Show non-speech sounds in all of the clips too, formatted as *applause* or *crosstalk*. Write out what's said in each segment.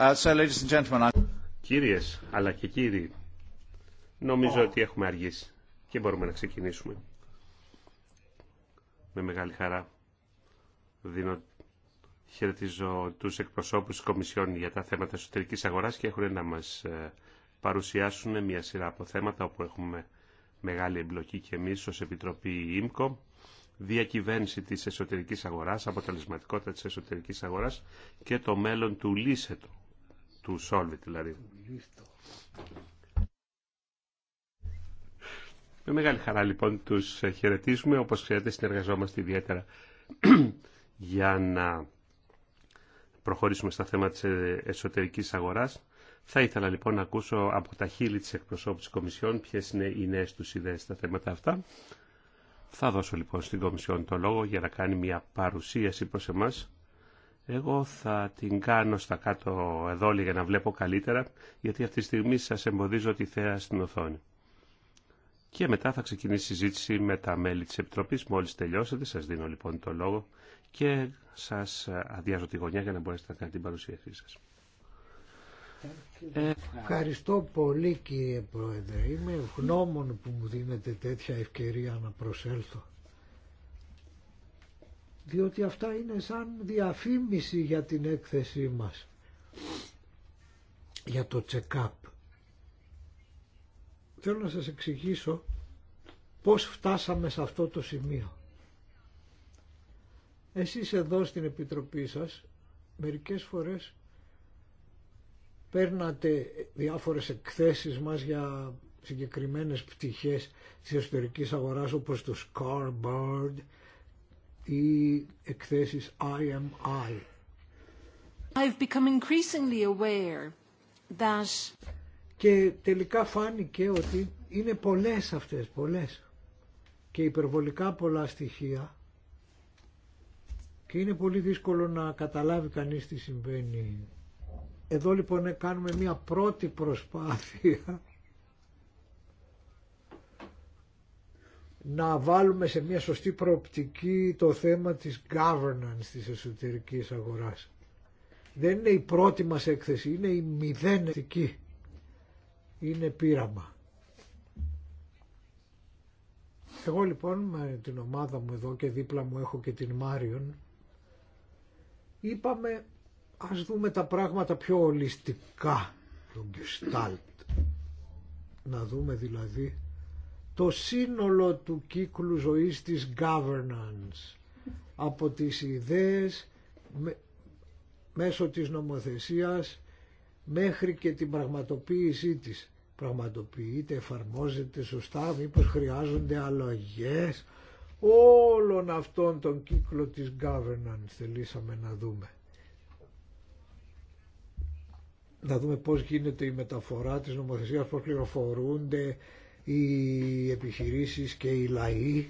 Uh, Κυρίες αλλά και κύριοι, νομίζω ότι έχουμε αργήσει και μπορούμε να ξεκινήσουμε. Με μεγάλη χαρά δίνω χαιρετίζω τους εκπροσώπους της Κομισιόν για τα θέματα εσωτερικής αγοράς και έχουν να μας ε, παρουσιάσουν μια σειρά από θέματα όπου έχουμε μεγάλη εμπλοκή και εμείς ως Επιτροπή ΙΜΚΟ διακυβέρνηση της εσωτερικής αγοράς, αποτελεσματικότητα της εσωτερικής αγοράς και το μέλλον του λύσετου του Solvit δηλαδή. Με μεγάλη χαρά λοιπόν τους ε, χαιρετίζουμε. Όπως ξέρετε συνεργαζόμαστε ιδιαίτερα *clears throat* για να προχωρήσουμε στα θέματα της ε, εσωτερικής αγοράς. Θα ήθελα λοιπόν να ακούσω από τα χείλη της εκπροσώπου της Κομισιόν ποιες είναι οι νέες τους ιδέες στα θέματα αυτά. Θα δώσω λοιπόν στην Κομισιόν το λόγο για να κάνει μια παρουσίαση προς εμάς εγώ θα την κάνω στα κάτω εδώ για να βλέπω καλύτερα, γιατί αυτή τη στιγμή σας εμποδίζω τη θέα στην οθόνη. Και μετά θα ξεκινήσει η συζήτηση με τα μέλη της Επιτροπής. Μόλις τελειώσετε, σας δίνω λοιπόν το λόγο και σας αδειάζω τη γωνιά για να μπορέσετε να κάνετε την παρουσίασή σας. Ε, ευχαριστώ πολύ κύριε Πρόεδρε. Είμαι γνώμων που μου δίνετε τέτοια ευκαιρία να προσέλθω διότι αυτά είναι σαν διαφήμιση για την έκθεσή μας, για το check-up. Θέλω να σας εξηγήσω πώς φτάσαμε σε αυτό το σημείο. Εσείς εδώ στην Επιτροπή σας μερικές φορές παίρνατε διάφορες εκθέσεις μας για συγκεκριμένες πτυχές της εσωτερικής αγοράς όπως το scoreboard ή εκθέσεις IMI. I've become increasingly aware that... Και τελικά φάνηκε ότι είναι πολλές αυτές, πολλές και υπερβολικά πολλά στοιχεία και είναι πολύ δύσκολο να καταλάβει κανείς τι συμβαίνει. Εδώ λοιπόν κάνουμε μια πρώτη προσπάθεια να βάλουμε σε μια σωστή προοπτική το θέμα της governance της εσωτερικής αγοράς. Δεν είναι η πρώτη μας έκθεση, είναι η μηδενετική. Είναι πείραμα. Εγώ λοιπόν με την ομάδα μου εδώ και δίπλα μου έχω και την Μάριον είπαμε ας δούμε τα πράγματα πιο ολιστικά τον Gestalt να δούμε δηλαδή το σύνολο του κύκλου ζωής της governance από τις ιδέες μέσω της νομοθεσίας μέχρι και την πραγματοποίησή της. Πραγματοποιείται, εφαρμόζεται σωστά, μήπως χρειάζονται αλλαγές. Όλον αυτόν τον κύκλο της governance θελήσαμε να δούμε. Να δούμε πώς γίνεται η μεταφορά της νομοθεσίας, πώς πληροφορούνται οι επιχειρήσεις και οι λαοί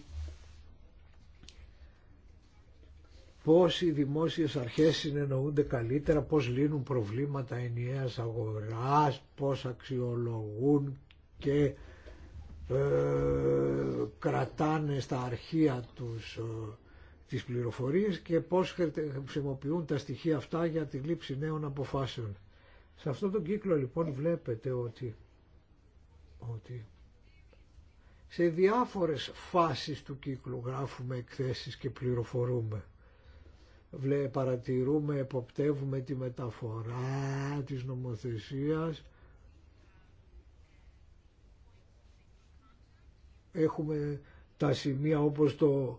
πώς οι δημόσιες αρχές συνεννοούνται καλύτερα, πώς λύνουν προβλήματα ενιαίας αγοράς, πώς αξιολογούν και ε, κρατάνε στα αρχεία τους ε, τις πληροφορίες και πώς χρησιμοποιούν τα στοιχεία αυτά για τη λήψη νέων αποφάσεων. Σε αυτόν τον κύκλο λοιπόν βλέπετε ότι, ότι σε διάφορες φάσεις του κύκλου γράφουμε εκθέσεις και πληροφορούμε. Βλέ, παρατηρούμε, εποπτεύουμε τη μεταφορά της νομοθεσίας. Έχουμε τα σημεία όπως το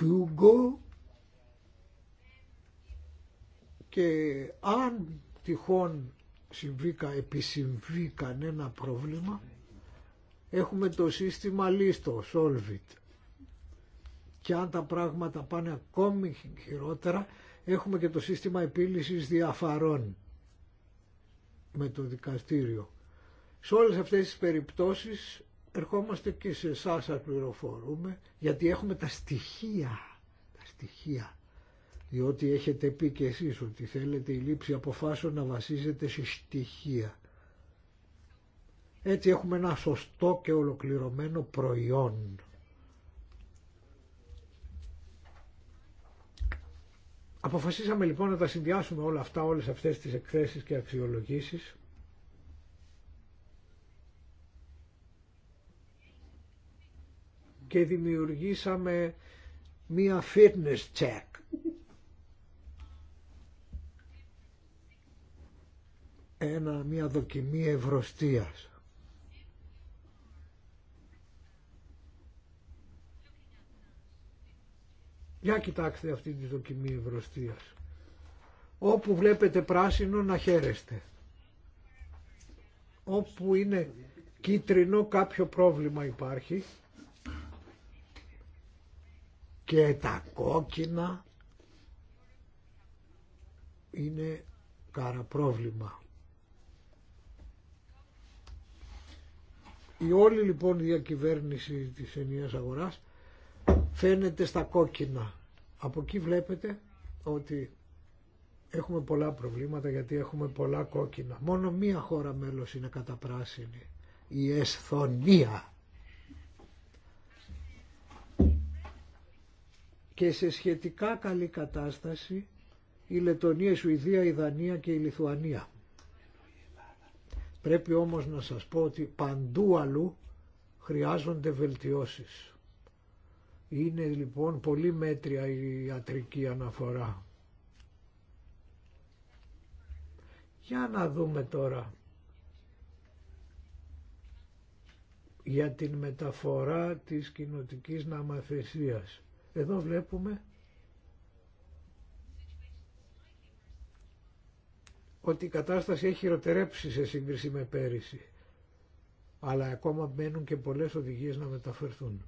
Hugo και αν τυχόν συμβεί, επισυμβεί κανένα πρόβλημα έχουμε το σύστημα λίστο, it. Και αν τα πράγματα πάνε ακόμη χειρότερα, έχουμε και το σύστημα επίλυσης διαφαρών με το δικαστήριο. Σε όλες αυτές τις περιπτώσεις ερχόμαστε και σε εσά σας πληροφορούμε, γιατί έχουμε τα στοιχεία, τα στοιχεία. Διότι έχετε πει και εσείς ότι θέλετε η λήψη αποφάσεων να βασίζεται σε στοιχεία. Έτσι έχουμε ένα σωστό και ολοκληρωμένο προϊόν. Αποφασίσαμε λοιπόν να τα συνδυάσουμε όλα αυτά, όλες αυτές τις εκθέσεις και αξιολογήσεις και δημιουργήσαμε μία fitness check. Ένα, μία δοκιμή ευρωστίας. Για κοιτάξτε αυτή τη δοκιμή ευρωστίας. Όπου βλέπετε πράσινο να χαίρεστε. Όπου είναι κίτρινο κάποιο πρόβλημα υπάρχει. Και τα κόκκινα είναι πρόβλημα. Η όλη λοιπόν διακυβέρνηση της ενιαίας αγοράς φαίνεται στα κόκκινα. Από εκεί βλέπετε ότι έχουμε πολλά προβλήματα γιατί έχουμε πολλά κόκκινα. Μόνο μία χώρα μέλος είναι κατά πράσινη, η Εσθονία. Και σε σχετικά καλή κατάσταση η Λετωνία, η Σουηδία, η Δανία και η Λιθουανία. Πρέπει όμως να σας πω ότι παντού αλλού χρειάζονται βελτιώσεις. Είναι λοιπόν πολύ μέτρια η ιατρική αναφορά. Για να δούμε τώρα για την μεταφορά της κοινοτικής ναμαθεσίας. Εδώ βλέπουμε ότι η κατάσταση έχει χειροτερέψει σε σύγκριση με πέρυσι. Αλλά ακόμα μένουν και πολλές οδηγίες να μεταφερθούν.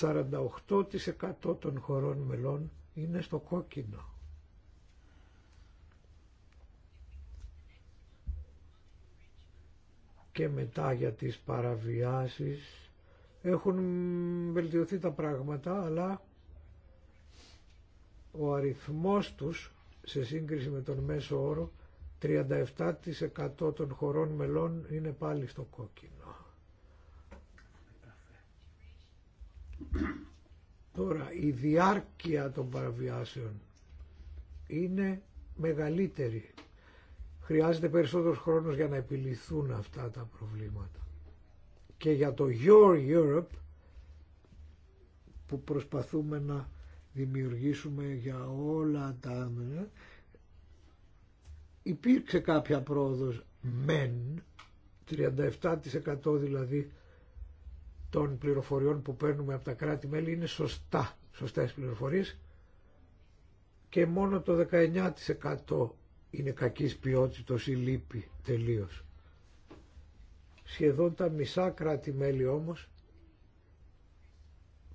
48% των χωρών μελών είναι στο κόκκινο. Και μετά για τις παραβιάσεις έχουν βελτιωθεί τα πράγματα, αλλά ο αριθμός τους σε σύγκριση με τον μέσο όρο 37% των χωρών μελών είναι πάλι στο κόκκινο. Τώρα η διάρκεια των παραβιάσεων είναι μεγαλύτερη. Χρειάζεται περισσότερος χρόνος για να επιληθούν αυτά τα προβλήματα. Και για το Your Europe που προσπαθούμε να δημιουργήσουμε για όλα τα υπήρξε κάποια πρόοδος μεν 37% δηλαδή των πληροφοριών που παίρνουμε από τα κράτη-μέλη είναι σωστά, σωστές πληροφορίες και μόνο το 19% είναι κακής ποιότητος ή λύπη τελείως. Σχεδόν τα μισά κράτη-μέλη όμως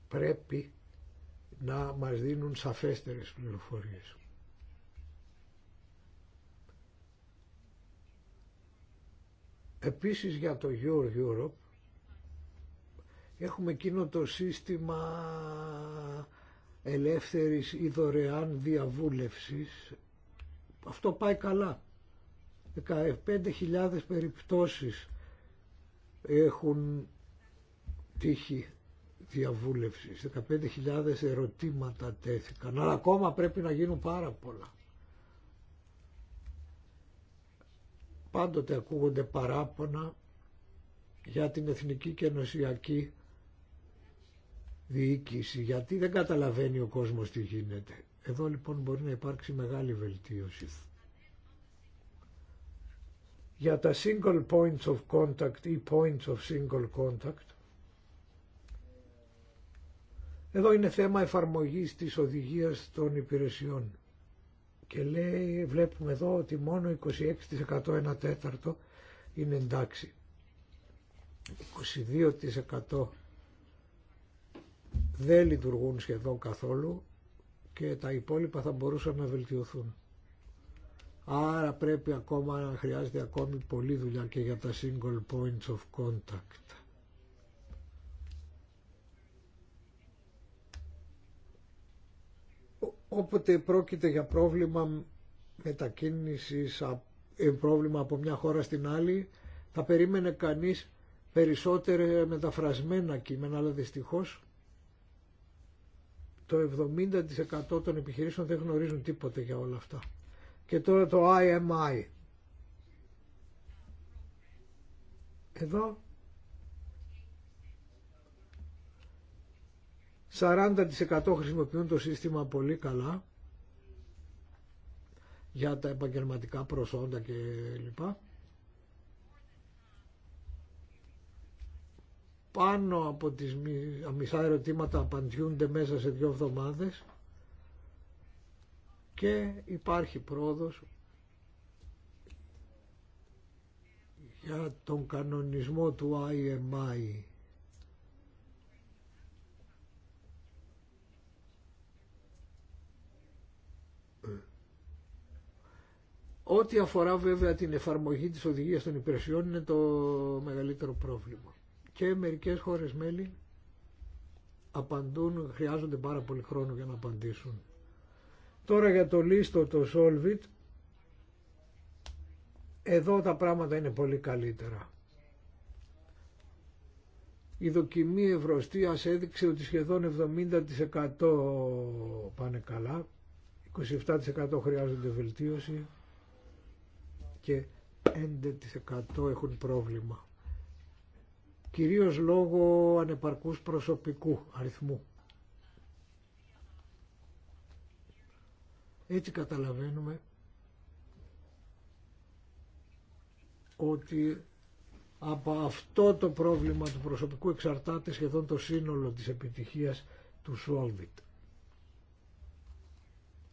πρέπει να μας δίνουν σαφέστερες πληροφορίες. Επίσης για το Your Europe Έχουμε εκείνο το σύστημα ελεύθερης ή δωρεάν διαβούλευσης. Αυτό πάει καλά. 15.000 περιπτώσεις έχουν τύχη διαβούλευσης. 15.000 ερωτήματα τέθηκαν. Αλλά ακόμα πρέπει να γίνουν πάρα πολλά. Πάντοτε ακούγονται παράπονα για την εθνική και ενωσιακή διοίκηση, γιατί δεν καταλαβαίνει ο κόσμος τι γίνεται. Εδώ λοιπόν μπορεί να υπάρξει μεγάλη βελτίωση. Για τα single points of contact ή points of single contact, εδώ είναι θέμα εφαρμογής της οδηγίας των υπηρεσιών. Και λέει, βλέπουμε εδώ ότι μόνο 26% ένα τέταρτο είναι εντάξει. 22% δεν λειτουργούν σχεδόν καθόλου και τα υπόλοιπα θα μπορούσαν να βελτιωθούν. Άρα πρέπει ακόμα να χρειάζεται ακόμη πολλή δουλειά και για τα single points of contact. Όποτε πρόκειται για πρόβλημα μετακίνησης, ε, πρόβλημα από μια χώρα στην άλλη, θα περίμενε κανείς περισσότερα μεταφρασμένα κείμενα, αλλά δυστυχώς το 70% των επιχειρήσεων δεν γνωρίζουν τίποτε για όλα αυτά. Και τώρα το IMI. Εδώ 40% χρησιμοποιούν το σύστημα πολύ καλά για τα επαγγελματικά προσόντα και λοιπά. πάνω από τις μισά ερωτήματα απαντιούνται μέσα σε δύο εβδομάδες και υπάρχει πρόοδος για τον κανονισμό του IMI. Ό,τι αφορά βέβαια την εφαρμογή της οδηγίας των υπηρεσιών είναι το μεγαλύτερο πρόβλημα και μερικές χώρες μέλη απαντούν, χρειάζονται πάρα πολύ χρόνο για να απαντήσουν. Τώρα για το λίστο το Solvit, εδώ τα πράγματα είναι πολύ καλύτερα. Η δοκιμή ευρωστίας έδειξε ότι σχεδόν 70% πάνε καλά, 27% χρειάζονται βελτίωση και 5% έχουν πρόβλημα κυρίως λόγω ανεπαρκούς προσωπικού αριθμού. Έτσι καταλαβαίνουμε ότι από αυτό το πρόβλημα του προσωπικού εξαρτάται σχεδόν το σύνολο της επιτυχίας του Solvit.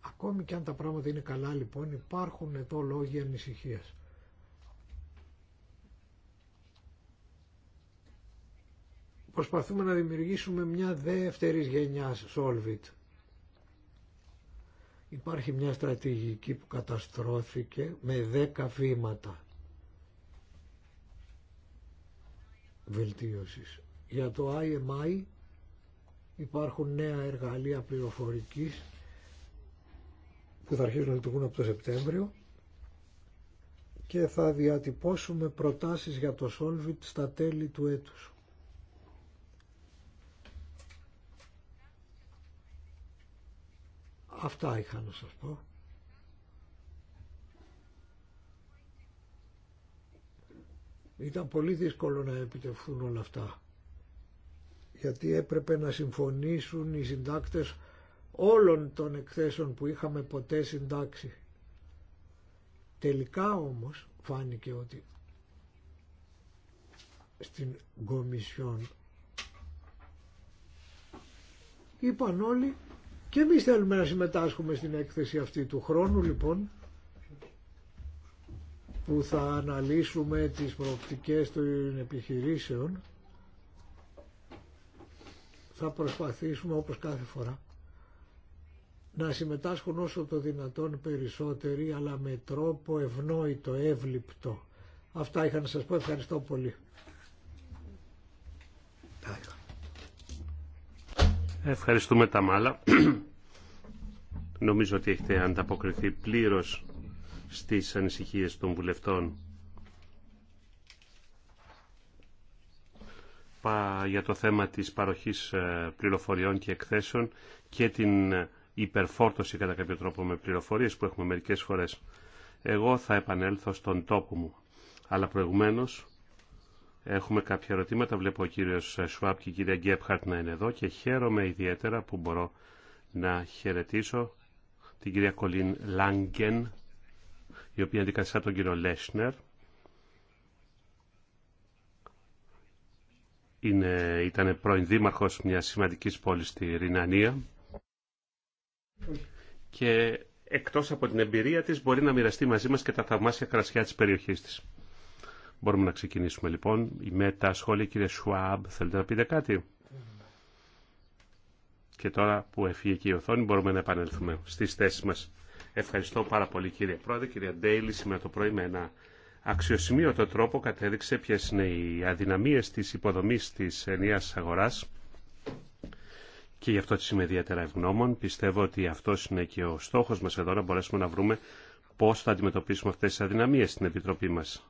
Ακόμη και αν τα πράγματα είναι καλά λοιπόν υπάρχουν εδώ λόγοι ανησυχίας. προσπαθούμε να δημιουργήσουμε μια δεύτερη γενιά Solvit. Υπάρχει μια στρατηγική που καταστρώθηκε με 10 βήματα βελτίωσης. Για το IMI υπάρχουν νέα εργαλεία πληροφορικής που θα αρχίσουν να λειτουργούν από το Σεπτέμβριο και θα διατυπώσουμε προτάσεις για το Solvit στα τέλη του έτους. Αυτά είχα να σας πω. Ήταν πολύ δύσκολο να επιτευχθούν όλα αυτά. Γιατί έπρεπε να συμφωνήσουν οι συντάκτες όλων των εκθέσεων που είχαμε ποτέ συντάξει. Τελικά όμως φάνηκε ότι στην Κομισιόν είπαν όλοι και εμείς θέλουμε να συμμετάσχουμε στην έκθεση αυτή του χρόνου λοιπόν που θα αναλύσουμε τις προοπτικές των επιχειρήσεων θα προσπαθήσουμε όπως κάθε φορά να συμμετάσχουν όσο το δυνατόν περισσότεροι αλλά με τρόπο ευνόητο, εύληπτο. Αυτά είχα να σας πω. Ευχαριστώ πολύ. Ευχαριστούμε τα μάλα. *clears throat* Νομίζω ότι έχετε ανταποκριθεί πλήρως στις ανησυχίες των βουλευτών για το θέμα της παροχής ε, πληροφοριών και εκθέσεων και την ε, υπερφόρτωση κατά κάποιο τρόπο με πληροφορίες που έχουμε μερικές φορές. Εγώ θα επανέλθω στον τόπο μου, αλλά προηγουμένως Έχουμε κάποια ερωτήματα. Βλέπω ο κύριος Σουάπ και η κυρία Γκέπχαρτ να είναι εδώ και χαίρομαι ιδιαίτερα που μπορώ να χαιρετήσω την κυρία Κολίν Λάγκεν, η οποία αντικαθιστά τον κύριο Λέσνερ. Είναι, ήταν πρώην δήμαρχος μιας σημαντικής πόλης στη Ρινανία και εκτός από την εμπειρία της μπορεί να μοιραστεί μαζί μας και τα θαυμάσια κρασιά της περιοχής της. Μπορούμε να ξεκινήσουμε λοιπόν με τα σχόλια. Κύριε Σουάμπ, θέλετε να πείτε κάτι. Και τώρα που έφυγε και η οθόνη μπορούμε να επανέλθουμε στις θέσεις μας. Ευχαριστώ πάρα πολύ κύριε Πρόεδρε. Κυρία Ντέιλι, σήμερα το πρωί με ένα αξιοσημείωτο τρόπο κατέδειξε ποιε είναι οι αδυναμίες της υποδομής της ενιαίας αγοράς και γι' αυτό της είμαι ιδιαίτερα ευγνώμων. Πιστεύω ότι αυτό είναι και ο στόχος μας εδώ να μπορέσουμε να βρούμε πώς θα αντιμετωπίσουμε αυτές τις αδυναμίες στην Επιτροπή μας.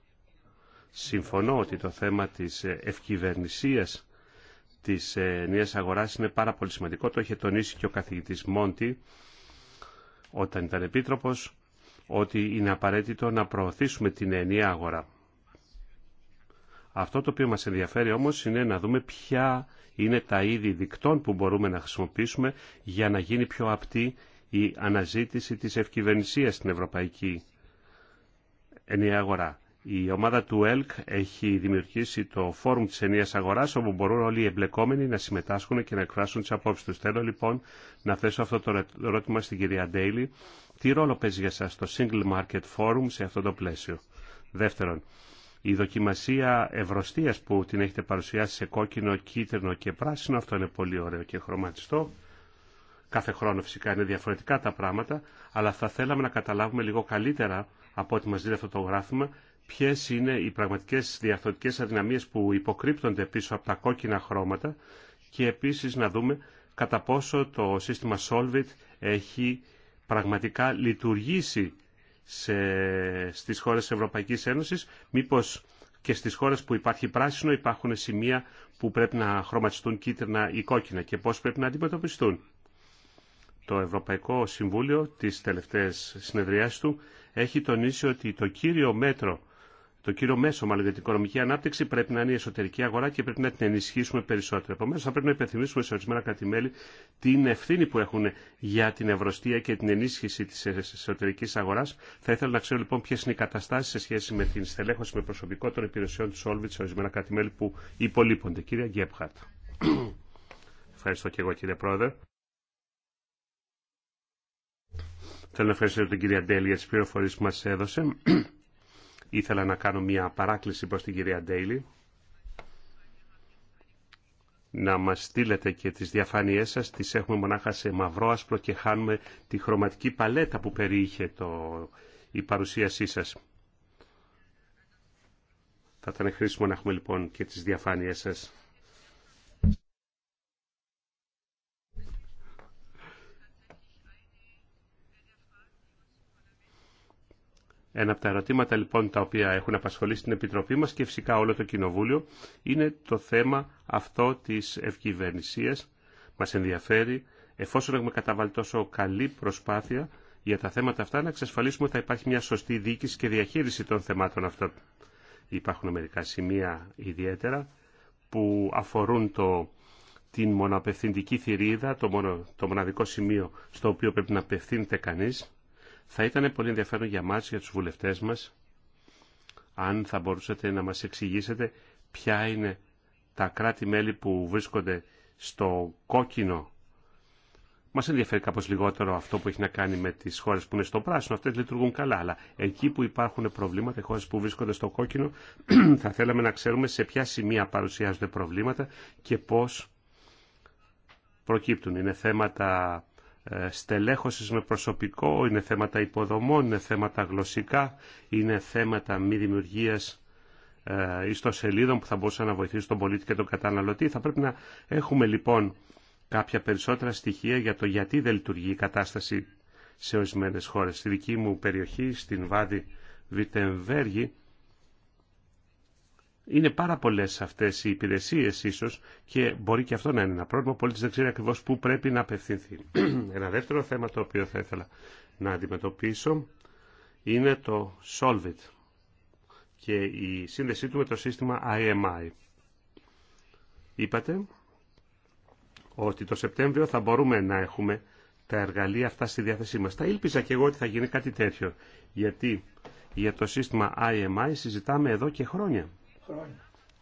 Συμφωνώ ότι το θέμα της ε, ευκυβερνησίας της ε, νέας αγοράς είναι πάρα πολύ σημαντικό. Το είχε τονίσει και ο καθηγητής Μόντι όταν ήταν επίτροπος ότι είναι απαραίτητο να προωθήσουμε την ενιαία αγορά. Αυτό το οποίο μας ενδιαφέρει όμως είναι να δούμε ποια είναι τα είδη δικτών που μπορούμε να χρησιμοποιήσουμε για να γίνει πιο απτή η αναζήτηση της ευκυβερνησίας στην Ευρωπαϊκή Ενιαία Αγορά. Η ομάδα του ΕΛΚ έχει δημιουργήσει το φόρουμ της ενίας αγοράς όπου μπορούν όλοι οι εμπλεκόμενοι να συμμετάσχουν και να εκφράσουν τις απόψεις τους. Θέλω λοιπόν να θέσω αυτό το ερώτημα στην κυρία Ντέιλι. Τι ρόλο παίζει για σας το Single Market Forum σε αυτό το πλαίσιο. Δεύτερον, η δοκιμασία ευρωστίας που την έχετε παρουσιάσει σε κόκκινο, κίτρινο και πράσινο, αυτό είναι πολύ ωραίο και χρωματιστό. Κάθε χρόνο φυσικά είναι διαφορετικά τα πράγματα, αλλά θα θέλαμε να καταλάβουμε λίγο καλύτερα από ό,τι μας δίνει αυτό το γράφημα, Ποιε είναι οι πραγματικές διαρθρωτικές αδυναμίες που υποκρύπτονται πίσω από τα κόκκινα χρώματα και επίσης να δούμε κατά πόσο το σύστημα Solvit έχει πραγματικά λειτουργήσει σε, στις χώρες Ευρωπαϊκής Ένωσης, μήπως και στις χώρες που υπάρχει πράσινο υπάρχουν σημεία που πρέπει να χρωματιστούν κίτρινα ή κόκκινα και πώς πρέπει να αντιμετωπιστούν. Το Ευρωπαϊκό Συμβούλιο της τελευταίες συνεδριάσεις του έχει τονίσει ότι το κύριο μέτρο το κύριο μέσο μάλλον για την οικονομική ανάπτυξη πρέπει να είναι η εσωτερική αγορά και πρέπει να την ενισχύσουμε περισσότερο. Επομένω, θα πρέπει να υπενθυμίσουμε σε ορισμένα κράτη-μέλη την ευθύνη που έχουν για την ευρωστία και την ενίσχυση τη εσωτερική αγορά. Θα ήθελα να ξέρω λοιπόν ποιε είναι οι καταστάσει σε σχέση με την στελέχωση με προσωπικό των υπηρεσιών του Σόλβιτ σε ορισμένα κράτη-μέλη, που υπολείπονται. Κύριε Γκέπχαρτ. Ευχαριστώ και εγώ κύριε Πρόεδρε. Θέλω να ευχαριστήσω την κυρία Ντέλη για τι πληροφορίε που μα έδωσε. Ήθελα να κάνω μια παράκληση προς την κυρία Ντέιλι να μας στείλετε και τις διαφάνειές σας, τις έχουμε μονάχα σε μαυρό άσπρο και χάνουμε τη χρωματική παλέτα που περιείχε το, η παρουσίασή σας. Θα ήταν χρήσιμο να έχουμε λοιπόν και τις διαφάνειές σας. Ένα από τα ερωτήματα λοιπόν τα οποία έχουν απασχολήσει την Επιτροπή μας και φυσικά όλο το Κοινοβούλιο είναι το θέμα αυτό της ευκυβερνησίας. Μας ενδιαφέρει εφόσον έχουμε καταβάλει τόσο καλή προσπάθεια για τα θέματα αυτά να εξασφαλίσουμε ότι θα υπάρχει μια σωστή διοίκηση και διαχείριση των θεμάτων αυτών. Υπάρχουν μερικά σημεία ιδιαίτερα που αφορούν το, την μοναπευθυντική θηρίδα, το, το μοναδικό σημείο στο οποίο πρέπει να απευθύνεται κανείς θα ήταν πολύ ενδιαφέρον για μας, για τους βουλευτές μας, αν θα μπορούσατε να μας εξηγήσετε ποια είναι τα κράτη-μέλη που βρίσκονται στο κόκκινο. Μας ενδιαφέρει κάπως λιγότερο αυτό που έχει να κάνει με τις χώρες που είναι στο πράσινο. Αυτές λειτουργούν καλά, αλλά εκεί που υπάρχουν προβλήματα, οι χώρες που βρίσκονται στο κόκκινο, *clears throat* θα θέλαμε να ξέρουμε σε ποια σημεία παρουσιάζονται προβλήματα και πώς προκύπτουν. Είναι θέματα ε, στελέχωσης με προσωπικό, είναι θέματα υποδομών, είναι θέματα γλωσσικά, είναι θέματα μη δημιουργίας ε, ιστοσελίδων που θα μπορούσαν να βοηθήσουν τον πολίτη και τον καταναλωτή. Θα πρέπει να έχουμε λοιπόν κάποια περισσότερα στοιχεία για το γιατί δεν λειτουργεί η κατάσταση σε ορισμένε χώρες. Στη δική μου περιοχή, στην Βάδη Βιτεμβέργη, είναι πάρα πολλέ αυτέ οι υπηρεσίε ίσω και μπορεί και αυτό να είναι ένα πρόβλημα. Ο πολίτη δεν ξέρει ακριβώ πού πρέπει να απευθυνθεί. *clears throat* ένα δεύτερο θέμα το οποίο θα ήθελα να αντιμετωπίσω είναι το Solvit και η σύνδεσή του με το σύστημα IMI. Είπατε ότι το Σεπτέμβριο θα μπορούμε να έχουμε τα εργαλεία αυτά στη διάθεσή μας. Τα ήλπιζα και εγώ ότι θα γίνει κάτι τέτοιο, γιατί για το σύστημα IMI συζητάμε εδώ και χρόνια.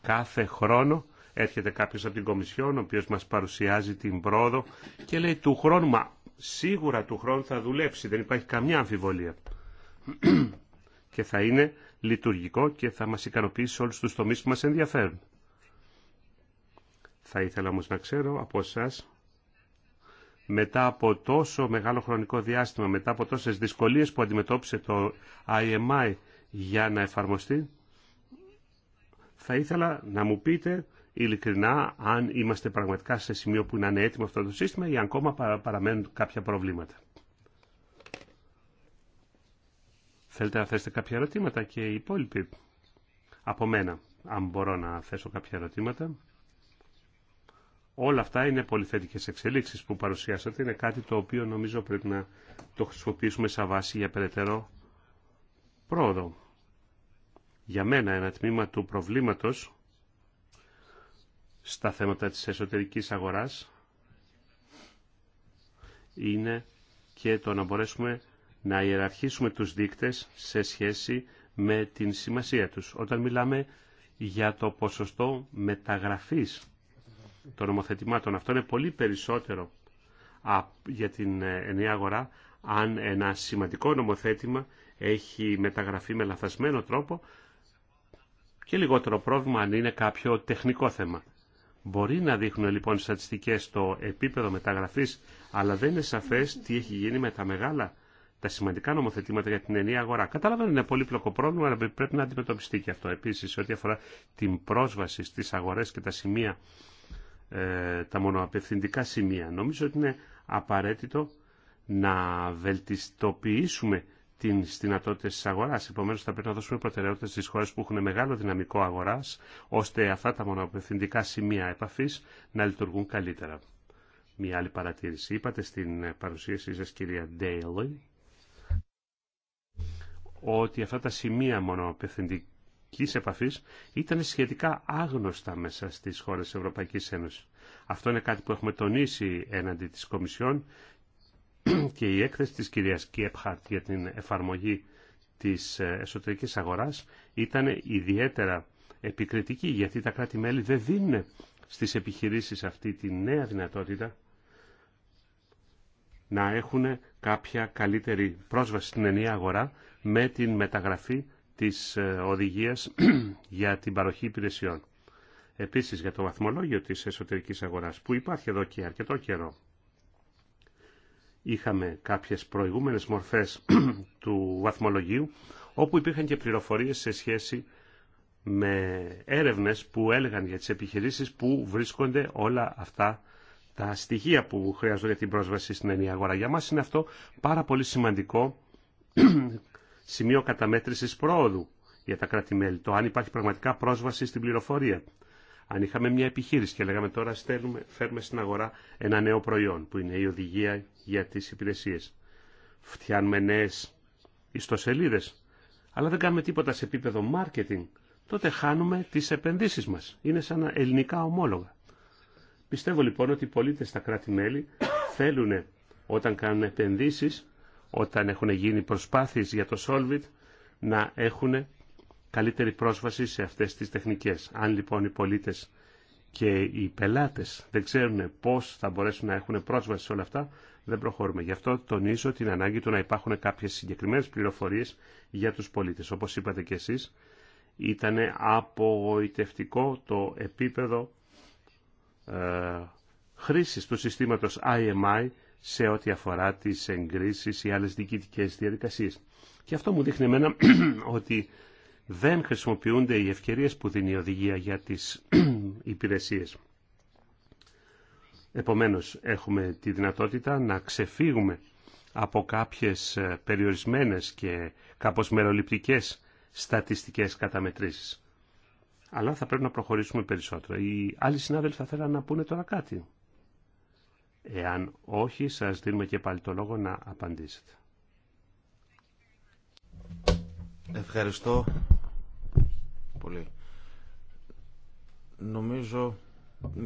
Κάθε χρόνο έρχεται κάποιο από την Κομισιόν, ο οποίο μας παρουσιάζει την πρόοδο και λέει του χρόνου, μα σίγουρα του χρόνου θα δουλέψει, δεν υπάρχει καμιά αμφιβολία. *clears throat* και θα είναι λειτουργικό και θα μας ικανοποιήσει όλους τους τομείς που μας ενδιαφέρουν. Θα ήθελα όμως να ξέρω από εσά μετά από τόσο μεγάλο χρονικό διάστημα, μετά από τόσες δυσκολίες που αντιμετώπισε το IMI για να εφαρμοστεί, θα ήθελα να μου πείτε ειλικρινά αν είμαστε πραγματικά σε σημείο που να είναι έτοιμο αυτό το σύστημα ή αν ακόμα παραμένουν κάποια προβλήματα. Θέλετε να θέσετε κάποια ερωτήματα και οι υπόλοιποι από μένα, αν μπορώ να θέσω κάποια ερωτήματα. Όλα αυτά είναι πολυθετικές εξελίξεις που παρουσιάσατε. Είναι κάτι το οποίο νομίζω πρέπει να το χρησιμοποιήσουμε σαν βάση για περαιτέρω πρόοδο για μένα ένα τμήμα του προβλήματος στα θέματα της εσωτερικής αγοράς είναι και το να μπορέσουμε να ιεραρχήσουμε τους δείκτες σε σχέση με την σημασία τους. Όταν μιλάμε για το ποσοστό μεταγραφής των νομοθετημάτων, αυτό είναι πολύ περισσότερο για την ε, ενιαία αγορά αν ένα σημαντικό νομοθέτημα έχει μεταγραφεί με λαθασμένο τρόπο και λιγότερο πρόβλημα αν είναι κάποιο τεχνικό θέμα. Μπορεί να δείχνουν λοιπόν στατιστικές το επίπεδο μεταγραφής, αλλά δεν είναι σαφές τι έχει γίνει με τα μεγάλα, τα σημαντικά νομοθετήματα για την ενιαία αγορά. Καταλαβαίνω είναι πολύπλοκο πρόβλημα, αλλά πρέπει να αντιμετωπιστεί και αυτό. Επίσης, ό,τι αφορά την πρόσβαση στις αγορές και τα σημεία, ε, τα μονοαπευθυντικά σημεία, νομίζω ότι είναι απαραίτητο να βελτιστοποιήσουμε τι δυνατότητε τη αγορά. Επομένω, θα πρέπει να δώσουμε προτεραιότητα στι χώρε που έχουν μεγάλο δυναμικό αγορά, ώστε αυτά τα μονοπευθυντικά σημεία επαφή να λειτουργούν καλύτερα. Μία άλλη παρατήρηση. Είπατε στην παρουσίασή σα, κυρία Ντέιλι, ότι αυτά τα σημεία μονοπευθυντική επαφή ήταν σχετικά άγνωστα μέσα στι χώρε Ευρωπαϊκή Ένωση. Αυτό είναι κάτι που έχουμε τονίσει έναντι τη Κομισιόν *clears throat* και η έκθεση της κυρίας Κιεπχάρτ για την εφαρμογή της ε, εσωτερικής αγοράς ήταν ιδιαίτερα επικριτική γιατί τα κράτη-μέλη δεν δίνουν στις επιχειρήσεις αυτή τη νέα δυνατότητα να έχουν κάποια καλύτερη πρόσβαση στην ενιαία αγορά με την μεταγραφή της ε, οδηγίας *clears throat* για την παροχή υπηρεσιών. Επίσης για το βαθμολόγιο της εσωτερικής αγοράς που υπάρχει εδώ και αρκετό καιρό είχαμε κάποιες προηγούμενες μορφές *clears throat* του βαθμολογίου όπου υπήρχαν και πληροφορίες σε σχέση με έρευνες που έλεγαν για τις επιχειρήσεις που βρίσκονται όλα αυτά τα στοιχεία που χρειάζονται για την πρόσβαση στην ενιαία αγορά. Για μας είναι αυτό πάρα πολύ σημαντικό *clears throat* σημείο καταμέτρησης πρόοδου για τα κράτη-μέλη, το αν υπάρχει πραγματικά πρόσβαση στην πληροφορία. Αν είχαμε μια επιχείρηση και λέγαμε τώρα στέλνουμε, φέρουμε στην αγορά ένα νέο προϊόν που είναι η οδηγία για τις υπηρεσίες. Φτιάνουμε νέες ιστοσελίδες, αλλά δεν κάνουμε τίποτα σε επίπεδο marketing. Τότε χάνουμε τις επενδύσεις μας. Είναι σαν ελληνικά ομόλογα. Πιστεύω λοιπόν ότι οι πολίτες στα κράτη-μέλη θέλουν όταν κάνουν επενδύσεις, όταν έχουν γίνει προσπάθειες για το Solvit, να έχουν καλύτερη πρόσβαση σε αυτές τις τεχνικές. Αν λοιπόν οι πολίτες και οι πελάτες δεν ξέρουν πώς θα μπορέσουν να έχουν πρόσβαση σε όλα αυτά, δεν προχωρούμε. Γι' αυτό τονίζω την ανάγκη του να υπάρχουν κάποιες συγκεκριμένες πληροφορίες για τους πολίτες. Όπως είπατε και εσείς, ήταν απογοητευτικό το επίπεδο ε, χρήσης του συστήματος IMI σε ό,τι αφορά τις εγκρίσεις ή άλλες διοικητικές διαδικασίες. Και αυτό μου δείχνει εμένα *clears throat* ότι δεν χρησιμοποιούνται οι ευκαιρίες που δίνει η οδηγία για τις *clears throat* υπηρεσίες. Επομένως, έχουμε τη δυνατότητα να ξεφύγουμε από κάποιες ε, περιορισμένες και κάπως μεροληπτικές στατιστικές καταμετρήσεις. Αλλά θα πρέπει να προχωρήσουμε περισσότερο. Οι άλλοι συνάδελφοι θα θέλαν να πούνε τώρα κάτι. Εάν όχι, σας δίνουμε και πάλι το λόγο να απαντήσετε. Ευχαριστώ πολύ. Νομίζω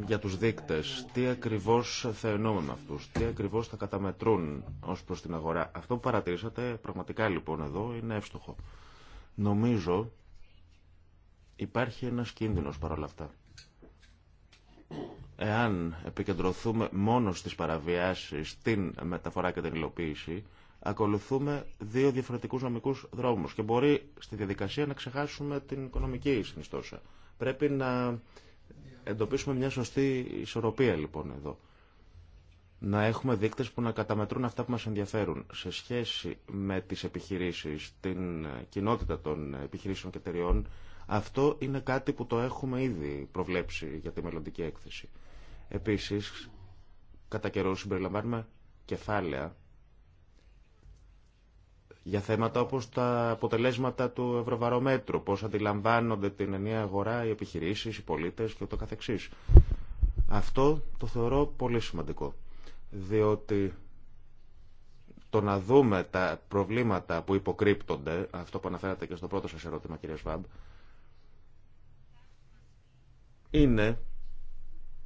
για τους δείκτες, τι ακριβώς θα εννοούμε με αυτούς, τι ακριβώς θα καταμετρούν ως προς την αγορά. Αυτό που παρατηρήσατε πραγματικά λοιπόν εδώ είναι εύστοχο. Νομίζω υπάρχει ένας κίνδυνος παρόλα αυτά. Εάν επικεντρωθούμε μόνο στις παραβιάσεις, την μεταφορά και την υλοποίηση, ακολουθούμε δύο διαφορετικούς νομικούς δρόμους και μπορεί στη διαδικασία να ξεχάσουμε την οικονομική συνιστόσα. Πρέπει να εντοπίσουμε μια σωστή ισορροπία λοιπόν εδώ. Να έχουμε δείκτες που να καταμετρούν αυτά που μας ενδιαφέρουν σε σχέση με τις επιχειρήσεις, την κοινότητα των επιχειρήσεων και εταιριών. Αυτό είναι κάτι που το έχουμε ήδη προβλέψει για τη μελλοντική έκθεση. Επίσης, κατά καιρό συμπεριλαμβάνουμε κεφάλαια για θέματα όπως τα αποτελέσματα του Ευρωβαρομέτρου, πώς αντιλαμβάνονται την ενιαία αγορά οι επιχειρήσεις, οι πολίτες και ούτω καθεξής. Αυτό το θεωρώ πολύ σημαντικό, διότι το να δούμε τα προβλήματα που υποκρύπτονται, αυτό που αναφέρατε και στο πρώτο σας ερώτημα κύριε Σβάμπ, είναι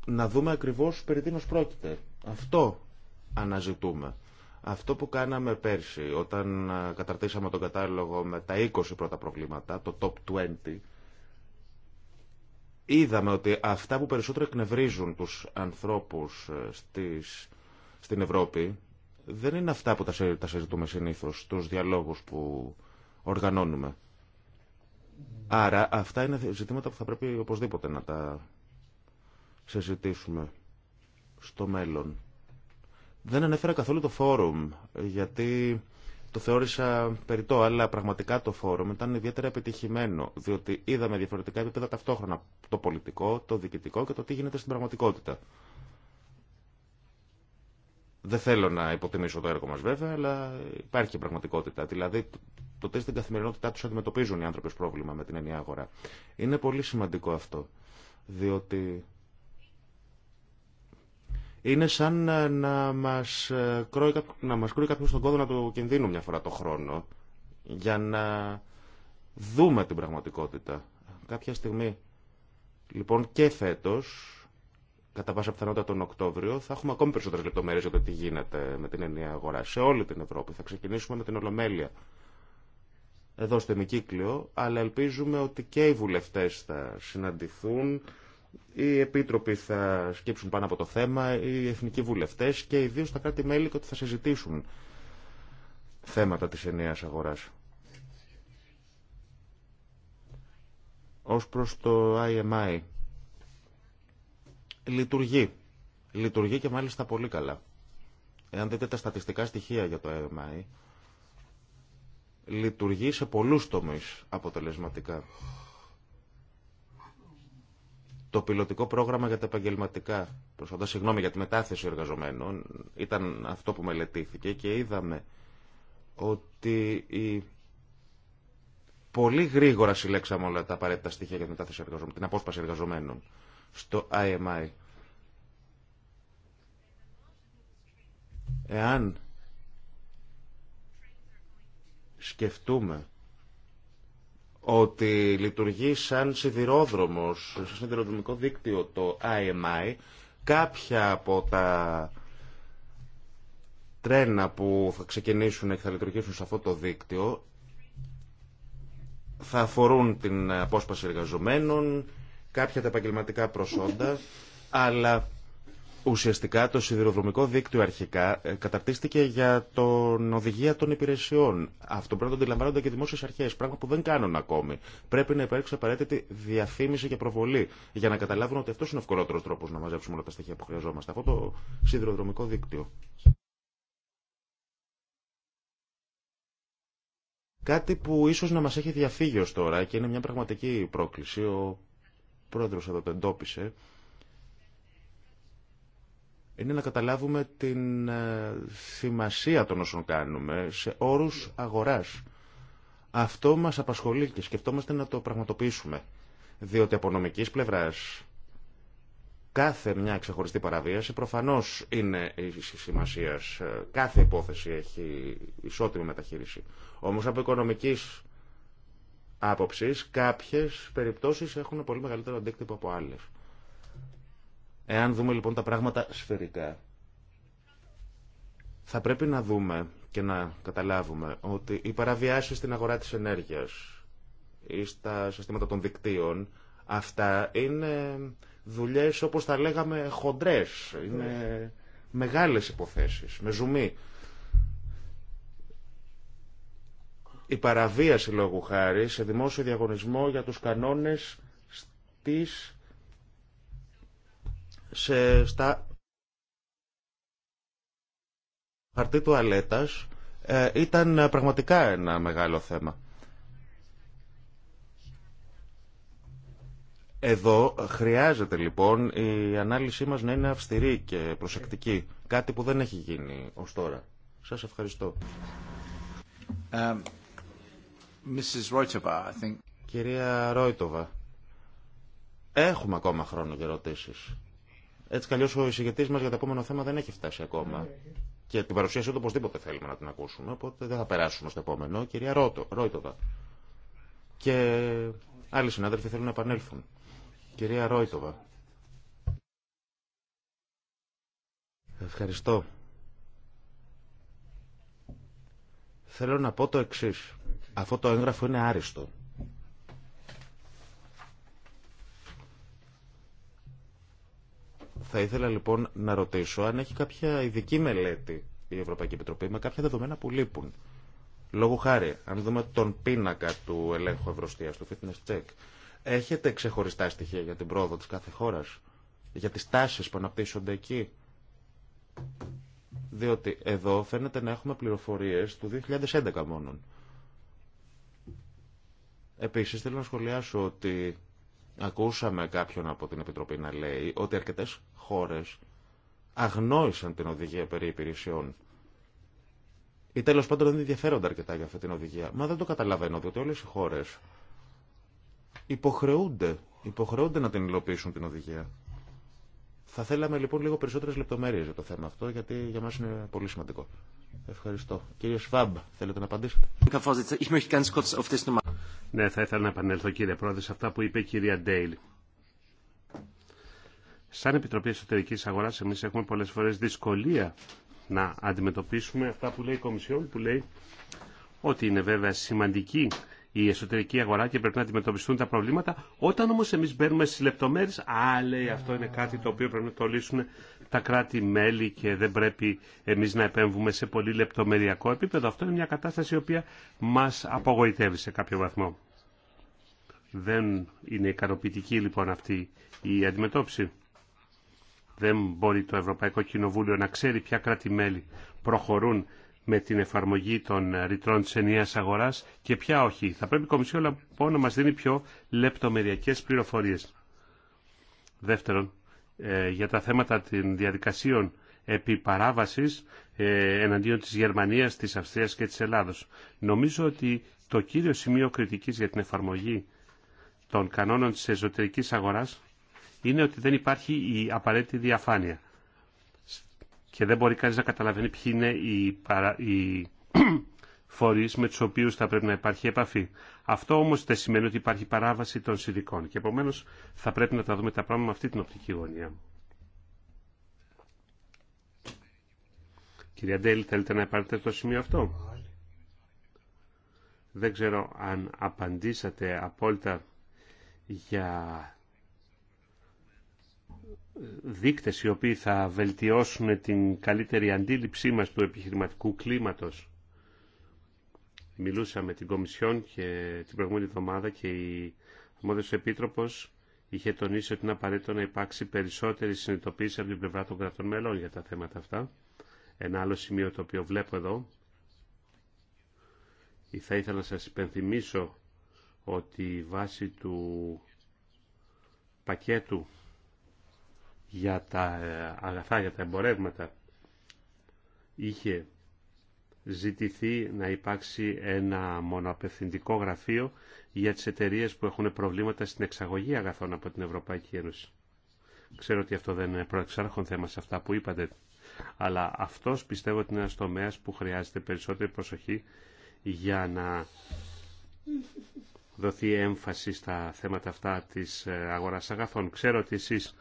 να δούμε ακριβώς περί τίνος πρόκειται. Αυτό αναζητούμε. Αυτό που κάναμε πέρσι, όταν καταρτήσαμε τον κατάλογο με τα 20 πρώτα προβλήματα, το top 20, είδαμε ότι αυτά που περισσότερο εκνευρίζουν τους ανθρώπους ε, στις, στην Ευρώπη, δεν είναι αυτά που τα, τα συζητούμε συνήθως στους διαλόγους που οργανώνουμε. Άρα αυτά είναι ζητήματα που θα πρέπει οπωσδήποτε να τα συζητήσουμε στο μέλλον. Δεν ανέφερα καθόλου το φόρουμ, γιατί το θεώρησα περιττό, αλλά πραγματικά το φόρουμ ήταν ιδιαίτερα επιτυχημένο, διότι είδαμε διαφορετικά επίπεδα ταυτόχρονα το πολιτικό, το διοικητικό και το τι γίνεται στην πραγματικότητα. Δεν θέλω να υποτιμήσω το έργο μας βέβαια, αλλά υπάρχει πραγματικότητα. Δηλαδή, το τι στην καθημερινότητά τους αντιμετωπίζουν οι άνθρωποι πρόβλημα με την ενιαία αγορά. Είναι πολύ σημαντικό αυτό, διότι είναι σαν ε, να μας ε, κρούει, να μας κρούει κάποιος στον κόδωνα του κινδύνου μια φορά το χρόνο για να δούμε την πραγματικότητα. Κάποια στιγμή, λοιπόν, και φέτος, κατά πάσα πιθανότητα τον Οκτώβριο, θα έχουμε ακόμη περισσότερες λεπτομέρειες για το τι γίνεται με την ενιαία αγορά σε όλη την Ευρώπη. Θα ξεκινήσουμε με την Ολομέλεια εδώ στο Εμικύκλιο, αλλά ελπίζουμε ότι και οι βουλευτές θα συναντηθούν οι επίτροποι θα σκύψουν πάνω από το θέμα, οι εθνικοί βουλευτές και ιδίω τα κράτη-μέλη ότι θα συζητήσουν θέματα της ενιαίας αγοράς. Ως προς το IMI, λειτουργεί. Λειτουργεί και μάλιστα πολύ καλά. Εάν δείτε τα στατιστικά στοιχεία για το IMI, λειτουργεί σε πολλούς τομείς αποτελεσματικά το πιλωτικό πρόγραμμα για τα επαγγελματικά προσφαντά συγγνώμη για τη μετάθεση εργαζομένων, ήταν αυτό που μελετήθηκε και είδαμε ότι η... πολύ γρήγορα συλλέξαμε όλα τα απαραίτητα στοιχεία για τη μετάθεση εργαζομένων, την απόσπαση εργαζομένων στο IMI. Εάν σκεφτούμε ότι λειτουργεί σαν σιδηρόδρομος, σαν σιδηροδρομικό δίκτυο το IMI, κάποια από τα τρένα που θα ξεκινήσουν και θα λειτουργήσουν σε αυτό το δίκτυο θα αφορούν την απόσπαση εργαζομένων, κάποια τα επαγγελματικά προσόντα, αλλά Ουσιαστικά το σιδηροδρομικό δίκτυο αρχικά ε, καταρτίστηκε για τον οδηγία των υπηρεσιών. Αυτό πρέπει να το αντιλαμβάνονται και δημόσιε αρχέ, πράγμα που δεν κάνουν ακόμη. Πρέπει να υπάρξει απαραίτητη διαφήμιση και προβολή για να καταλάβουν ότι αυτό είναι ο ευκολότερο τρόπο να μαζέψουμε όλα τα στοιχεία που χρειαζόμαστε. Αυτό το σιδηροδρομικό δίκτυο. Κάτι που ίσω να μα έχει διαφύγει ω τώρα και είναι μια πραγματική πρόκληση, ο πρόεδρο εδώ το εντόπισε, είναι να καταλάβουμε την ε, σημασία των όσων κάνουμε σε όρους αγοράς. Αυτό μας απασχολεί και σκεφτόμαστε να το πραγματοποιήσουμε. Διότι από νομικής πλευράς κάθε μια ξεχωριστή παραβίαση προφανώς είναι η σημασίας. Κάθε υπόθεση έχει ισότιμη μεταχείριση. Όμως από οικονομικής άποψης κάποιες περιπτώσεις έχουν πολύ μεγαλύτερο αντίκτυπο από άλλες. Εάν δούμε λοιπόν τα πράγματα σφαιρικά, θα πρέπει να δούμε και να καταλάβουμε ότι οι παραβιάσεις στην αγορά της ενέργειας ή στα συστήματα των δικτύων, αυτά είναι δουλειές όπως τα λέγαμε χοντρές, είναι μεγάλες υποθέσεις, με ζουμί. Η παραβίαση λόγου χάρη σε δημόσιο διαγωνισμό για τους κανόνες της σε, στα χαρτί τουαλέτας ε, ήταν ε, πραγματικά ένα μεγάλο θέμα. Εδώ χρειάζεται λοιπόν η ανάλυση μας να είναι αυστηρή και προσεκτική. Κάτι που δεν έχει γίνει ως τώρα. Σας ευχαριστώ. Um, Mrs. I think. Κυρία Ρόιτοβα, έχουμε ακόμα χρόνο για ερωτήσεις. Έτσι καλώ ο εισηγητή μα για το επόμενο θέμα δεν έχει φτάσει ακόμα. Και την παρουσίαση του οπωσδήποτε θέλουμε να την ακούσουμε. Οπότε δεν θα περάσουμε στο επόμενο. Κυρία Ρότο, Ρόιτοβα. Και άλλοι συνάδελφοι θέλουν να επανέλθουν. Κυρία Ρόιτοβα. Ευχαριστώ. Θέλω να πω το εξή. Αυτό το έγγραφο είναι άριστο. Θα ήθελα λοιπόν να ρωτήσω αν έχει κάποια ειδική μελέτη η Ευρωπαϊκή Επιτροπή με κάποια δεδομένα που λείπουν. Λόγω χάρη, αν δούμε τον πίνακα του ελέγχου ευρωστία, του fitness check, έχετε ξεχωριστά στοιχεία για την πρόοδο τη κάθε χώρα για τις τάσει που αναπτύσσονται εκεί. Διότι εδώ φαίνεται να έχουμε πληροφορίε του 2011 μόνον. Επίση θέλω να σχολιάσω ότι Ακούσαμε κάποιον από την Επιτροπή να λέει ότι αρκετές χώρες αγνόησαν την οδηγία περί υπηρεσιών. Ή τέλο πάντων δεν ενδιαφέρονται αρκετά για αυτή την οδηγία. Μα δεν το καταλαβαίνω, διότι όλες οι χώρες υποχρεούνται, υποχρεούνται να την υλοποιήσουν την οδηγία. Θα θέλαμε λοιπόν λίγο περισσότερες λεπτομέρειες για το θέμα αυτό, γιατί για μας είναι πολύ σημαντικό. Ευχαριστώ. Κύριε Σφάμπ, θέλετε να απαντήσετε. Ναι, θα ήθελα να επανέλθω κύριε Πρόεδρε σε αυτά που είπε η κυρία Ντέιλ. Σαν Επιτροπή εσωτερική αγορά, εμείς έχουμε πολλές φορές δυσκολία να αντιμετωπίσουμε αυτά που λέει η Κομισιόν, που λέει ότι είναι βέβαια σημαντική η εσωτερική αγορά και πρέπει να αντιμετωπιστούν τα προβλήματα. Όταν όμω εμεί μπαίνουμε στι λεπτομέρειε, α, λέει, αυτό είναι κάτι το οποίο πρέπει να το λύσουν τα κράτη-μέλη και δεν πρέπει εμεί να επέμβουμε σε πολύ λεπτομεριακό επίπεδο. Αυτό είναι μια κατάσταση η οποία μας απογοητεύει σε κάποιο βαθμό. Δεν είναι ικανοποιητική λοιπόν αυτή η αντιμετώπιση. Δεν μπορεί το Ευρωπαϊκό Κοινοβούλιο να ξέρει ποια κράτη-μέλη προχωρούν με την εφαρμογή των ρητρών της ενιαίας αγοράς και ποια όχι. Θα πρέπει η Κομισιόλα λοιπόν να μας δίνει πιο λεπτομεριακές πληροφορίες. Δεύτερον, ε, για τα θέματα των διαδικασίων επί παράβασης ε, εναντίον της Γερμανίας, της Αυστρίας και της Ελλάδος. Νομίζω ότι το κύριο σημείο κριτικής για την εφαρμογή των κανόνων της εσωτερικής αγοράς είναι ότι δεν υπάρχει η απαραίτητη διαφάνεια και δεν μπορεί κανείς να καταλαβαίνει ποιοι είναι οι, παρα... *clears throat* φορείς με τους οποίους θα πρέπει να υπάρχει επαφή. Αυτό όμως δεν σημαίνει ότι υπάρχει παράβαση των συνδικών και επομένως θα πρέπει να τα δούμε τα πράγματα με αυτή την οπτική γωνία. Κυρία Ντέιλ, θέλετε να υπάρχετε το σημείο αυτό. Δεν ξέρω αν απαντήσατε απόλυτα για δείκτες οι οποίοι θα βελτιώσουν την καλύτερη αντίληψή μας του επιχειρηματικού κλίματος. Μιλούσαμε με την Κομισιόν και την προηγούμενη εβδομάδα και η Αμόδιος Επίτροπος είχε τονίσει ότι είναι απαραίτητο να υπάρξει περισσότερη συνειδητοποίηση από την πλευρά των κρατών μελών για τα θέματα αυτά. Ένα άλλο σημείο το οποίο βλέπω εδώ, θα ήθελα να σας υπενθυμίσω ότι βάσει του πακέτου για τα ε, αγαθά, για τα εμπορεύματα, είχε ζητηθεί να υπάρξει ένα μονοαπευθυντικό γραφείο για τις εταιρείε που έχουν προβλήματα στην εξαγωγή αγαθών από την Ευρωπαϊκή Ένωση. Ξέρω ότι αυτό δεν είναι προεξάρχον θέμα σε αυτά που είπατε, αλλά αυτός πιστεύω ότι είναι ένας τομέας που χρειάζεται περισσότερη προσοχή για να δοθεί έμφαση στα θέματα αυτά της ε, αγοράς αγαθών. Ξέρω ότι εσείς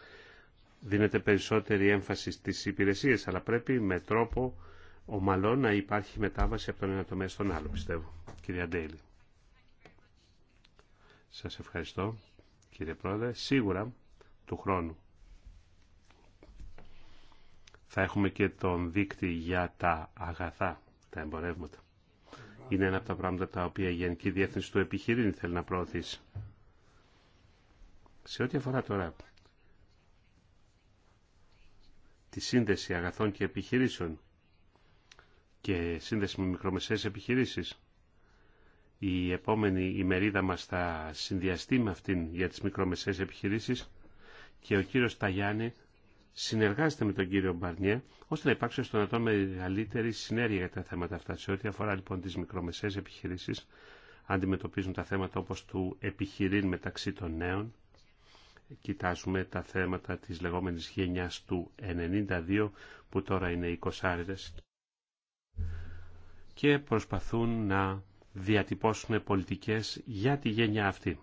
δίνεται περισσότερη έμφαση στις υπηρεσίες, αλλά πρέπει με τρόπο ομαλό να υπάρχει μετάβαση από τον ένα τομέα στον άλλο, πιστεύω. Κυρία Ντέιλι. Σας ευχαριστώ, κύριε Πρόεδρε. Σίγουρα του χρόνου θα έχουμε και τον δείκτη για τα αγαθά, τα εμπορεύματα. Είναι ένα από τα πράγματα τα οποία η Γενική Διεύθυνση του Επιχειρήν θέλει να προωθήσει. Σε ό,τι αφορά τώρα τη σύνδεση αγαθών και επιχειρήσεων και σύνδεση με μικρομεσαίες επιχειρήσεις. Η επόμενη ημερίδα μας θα συνδυαστεί με αυτήν για τις μικρομεσαίες επιχειρήσεις και ο κύριος Ταγιάννη συνεργάζεται με τον κύριο Μπαρνιέ ώστε να υπάρξει στον ατόμο μεγαλύτερη συνέργεια για τα θέματα αυτά. Σε ό,τι αφορά λοιπόν τις μικρομεσαίες επιχειρήσεις αντιμετωπίζουν τα θέματα όπως του επιχειρήν μεταξύ των νέων κοιτάζουμε τα θέματα της λεγόμενης γενιάς του 92 που τώρα είναι οι κοσάριδες και προσπαθούν να διατυπώσουν πολιτικές για τη γενιά αυτή.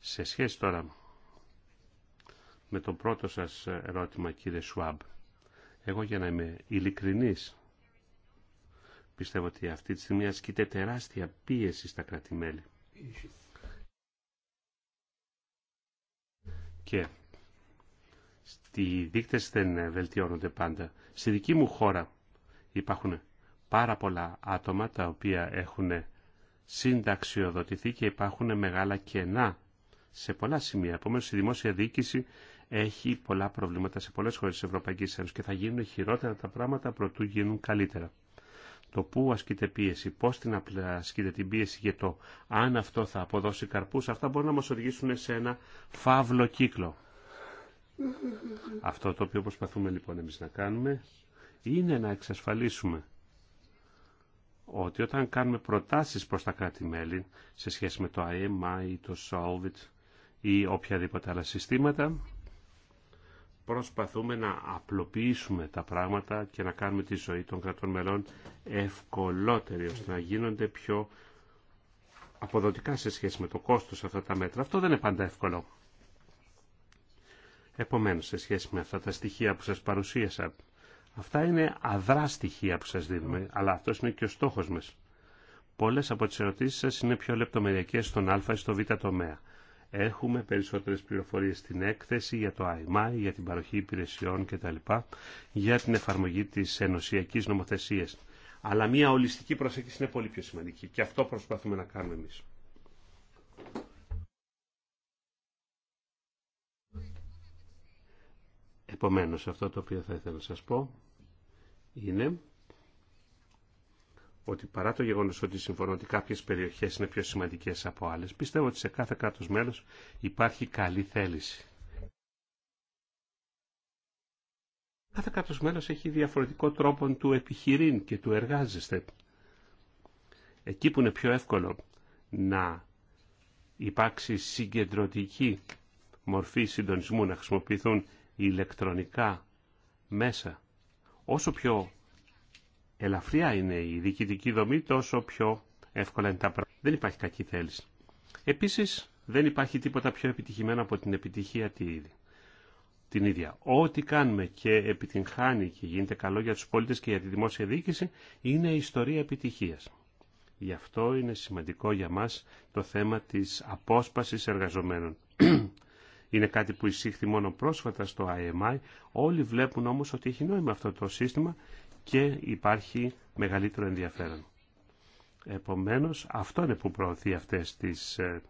Σε σχέση τώρα με το πρώτο σας ερώτημα κύριε Σουάμπ, εγώ για να είμαι ειλικρινής πιστεύω ότι αυτή τη στιγμή ασκείται τεράστια πίεση στα κρατημέλη. και οι δείκτες δεν βελτιώνονται πάντα. Στη δική μου χώρα υπάρχουν πάρα πολλά άτομα τα οποία έχουν συνταξιοδοτηθεί και υπάρχουν μεγάλα κενά σε πολλά σημεία. Επομένως η δημόσια διοίκηση έχει πολλά προβλήματα σε πολλές χώρες της Ευρωπαϊκής Ένωσης και θα γίνουν χειρότερα τα πράγματα προτού γίνουν καλύτερα το πού ασκείται πίεση, πώ την ασκείται την πίεση και το αν αυτό θα αποδώσει καρπούς, αυτά μπορεί να μας οδηγήσουν σε ένα φαύλο κύκλο. Αυτό το οποίο προσπαθούμε λοιπόν εμείς να κάνουμε είναι να εξασφαλίσουμε ότι όταν κάνουμε προτάσεις προς τα κράτη-μέλη σε σχέση με το IMI ή το Solvit ή οποιαδήποτε άλλα συστήματα, προσπαθούμε να απλοποιήσουμε τα πράγματα και να κάνουμε τη ζωή των κρατών μελών ευκολότερη ώστε να γίνονται πιο αποδοτικά σε σχέση με το κόστος αυτά τα μέτρα. Αυτό δεν είναι πάντα εύκολο. Επομένως, σε σχέση με αυτά τα στοιχεία που σας παρουσίασα, αυτά είναι αδρά στοιχεία που σας δίνουμε, αλλά αυτός είναι και ο στόχος μας. Πολλές από τις ερωτήσεις σας είναι πιο λεπτομεριακές στον α ή στο β τομέα. Έχουμε περισσότερες πληροφορίες στην έκθεση για το IMI, για την παροχή υπηρεσιών κτλ. για την εφαρμογή της ενωσιακής νομοθεσίας. Αλλά μια ολιστική προσέγγιση είναι πολύ πιο σημαντική και αυτό προσπαθούμε να κάνουμε εμείς. Επομένως, αυτό το οποίο θα ήθελα να σας πω είναι ότι παρά το γεγονός ότι συμφωνώ ότι κάποιες περιοχές είναι πιο σημαντικές από άλλες, πιστεύω ότι σε κάθε κράτο μέλος υπάρχει καλή θέληση. Κάθε κράτο μέλος έχει διαφορετικό τρόπο του επιχειρήν και του εργάζεστε. Εκεί που είναι πιο εύκολο να υπάρξει συγκεντρωτική μορφή συντονισμού, να χρησιμοποιηθούν ηλεκτρονικά μέσα, όσο πιο ελαφριά είναι η διοικητική δομή, τόσο πιο εύκολα είναι τα πράγματα. Δεν υπάρχει κακή θέληση. Επίση, δεν υπάρχει τίποτα πιο επιτυχημένο από την επιτυχία τη ήδη. Την ίδια. Ό,τι κάνουμε και επιτυγχάνει και γίνεται καλό για τους πολίτες και για τη δημόσια διοίκηση είναι η ιστορία επιτυχίας. Γι' αυτό είναι σημαντικό για μας το θέμα της απόσπασης εργαζομένων. *clears throat* Είναι κάτι που εισήχθη μόνο πρόσφατα στο IMI. Όλοι βλέπουν όμως ότι έχει νόημα αυτό το σύστημα και υπάρχει μεγαλύτερο ενδιαφέρον. Επομένως, αυτό είναι που προωθεί αυτές τις ε,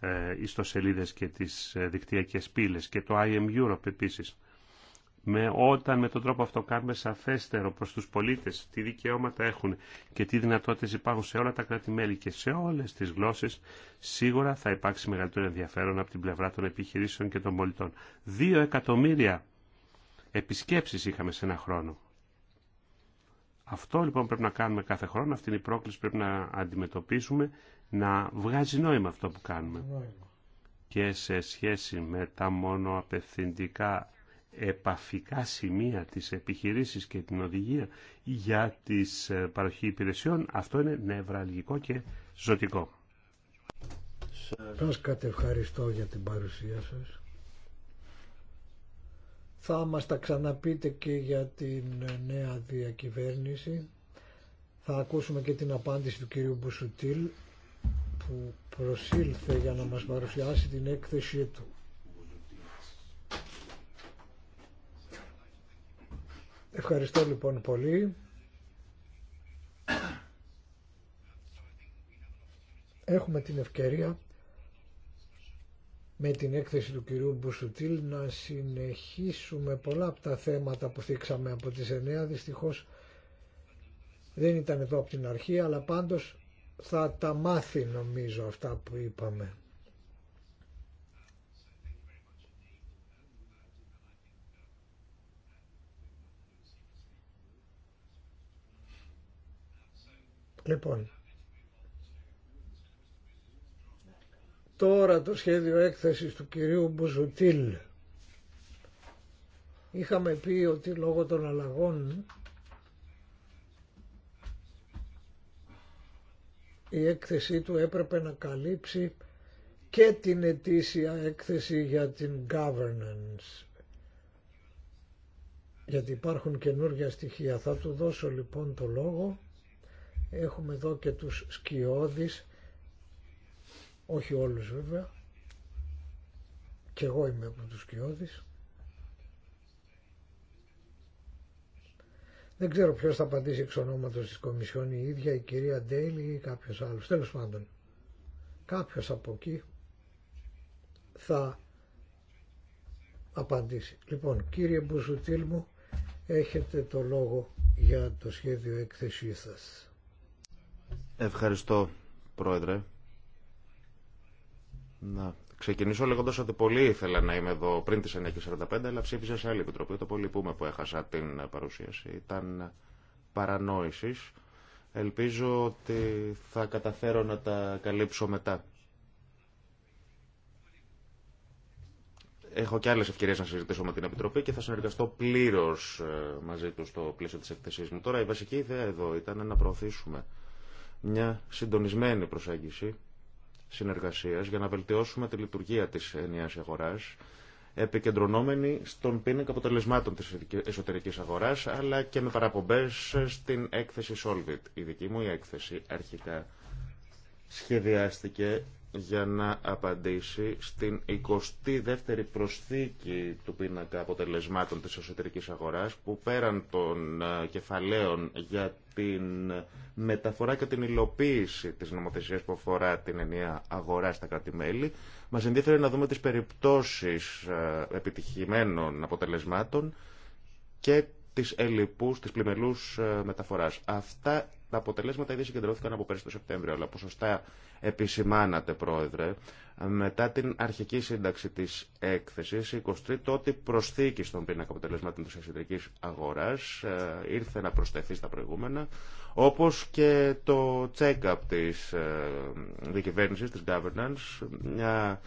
ε, ιστοσελίδες και τις ε, δικτυακές πύλες και το IM Europe επίσης. Με, όταν με τον τρόπο αυτό κάνουμε σαφέστερο προς τους πολίτες τι δικαιώματα έχουν και τι δυνατότητες υπάρχουν σε όλα τα κράτη-μέλη και σε όλες τις γλώσσες, σίγουρα θα υπάρξει μεγαλύτερο ενδιαφέρον από την πλευρά των επιχειρήσεων και των πολιτών. Δύο εκατομμύρια επισκέψεις είχαμε σε ένα χρόνο. Αυτό λοιπόν πρέπει να κάνουμε κάθε χρόνο, αυτή είναι η πρόκληση πρέπει να αντιμετωπίσουμε, να βγάζει νόημα αυτό που κάνουμε. Και σε σχέση με τα μόνο απευθυντικά επαφικά σημεία της επιχειρήσης και την οδηγία για τις ε, παροχή υπηρεσιών, αυτό είναι νευραλγικό και ζωτικό. Σας κατευχαριστώ για την παρουσία σας. Θα μας τα ξαναπείτε και για την νέα διακυβέρνηση. Θα ακούσουμε και την απάντηση του κυρίου Μπουσουτήλ που προσήλθε για να μας παρουσιάσει την έκθεσή του. Ευχαριστώ λοιπόν πολύ. Έχουμε την ευκαιρία με την έκθεση του κυρίου Μπουσουτήλ να συνεχίσουμε πολλά από τα θέματα που θίξαμε από τις 9. Δυστυχώς δεν ήταν εδώ από την αρχή, αλλά πάντως θα τα μάθει νομίζω αυτά που είπαμε. Λοιπόν, τώρα το σχέδιο έκθεσης του κυρίου Μπουζουτήλ. Είχαμε πει ότι λόγω των αλλαγών η έκθεσή του έπρεπε να καλύψει και την ετήσια έκθεση για την governance. Γιατί υπάρχουν καινούργια στοιχεία. Θα του δώσω λοιπόν το λόγο. Έχουμε εδώ και τους σκιώδεις όχι όλους βέβαια, και εγώ είμαι από τους κοιόδης. Δεν ξέρω ποιος θα απαντήσει εξ ονόματος της Κομισιόν η ίδια η κυρία Ντέιλι ή κάποιος άλλος. Τέλος πάντων, κάποιος από εκεί θα απαντήσει. Λοιπόν, κύριε Μπουζουτήλ μου, έχετε το λόγο για το σχέδιο έκθεσή σας. Ευχαριστώ, Πρόεδρε. Να ξεκινήσω λέγοντα ότι πολύ ήθελα να είμαι εδώ πριν τι 9.45, αλλά ψήφισα σε άλλη επιτροπή. Το πολύ πούμε που έχασα την παρουσίαση. Ήταν παρανόηση. Ελπίζω ότι θα καταφέρω να τα καλύψω μετά. Έχω και άλλε ευκαιρίε να συζητήσω με την Επιτροπή και θα συνεργαστώ πλήρω ε, μαζί του στο πλαίσιο τη εκθεσή μου. Τώρα η βασική ιδέα εδώ ήταν να προωθήσουμε μια συντονισμένη προσέγγιση για να βελτιώσουμε τη λειτουργία της ενιαίας αγοράς επικεντρωνόμενη στον πίνακα αποτελεσμάτων της εσωτερικής αγοράς αλλά και με παραπομπές στην έκθεση Solvit. Η δική μου η έκθεση αρχικά σχεδιάστηκε για να απαντήσει στην 22η προσθήκη του πίνακα αποτελεσμάτων της εσωτερικής αγοράς που πέραν των ε, κεφαλαίων για την μεταφορά και την υλοποίηση της νομοθεσίας που αφορά την ενιαία αγορά στα κρατη Μας ενδιαφέρει να δούμε τις περιπτώσεις ε, επιτυχημένων αποτελεσμάτων και τις ελλειπούς, τις πλημελούς ε, μεταφοράς. Αυτά τα αποτελέσματα ήδη συγκεντρώθηκαν από πέρσι το Σεπτέμβριο, αλλά που σωστά επισημάνατε, Πρόεδρε, μετά την αρχική σύνταξη τη έκθεση, 23 τότε προσθήκη στον πίνακα αποτελεσμάτων τη εξωτερική αγορά ε, ήρθε να προσθεθεί στα προηγούμενα, όπω και το check-up τη ε, διακυβέρνηση, τη governance, μια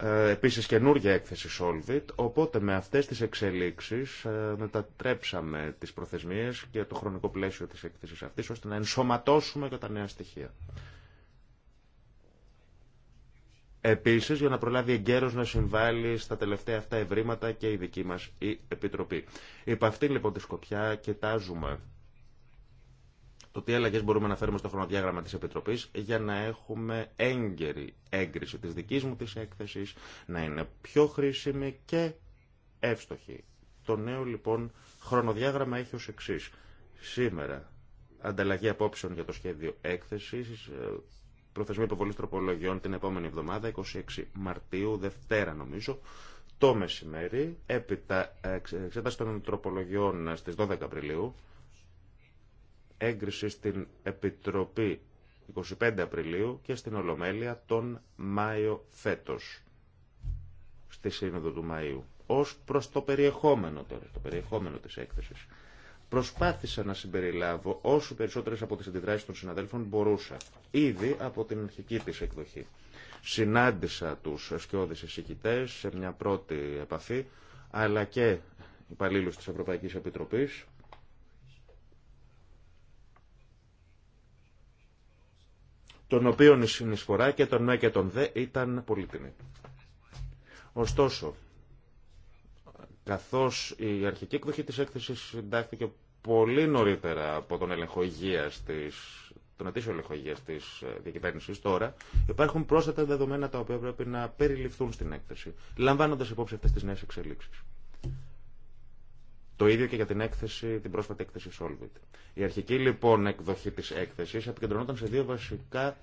ε, επίσης καινούργια έκθεση Solvit, οπότε με αυτές τις εξελίξεις ε, μετατρέψαμε τις προθεσμίες και το χρονικό πλαίσιο της έκθεσης αυτής, ώστε να ενσωματώσουμε και τα νέα στοιχεία. Επίσης, για να προλάβει εγκαίρως να συμβάλλει στα τελευταία αυτά ευρήματα και η δική μας η Επιτροπή. Υπ' αυτή λοιπόν τη σκοπιά κοιτάζουμε το τι αλλαγέ μπορούμε να φέρουμε στο χρονοδιάγραμμα τη Επιτροπή για να έχουμε έγκαιρη έγκριση τη δική μου τη έκθεση, να είναι πιο χρήσιμη και εύστοχη. Το νέο λοιπόν χρονοδιάγραμμα έχει ω εξή. Σήμερα, ανταλλαγή απόψεων για το σχέδιο έκθεση, προθεσμία υποβολή τροπολογιών την επόμενη εβδομάδα, 26 Μαρτίου, Δευτέρα νομίζω, το μεσημέρι, έπειτα ε, εξέταση των τροπολογιών στις 12 Απριλίου, έγκριση στην Επιτροπή 25 Απριλίου και στην Ολομέλεια τον Μάιο φέτος, στη Σύνοδο του Μαΐου. Ως προς το περιεχόμενο τώρα, το περιεχόμενο της έκθεσης. Προσπάθησα να συμπεριλάβω όσο περισσότερες από τις αντιδράσεις των συναδέλφων μπορούσα, ήδη από την αρχική της εκδοχή. Συνάντησα τους ασκιώδεις εισηγητές σε μια πρώτη επαφή, αλλά και υπαλλήλους της Ευρωπαϊκής Επιτροπής, των οποίων η συνεισφορά και των ναι και των ΔΕ ήταν πολύτιμη. Ωστόσο, καθώς η αρχική εκδοχή της έκθεσης συντάχθηκε πολύ νωρίτερα από τον ελεγχό υγείας της τον ελεγχό της ε, διακυβέρνησης τώρα, υπάρχουν πρόσθετα δεδομένα τα οποία πρέπει να περιληφθούν στην έκθεση, λαμβάνοντας υπόψη αυτές τις νέες εξελίξεις. Το ίδιο και για την, έκθεση, την πρόσφατη έκθεση Solvit. Η αρχική λοιπόν εκδοχή της έκθεσης επικεντρωνόταν σε δύο βασικά ε,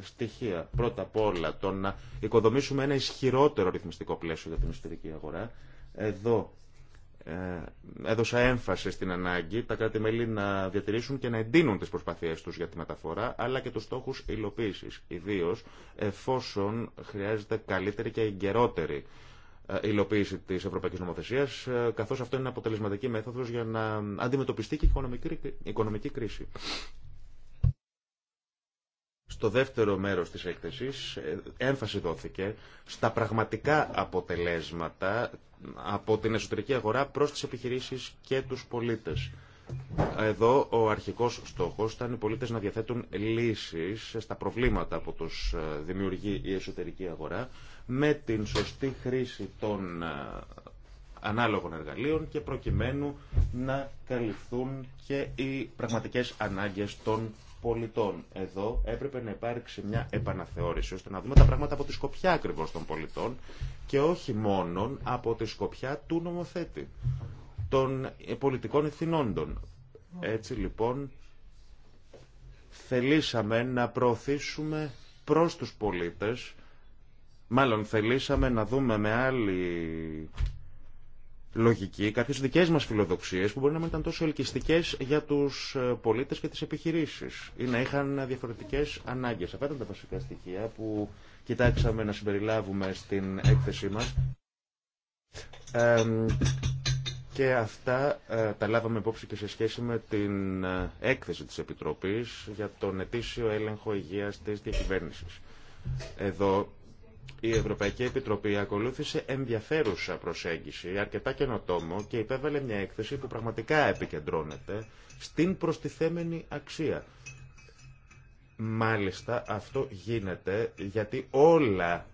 στοιχεία. Πρώτα απ' όλα το να οικοδομήσουμε ένα ισχυρότερο ρυθμιστικό πλαίσιο για την εσωτερική αγορά. Εδώ ε, έδωσα έμφαση στην ανάγκη τα κράτη-μέλη να διατηρήσουν και να εντείνουν τις προσπαθίες τους για τη μεταφορά, αλλά και τους στόχους υλοποίησης, ιδίως εφόσον χρειάζεται καλύτερη και εγκαιρότερη ε, υλοποίηση τη ευρωπαϊκή νομοθεσία, ε, καθώ αυτό είναι αποτελεσματική μέθοδο για να αντιμετωπιστεί και η οικονομική κρίση. Στο δεύτερο μέρος της έκθεσης ε, έμφαση δόθηκε στα πραγματικά αποτελέσματα από την εσωτερική αγορά προς τις επιχειρήσεις και τους πολίτες. Εδώ ο αρχικός στόχος ήταν οι πολίτες να διαθέτουν λύσεις στα προβλήματα που τους δημιουργεί η εσωτερική αγορά με την σωστή χρήση των ε, ανάλογων εργαλείων και προκειμένου να καλυφθούν και οι πραγματικές ανάγκες των πολιτών. Εδώ έπρεπε να υπάρξει μια επαναθεώρηση ώστε να δούμε τα πράγματα από τη σκοπιά ακριβώ των πολιτών και όχι μόνον από τη σκοπιά του νομοθέτη, των πολιτικών εθνώντων. Έτσι λοιπόν θελήσαμε να προωθήσουμε προς τους πολίτες Μάλλον θελήσαμε να δούμε με άλλη λογική κάποιες δικές μας φιλοδοξίες που μπορεί να μην ήταν τόσο ελκυστικές για τους ε, πολίτες και τις επιχειρήσεις ή να είχαν διαφορετικές ανάγκες. Αυτά ήταν τα βασικά στοιχεία που κοιτάξαμε να συμπεριλάβουμε στην έκθεσή μας. Και αυτά ε, τα λάβαμε υπόψη και σε σχέση με την ε, έκθεση της Επιτροπής για τον ετήσιο έλεγχο υγείας της διακυβέρνησης. Εδώ η Ευρωπαϊκή Επιτροπή ακολούθησε ενδιαφέρουσα προσέγγιση, αρκετά καινοτόμο και υπέβαλε μια έκθεση που πραγματικά επικεντρώνεται στην προστιθέμενη αξία. Μάλιστα αυτό γίνεται γιατί όλα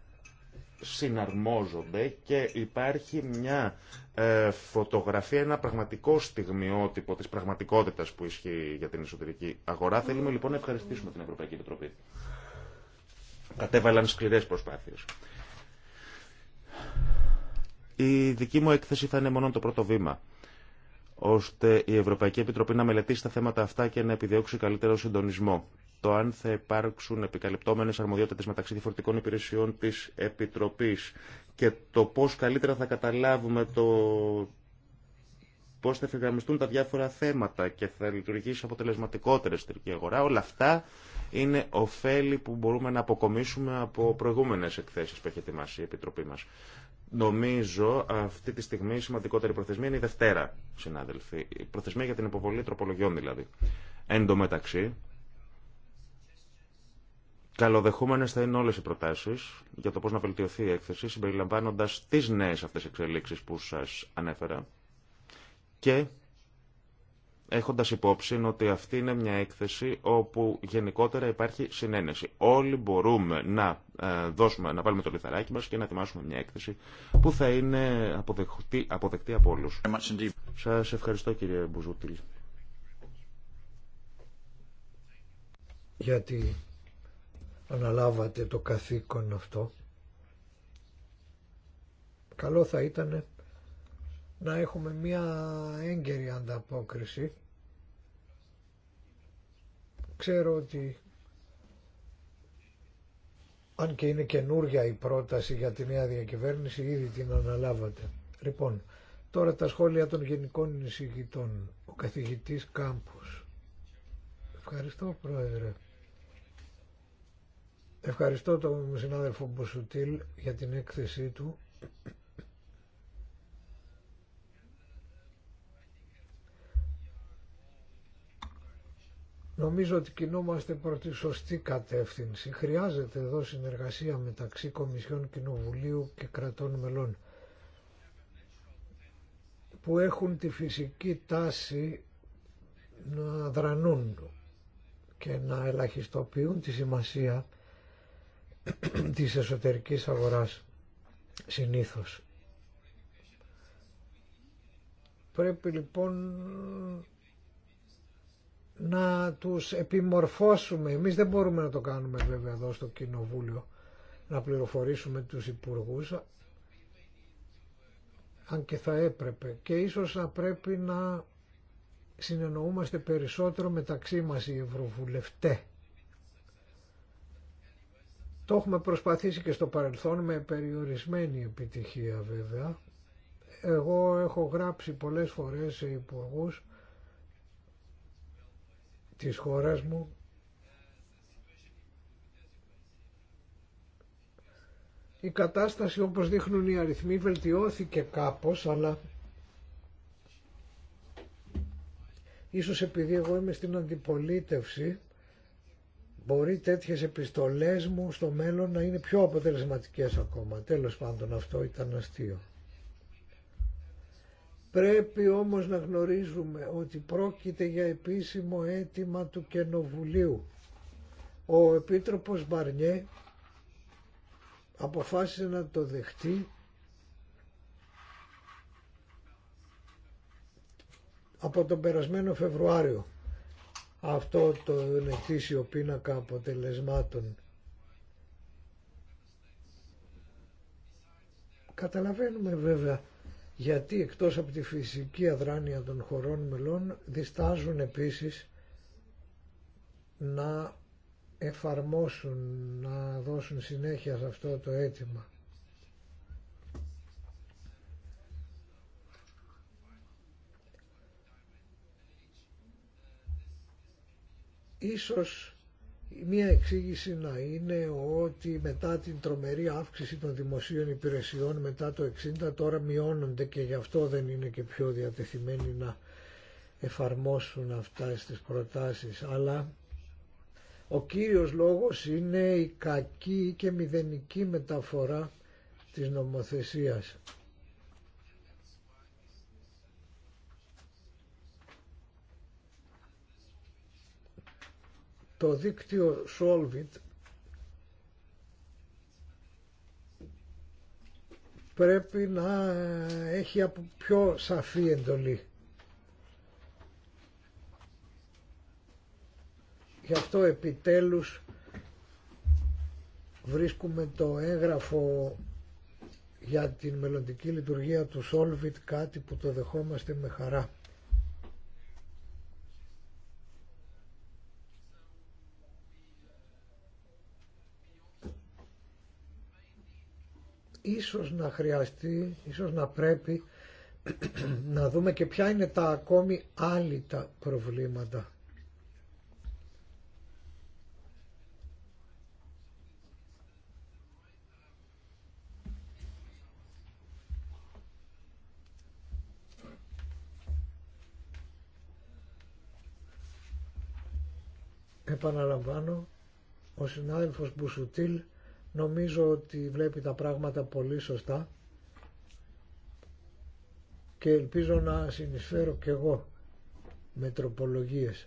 συναρμόζονται και υπάρχει μια ε, φωτογραφία, ένα πραγματικό στιγμιότυπο της πραγματικότητας που ισχύει για την εσωτερική αγορά. Θέλουμε λοιπόν να ευχαριστήσουμε την Ευρωπαϊκή Επιτροπή κατέβαλαν σκληρές προσπάθειες. Η δική μου έκθεση θα είναι μόνο το πρώτο βήμα, ώστε η Ευρωπαϊκή Επιτροπή να μελετήσει τα θέματα αυτά και να επιδιώξει καλύτερο συντονισμό. Το αν θα υπάρξουν επικαλυπτόμενες αρμοδιότητες μεταξύ διαφορετικών υπηρεσιών της Επιτροπής και το πώς καλύτερα θα καταλάβουμε το πώς θα εφηγραμμιστούν τα διάφορα θέματα και θα λειτουργήσει αποτελεσματικότερα στην αγορά, όλα αυτά είναι ωφέλη που μπορούμε να αποκομίσουμε από προηγούμενες εκθέσεις που έχει ετοιμάσει η Επιτροπή μας. Νομίζω αυτή τη στιγμή η σημαντικότερη προθεσμία είναι η Δευτέρα, συνάδελφοι. Η προθεσμία για την υποβολή τροπολογιών δηλαδή. Εν τω μεταξύ, καλοδεχούμενε θα είναι όλε οι προτάσει για το πώ να βελτιωθεί η έκθεση, συμπεριλαμβάνοντα τι νέε αυτέ εξελίξει που σα ανέφερα και έχοντας υπόψη ότι αυτή είναι μια έκθεση όπου γενικότερα υπάρχει συνένεση. Όλοι μπορούμε να, ε, δώσουμε, να βάλουμε το λιθαράκι μας και να ετοιμάσουμε μια έκθεση που θα είναι αποδεκτή, αποδεκτή από όλους. Σας ευχαριστώ κύριε Μπουζούτιλ. Γιατί αναλάβατε το καθήκον αυτό. Καλό θα ήταν να έχουμε μία έγκαιρη ανταπόκριση Ξέρω ότι αν και είναι καινούρια η πρόταση για τη νέα διακυβέρνηση, ήδη την αναλάβατε. Λοιπόν, τώρα τα σχόλια των γενικών εισηγητών. Ο καθηγητής Κάμπους. Ευχαριστώ, Πρόεδρε. Ευχαριστώ τον συνάδελφο Μποσουτήλ για την έκθεσή του Νομίζω ότι κινούμαστε προ τη σωστή κατεύθυνση. Χρειάζεται εδώ συνεργασία μεταξύ Κομισιών Κοινοβουλίου και κρατών μελών που έχουν τη φυσική τάση να δρανούν και να ελαχιστοποιούν τη σημασία *clears throat* της εσωτερικής αγοράς συνήθως. Πρέπει λοιπόν να τους επιμορφώσουμε. Εμείς δεν μπορούμε να το κάνουμε βέβαια εδώ στο Κοινοβούλιο, να πληροφορήσουμε τους υπουργούς, αν και θα έπρεπε. Και ίσως θα πρέπει να συνεννοούμαστε περισσότερο μεταξύ μας οι ευρωβουλευτές. Το έχουμε προσπαθήσει και στο παρελθόν με περιορισμένη επιτυχία βέβαια. Εγώ έχω γράψει πολλές φορές σε υπουργούς της χώρας μου η κατάσταση όπως δείχνουν οι αριθμοί βελτιώθηκε κάπως αλλά ίσως επειδή εγώ είμαι στην αντιπολίτευση μπορεί τέτοιες επιστολές μου στο μέλλον να είναι πιο αποτελεσματικές ακόμα τέλος πάντων αυτό ήταν αστείο Πρέπει όμως να γνωρίζουμε ότι πρόκειται για επίσημο αίτημα του Κενοβουλίου. Ο Επίτροπος Μπαρνιέ αποφάσισε να το δεχτεί από τον περασμένο Φεβρουάριο αυτό το ενεκτήσιο πίνακα αποτελεσμάτων. Καταλαβαίνουμε βέβαια γιατί εκτός από τη φυσική αδράνεια των χωρών μελών διστάζουν επίσης να εφαρμόσουν, να δώσουν συνέχεια σε αυτό το αίτημα. Ίσως Μία εξήγηση να είναι ότι μετά την τρομερή αύξηση των δημοσίων υπηρεσιών μετά το 60 τώρα μειώνονται και γι' αυτό δεν είναι και πιο διατεθειμένοι να εφαρμόσουν αυτά στις προτάσεις. Αλλά ο κύριος λόγος είναι η κακή και μηδενική μεταφορά της νομοθεσίας. Το δίκτυο Solvit πρέπει να ε, έχει από πιο σαφή εντολή. Γι' αυτό επιτέλους βρίσκουμε το έγγραφο για την μελλοντική λειτουργία του Solvit κάτι που το δεχόμαστε με χαρά. ίσως να χρειαστεί, ίσως να πρέπει *clears throat* να δούμε και ποια είναι τα ακόμη τα προβλήματα. Επαναλαμβάνω, ο συνάδελφος Μπουσουτήλ νομίζω ότι βλέπει τα πράγματα πολύ σωστά και ελπίζω να συνεισφέρω και εγώ με τροπολογίες.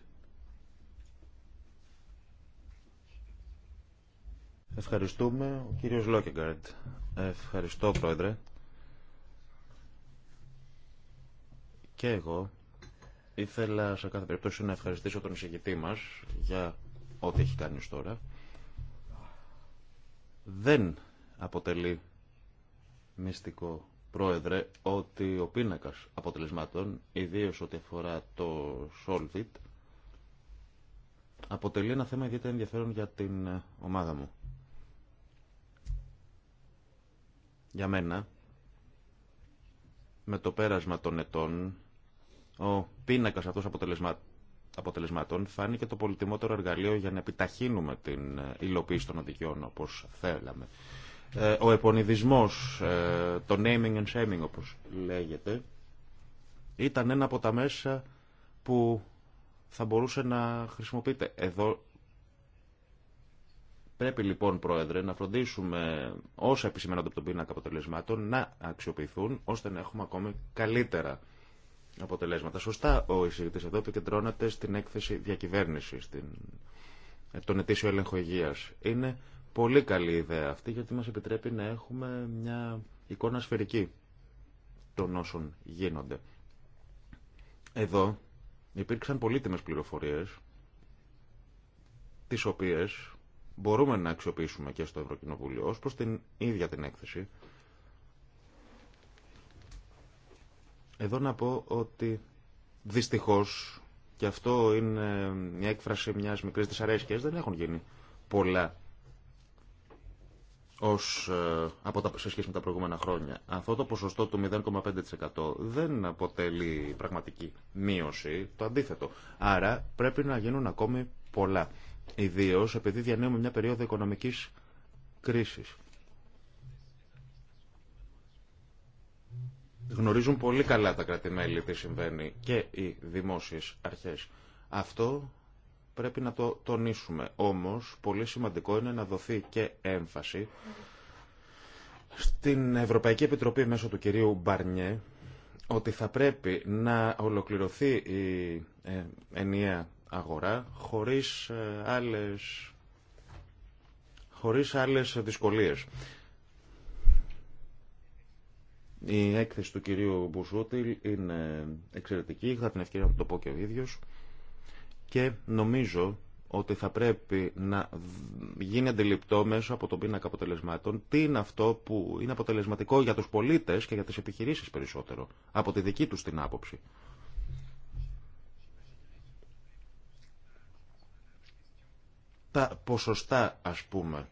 Ευχαριστούμε. Ο κύριος Λόκεγκαρντ. Ευχαριστώ, Πρόεδρε. Και εγώ ήθελα σε κάθε περίπτωση να ευχαριστήσω τον εισηγητή μας για ό,τι έχει κάνει τώρα δεν αποτελεί μυστικό πρόεδρε ότι ο πίνακας αποτελεσμάτων, ιδίως ό,τι αφορά το Solvit, αποτελεί ένα θέμα ιδιαίτερα ενδιαφέρον για την ε, ομάδα μου. Για μένα, με το πέρασμα των ετών, ο πίνακας αυτός αποτελεσμάτων αποτελεσμάτων φάνηκε το πολυτιμότερο εργαλείο για να επιταχύνουμε την ε, υλοποίηση των οδηγιών όπως θέλαμε. Ε, ο επονιδισμός, ε, το naming and shaming όπως λέγεται, ήταν ένα από τα μέσα που θα μπορούσε να χρησιμοποιείται. Εδώ πρέπει λοιπόν, Πρόεδρε, να φροντίσουμε όσα επισημενόνται από τον πίνακα αποτελεσμάτων να αξιοποιηθούν ώστε να έχουμε ακόμη καλύτερα αποτελέσματα. Σωστά ο εισηγητή εδώ επικεντρώνεται στην έκθεση διακυβέρνηση, στην... τον ετήσιο έλεγχο υγεία. Είναι πολύ καλή ιδέα αυτή γιατί μας επιτρέπει να έχουμε μια εικόνα σφαιρική των όσων γίνονται. Εδώ υπήρξαν πολύτιμες πληροφορίες τις οποίες μπορούμε να αξιοποιήσουμε και στο Ευρωκοινοβούλιο ως προς την ίδια την έκθεση Εδώ να πω ότι δυστυχώς, και αυτό είναι μια έκφραση μιας μικρής δυσαρέσκειας, δεν έχουν γίνει πολλά ως, ε, από τα, σε σχέση με τα προηγούμενα χρόνια. Αυτό το ποσοστό του 0,5% δεν αποτελεί πραγματική μείωση, το αντίθετο. Άρα πρέπει να γίνουν ακόμη πολλά. Ιδίω επειδή διανύουμε μια περίοδο οικονομικής κρίσης. Γνωρίζουν πολύ καλά τα κρατημέλη τι συμβαίνει και οι δημόσιες αρχές. Αυτό πρέπει να το τονίσουμε. Όμως, πολύ σημαντικό είναι να δοθεί και έμφαση στην Ευρωπαϊκή Επιτροπή μέσω του κυρίου Μπαρνιέ ότι θα πρέπει να ολοκληρωθεί η ε, ενιαία αγορά χωρίς ε, άλλες, χωρίς άλλες δυσκολίες. Η έκθεση του κυρίου Μπουζούτιλ είναι εξαιρετική, είχα την ευκαιρία να το πω και ο ίδιος και νομίζω ότι θα πρέπει να γίνει αντιληπτό μέσω από τον πίνακα αποτελεσμάτων τι είναι αυτό που είναι αποτελεσματικό για τους πολίτες και για τις επιχειρήσεις περισσότερο, από τη δική τους την άποψη. Τα ποσοστά, ας πούμε,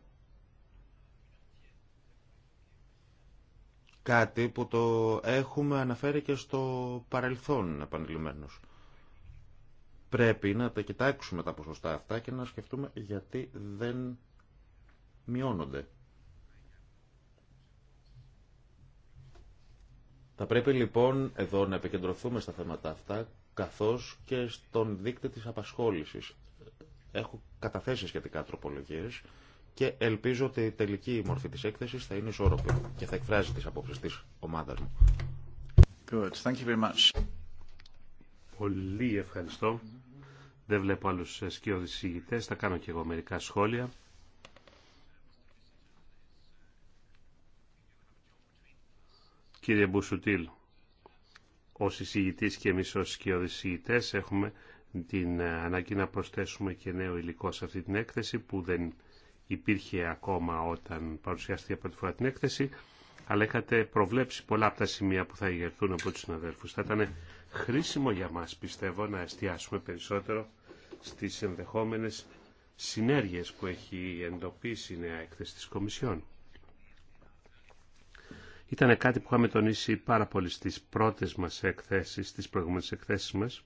Κάτι που το έχουμε αναφέρει και στο παρελθόν επανειλημμένως. Πρέπει να τα κοιτάξουμε τα ποσοστά αυτά και να σκεφτούμε γιατί δεν μειώνονται. Θα πρέπει λοιπόν εδώ να επικεντρωθούμε στα θέματα αυτά, καθώς και στον δείκτη της απασχόλησης. Έχω καταθέσει σχετικά τροπολογίες και ελπίζω ότι η τελική μορφή της έκθεσης θα είναι ισόρροπη και θα εκφράζει τις απόψεις της ομάδας μου. Good. Thank you very much. Πολύ ευχαριστώ. Δεν βλέπω άλλους σκιώδης συγητές. Θα κάνω και εγώ μερικά σχόλια. Κύριε Μπουσουτήλ, ως εισηγητής και εμείς ως σκιώδης έχουμε την ε, ανάγκη να προσθέσουμε και νέο υλικό σε αυτή την έκθεση που δεν υπήρχε ακόμα όταν παρουσιάστηκε πρώτη φορά την έκθεση, αλλά είχατε προβλέψει πολλά από τα σημεία που θα ηγερθούν από τους συναδέλφους. Θα ήταν χρήσιμο για μας, πιστεύω, να εστιάσουμε περισσότερο στις ενδεχόμενες συνέργειες που έχει εντοπίσει η νέα έκθεση της Κομισιόν. Ήταν κάτι που είχαμε τονίσει πάρα πολύ στις πρώτες μας εκθέσεις, στις προηγούμενες εκθέσεις μας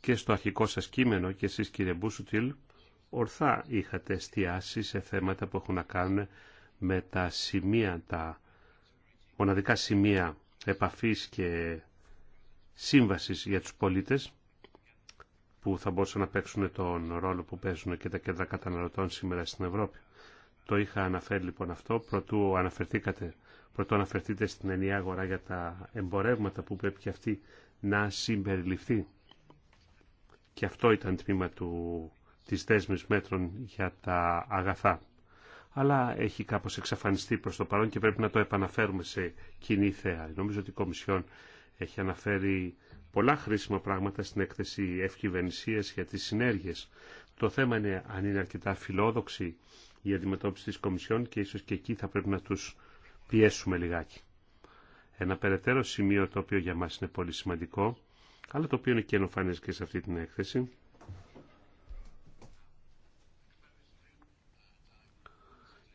και στο αρχικό σας κείμενο και εσείς κύριε Μπούσουτιλ, ορθά είχατε εστιάσει σε θέματα που έχουν να κάνουν με τα σημεία, τα μοναδικά σημεία επαφής και σύμβασης για τους πολίτες που θα μπορούσαν να παίξουν τον ρόλο που παίζουν και τα κέντρα καταναλωτών σήμερα στην Ευρώπη. Το είχα αναφέρει λοιπόν αυτό, προτού αναφερθήκατε, προτού αναφερθείτε στην ενιαία αγορά για τα εμπορεύματα που πρέπει και αυτή να συμπεριληφθεί. Και αυτό ήταν τμήμα του τις δέσμες μέτρων για τα αγαθά. Αλλά έχει κάπως εξαφανιστεί προς το παρόν και πρέπει να το επαναφέρουμε σε κοινή θέα. Νομίζω ότι η Κομισιόν έχει αναφέρει πολλά χρήσιμα πράγματα στην έκθεση ευκυβερνησίας για τις συνέργειες. Το θέμα είναι αν είναι αρκετά φιλόδοξη η αντιμετώπιση της Κομισιόν και ίσως και εκεί θα πρέπει να τους πιέσουμε λιγάκι. Ένα περαιτέρω σημείο το οποίο για μας είναι πολύ σημαντικό, αλλά το οποίο είναι και ενωφανές και σε αυτή την έκθεση,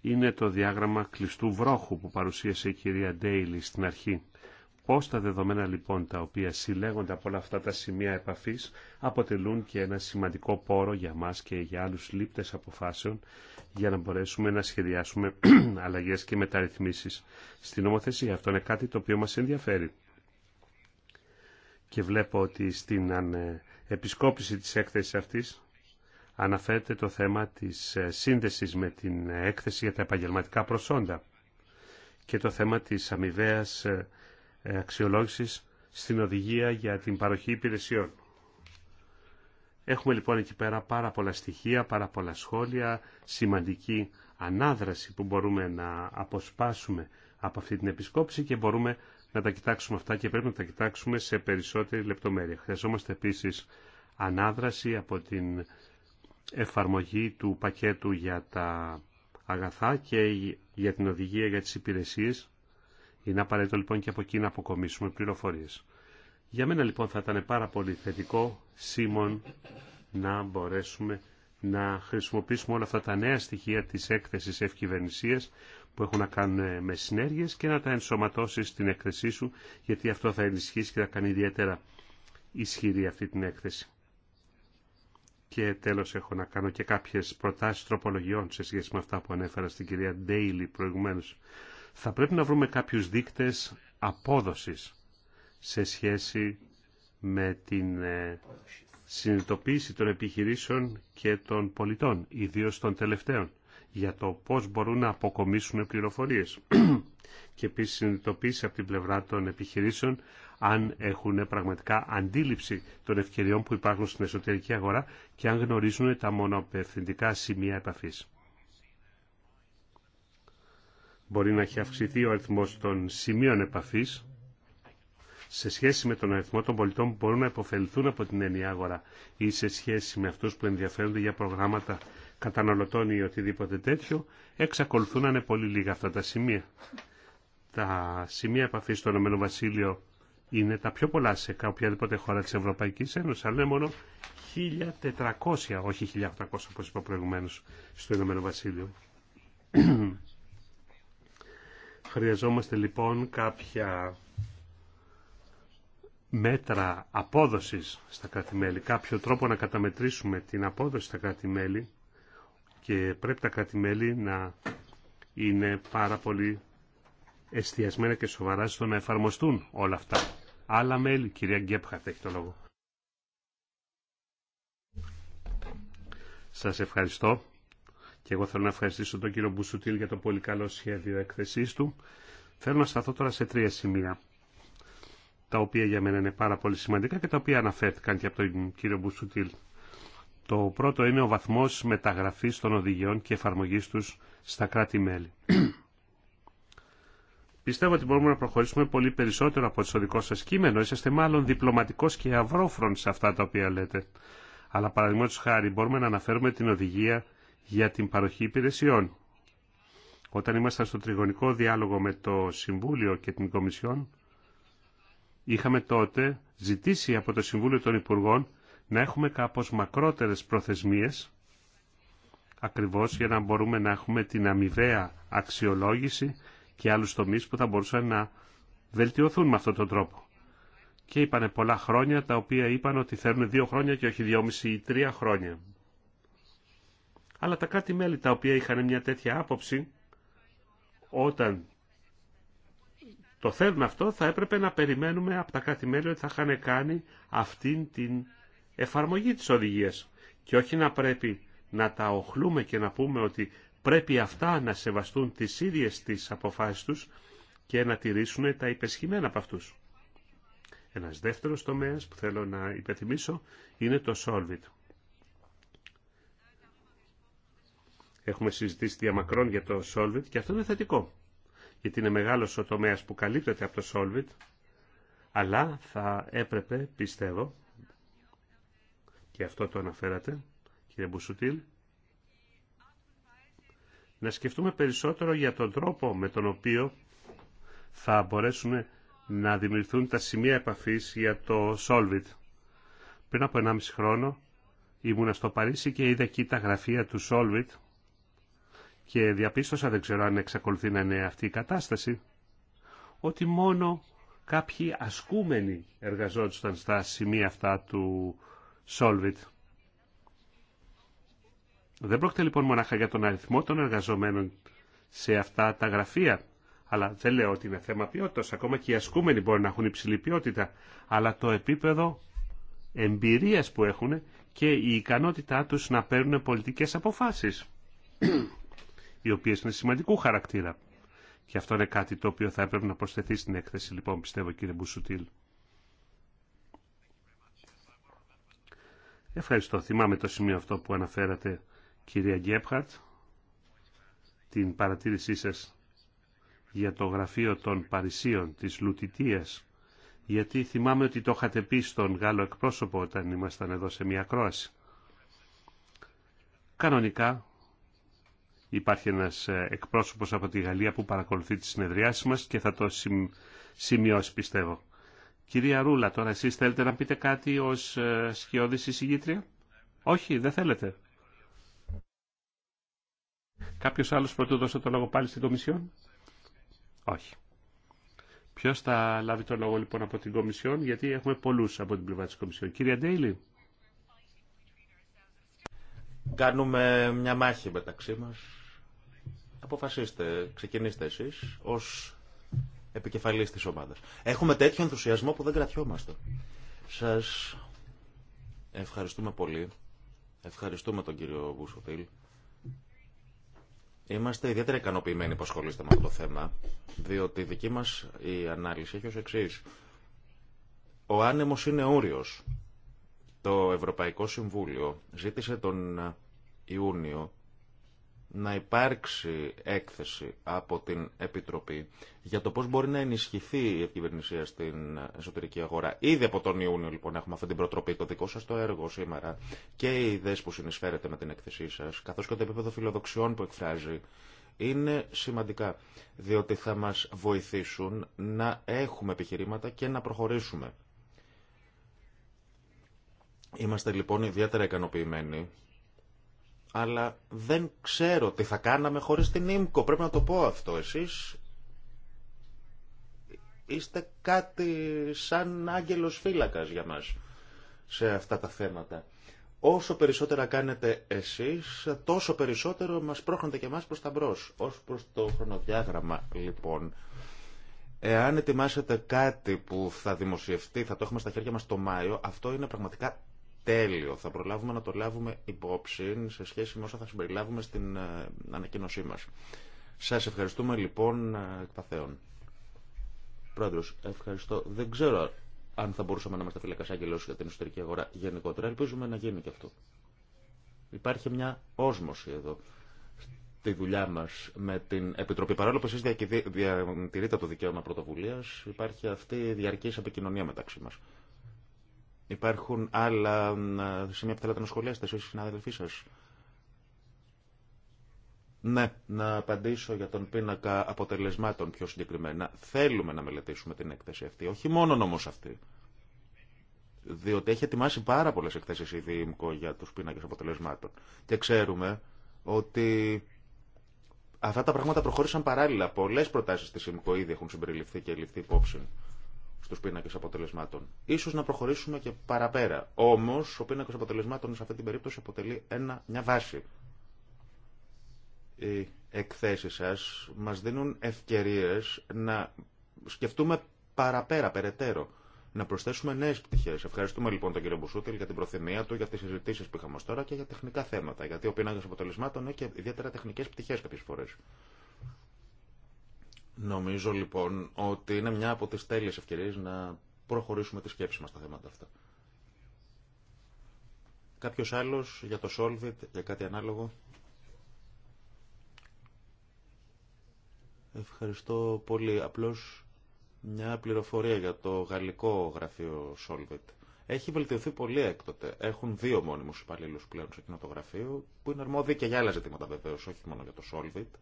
είναι το διάγραμμα κλειστού βρόχου που παρουσίασε η κυρία Ντέιλι στην αρχή. Πώς τα δεδομένα λοιπόν τα οποία συλλέγονται από όλα αυτά τα σημεία επαφής αποτελούν και ένα σημαντικό πόρο για μας και για άλλους λήπτες αποφάσεων για να μπορέσουμε να σχεδιάσουμε *clears throat* αλλαγές και μεταρρυθμίσεις στην νομοθεσία. Αυτό είναι κάτι το οποίο μας ενδιαφέρει. Και βλέπω ότι στην ε, επισκόπηση της έκθεσης αυτής αναφέρεται το θέμα της ε, σύνδεσης με την έκθεση για τα επαγγελματικά προσόντα και το θέμα της αμοιβαία ε, ε, αξιολόγησης στην οδηγία για την παροχή υπηρεσιών. Έχουμε λοιπόν εκεί πέρα πάρα πολλά στοιχεία, πάρα πολλά σχόλια, σημαντική ανάδραση που μπορούμε να αποσπάσουμε από αυτή την επισκόπηση και μπορούμε να τα κοιτάξουμε αυτά και πρέπει να τα κοιτάξουμε σε περισσότερη λεπτομέρεια. Χρειαζόμαστε επίσης ανάδραση από την εφαρμογή του πακέτου για τα αγαθά και για την οδηγία για τις υπηρεσίες. Είναι απαραίτητο λοιπόν και από εκεί να αποκομίσουμε πληροφορίες. Για μένα λοιπόν θα ήταν πάρα πολύ θετικό, Σίμων, να μπορέσουμε να χρησιμοποιήσουμε όλα αυτά τα νέα στοιχεία της έκθεσης ευκυβερνησίας που έχουν να κάνουν με συνέργειες και να τα ενσωματώσει στην έκθεσή σου, γιατί αυτό θα ενισχύσει και θα κάνει ιδιαίτερα ισχυρή αυτή την έκθεση. Και τέλος έχω να κάνω και κάποιες προτάσεις τροπολογιών σε σχέση με αυτά που ανέφερα στην κυρία Ντέιλι προηγουμένως. Θα πρέπει να βρούμε κάποιους δείκτες απόδοσης σε σχέση με την ε, συνειδητοποίηση των επιχειρήσεων και των πολιτών, ιδίως των τελευταίων, για το πώς μπορούν να αποκομίσουν πληροφορίες και επίσης συνειδητοποίηση από την πλευρά των επιχειρήσεων αν έχουν πραγματικά αντίληψη των ευκαιριών που υπάρχουν στην εσωτερική αγορά και αν γνωρίζουν τα μονοπευθυντικά σημεία επαφής. Μπορεί να έχει αυξηθεί ο αριθμός των σημείων επαφής σε σχέση με τον αριθμό των πολιτών που μπορούν να υποφεληθούν από την ενιαία αγορά ή σε σχέση με αυτούς που ενδιαφέρονται για προγράμματα καταναλωτών ή οτιδήποτε τέτοιο, εξακολουθούν να είναι πολύ λίγα αυτά τα σημεία τα σημεία επαφή στο Ηνωμένο Βασίλειο είναι τα πιο πολλά σε οποιαδήποτε χώρα της Ευρωπαϊκής Ένωση, αλλά είναι μόνο 1.400, όχι 1.800 όπως είπα προηγουμένως, στο Ηνωμένο Βασίλειο. *clears throat* Χρειαζόμαστε λοιπόν κάποια μέτρα απόδοσης στα κράτη-μέλη, κάποιο τρόπο να καταμετρήσουμε την απόδοση στα κράτη-μέλη και πρέπει τα κράτη-μέλη να είναι πάρα πολύ εστιασμένα και σοβαρά στο να εφαρμοστούν όλα αυτά. Άλλα μέλη, κυρία Γκέπχαρτ έχει το λόγο. Σας ευχαριστώ και εγώ θέλω να ευχαριστήσω τον κύριο Μπουσουτήλ για το πολύ καλό σχέδιο έκθεσή του. Θέλω να σταθώ τώρα σε τρία σημεία, τα οποία για μένα είναι πάρα πολύ σημαντικά και τα οποία αναφέρθηκαν και από τον κύριο Μπουσουτήλ. Το πρώτο είναι ο βαθμός μεταγραφής των οδηγιών και εφαρμογής τους στα κράτη-μέλη. Πιστεύω ότι μπορούμε να προχωρήσουμε πολύ περισσότερο από το δικό σα κείμενο. Είσαστε μάλλον διπλωματικό και αυρόφρον σε αυτά τα οποία λέτε. Αλλά παραδείγματο χάρη μπορούμε να αναφέρουμε την οδηγία για την παροχή υπηρεσιών. Όταν ήμασταν στο τριγωνικό διάλογο με το Συμβούλιο και την Κομισιόν, είχαμε τότε ζητήσει από το Συμβούλιο των Υπουργών να έχουμε κάπω μακρότερε προθεσμίε ακριβώ για να μπορούμε να έχουμε την αμοιβαία αξιολόγηση και άλλους τομείς που θα μπορούσαν να βελτιωθούν με αυτόν τον τρόπο. Και είπανε πολλά χρόνια, τα οποία είπαν ότι θέλουν δύο χρόνια και όχι δυόμιση ή τρία χρόνια. Αλλά τα κάτι μελη τα οποία είχαν μια τέτοια άποψη, όταν το θέλουν αυτό, θα έπρεπε να περιμένουμε από τα κάτι μελη ότι θα είχαν κάνει αυτήν την εφαρμογή της οδηγίας. Και όχι να πρέπει να τα οχλούμε και να πούμε ότι πρέπει αυτά να σεβαστούν τις ίδιες τις αποφάσεις τους και να τηρήσουν τα υπεσχημένα από αυτούς. Ένας δεύτερος τομέας που θέλω να υπενθυμίσω είναι το Solvit. Έχουμε συζητήσει διαμακρών για το Solvit και αυτό είναι θετικό. Γιατί είναι μεγάλος ο τομέας που καλύπτεται από το Solvit, αλλά θα έπρεπε, πιστεύω, και αυτό το αναφέρατε, κύριε Μπουσουτήλ, να σκεφτούμε περισσότερο για τον τρόπο με τον οποίο θα μπορέσουν να δημιουργηθούν τα σημεία επαφής για το Solvit. Πριν από 1,5 χρόνο ήμουνα στο Παρίσι και είδα εκεί τα γραφεία του Solvit και διαπίστωσα, δεν ξέρω αν εξακολουθεί να είναι αυτή η κατάσταση, ότι μόνο κάποιοι ασκούμενοι εργαζόντουσαν στα σημεία αυτά του Solvit. Δεν πρόκειται λοιπόν μονάχα για τον αριθμό των εργαζομένων σε αυτά τα γραφεία, αλλά δεν λέω ότι είναι θέμα ποιότητα. Ακόμα και οι ασκούμενοι μπορεί να έχουν υψηλή ποιότητα, αλλά το επίπεδο εμπειρία που έχουν και η ικανότητά του να παίρνουν πολιτικέ αποφάσει, *clears throat* οι οποίε είναι σημαντικού χαρακτήρα. Και αυτό είναι κάτι το οποίο θα έπρεπε να προσθεθεί στην έκθεση, λοιπόν, πιστεύω, κύριε Μπουσουτήλ. Ευχαριστώ. Θυμάμαι το σημείο αυτό που αναφέρατε κυρία Γκέπχαρτ, την παρατήρησή σας για το γραφείο των Παρισίων της Λουτιτίας, γιατί θυμάμαι ότι το είχατε πει στον Γάλλο εκπρόσωπο όταν ήμασταν εδώ σε μια κρόαση. Κανονικά υπάρχει ένας ε, εκπρόσωπος από τη Γαλλία που παρακολουθεί τις συνεδριάσεις μας και θα το σημειώσει πιστεύω. Κυρία Ρούλα, τώρα εσείς θέλετε να πείτε κάτι ως ε, σκιώδης εισηγήτρια. Όχι, δεν θέλετε. Κάποιος άλλος πρωτού δώσει το λόγο πάλι στην Κομισιόν. Όχι. Ποιο θα λάβει το λόγο λοιπόν από την Κομισιόν, γιατί έχουμε πολλού από την πλευρά τη Κομισιόν. Κύριε Ντέιλι. Κάνουμε μια μάχη μεταξύ μα. Αποφασίστε, ξεκινήστε εσεί ω επικεφαλή τη ομάδα. Έχουμε τέτοιο ενθουσιασμό που δεν κρατιόμαστε. Σα ευχαριστούμε πολύ. Ευχαριστούμε τον κύριο Μπουσοτήλ Είμαστε ιδιαίτερα ικανοποιημένοι που ασχολείστε με αυτό το θέμα, διότι η δική μας η ανάλυση έχει ω εξή. Ο άνεμος είναι όριο. Το Ευρωπαϊκό Συμβούλιο ζήτησε τον Ιούνιο να υπάρξει έκθεση από την Επιτροπή για το πώς μπορεί να ενισχυθεί η ευκυβερνησία στην εσωτερική αγορά. Ήδη από τον Ιούνιο λοιπόν έχουμε αυτή την προτροπή, το δικό σας το έργο σήμερα και οι ιδέες που συνεισφέρετε με την έκθεσή σας, καθώς και το επίπεδο φιλοδοξιών που εκφράζει, είναι σημαντικά, διότι θα μας βοηθήσουν να έχουμε επιχειρήματα και να προχωρήσουμε. Είμαστε λοιπόν ιδιαίτερα ικανοποιημένοι αλλά δεν ξέρω τι θα κάναμε χωρίς την ΙΜΚΟ. Πρέπει να το πω αυτό. Εσείς είστε κάτι σαν άγγελος φύλακας για μας σε αυτά τα θέματα. Όσο περισσότερα κάνετε εσείς, τόσο περισσότερο μας πρόχνετε και εμάς προς τα μπρος. Ως προς το χρονοδιάγραμμα, λοιπόν, εάν ετοιμάσετε κάτι που θα δημοσιευτεί, θα το έχουμε στα χέρια μας το Μάιο, αυτό είναι πραγματικά τέλειο. Θα προλάβουμε να το λάβουμε υπόψη σε σχέση με όσα θα συμπεριλάβουμε στην ε, ανακοίνωσή μας. Σας ευχαριστούμε λοιπόν ε, εκ παθέων. Πρόεδρος, ευχαριστώ. Δεν ξέρω αν θα μπορούσαμε να είμαστε φυλακά άγγελος για την εσωτερική αγορά γενικότερα. Ελπίζουμε να γίνει και αυτό. Υπάρχει μια όσμωση εδώ τη δουλειά μα με την Επιτροπή. Παρόλο που εσεί διατηρείτε το δικαίωμα πρωτοβουλία, υπάρχει αυτή η διαρκή επικοινωνία μεταξύ μα. Υπάρχουν άλλα σημεία που θέλετε να σχολιάσετε εσείς οι συναδελφοί σας. Ναι, να απαντήσω για τον πίνακα αποτελεσμάτων πιο συγκεκριμένα. Θέλουμε να μελετήσουμε την έκθεση αυτή, όχι μόνο όμω αυτή. Διότι έχει ετοιμάσει πάρα πολλέ εκθέσει ήδη η ΕΜΚΟ για τους πίνακες αποτελεσμάτων. Και ξέρουμε ότι αυτά τα πράγματα προχώρησαν παράλληλα. Πολλές προτάσεις τη ΕΜΚΟ ήδη έχουν συμπεριληφθεί και ληφθεί υπόψη. Στου πίνακε αποτελεσμάτων. Ίσως να προχωρήσουμε και παραπέρα. Όμω, ο πίνακο αποτελεσμάτων σε αυτή την περίπτωση αποτελεί ένα, μια βάση. Οι εκθέσει σα μα δίνουν ευκαιρίε να σκεφτούμε παραπέρα, περαιτέρω. Να προσθέσουμε νέε πτυχέ. Ευχαριστούμε λοιπόν τον κύριο Μπουσούτελ για την προθυμία του, για τι συζητήσει που είχαμε τώρα και για τεχνικά θέματα. Γιατί ο πίνακα αποτελεσμάτων έχει ιδιαίτερα τεχνικέ πτυχέ κάποιε φορέ. Νομίζω λοιπόν ότι είναι μια από τις τέλειες ευκαιρίες να προχωρήσουμε τη σκέψη μας στα θέματα αυτά. Κάποιος άλλος για το Solvit, για κάτι ανάλογο. Ευχαριστώ πολύ. Απλώς μια πληροφορία για το γαλλικό γραφείο Solvit. Έχει βελτιωθεί πολύ έκτοτε. Έχουν δύο μόνιμους υπαλλήλους πλέον σε εκείνο το γραφείο, που είναι αρμόδιοι και για άλλα ζητήματα βεβαίως, όχι μόνο για το Solvit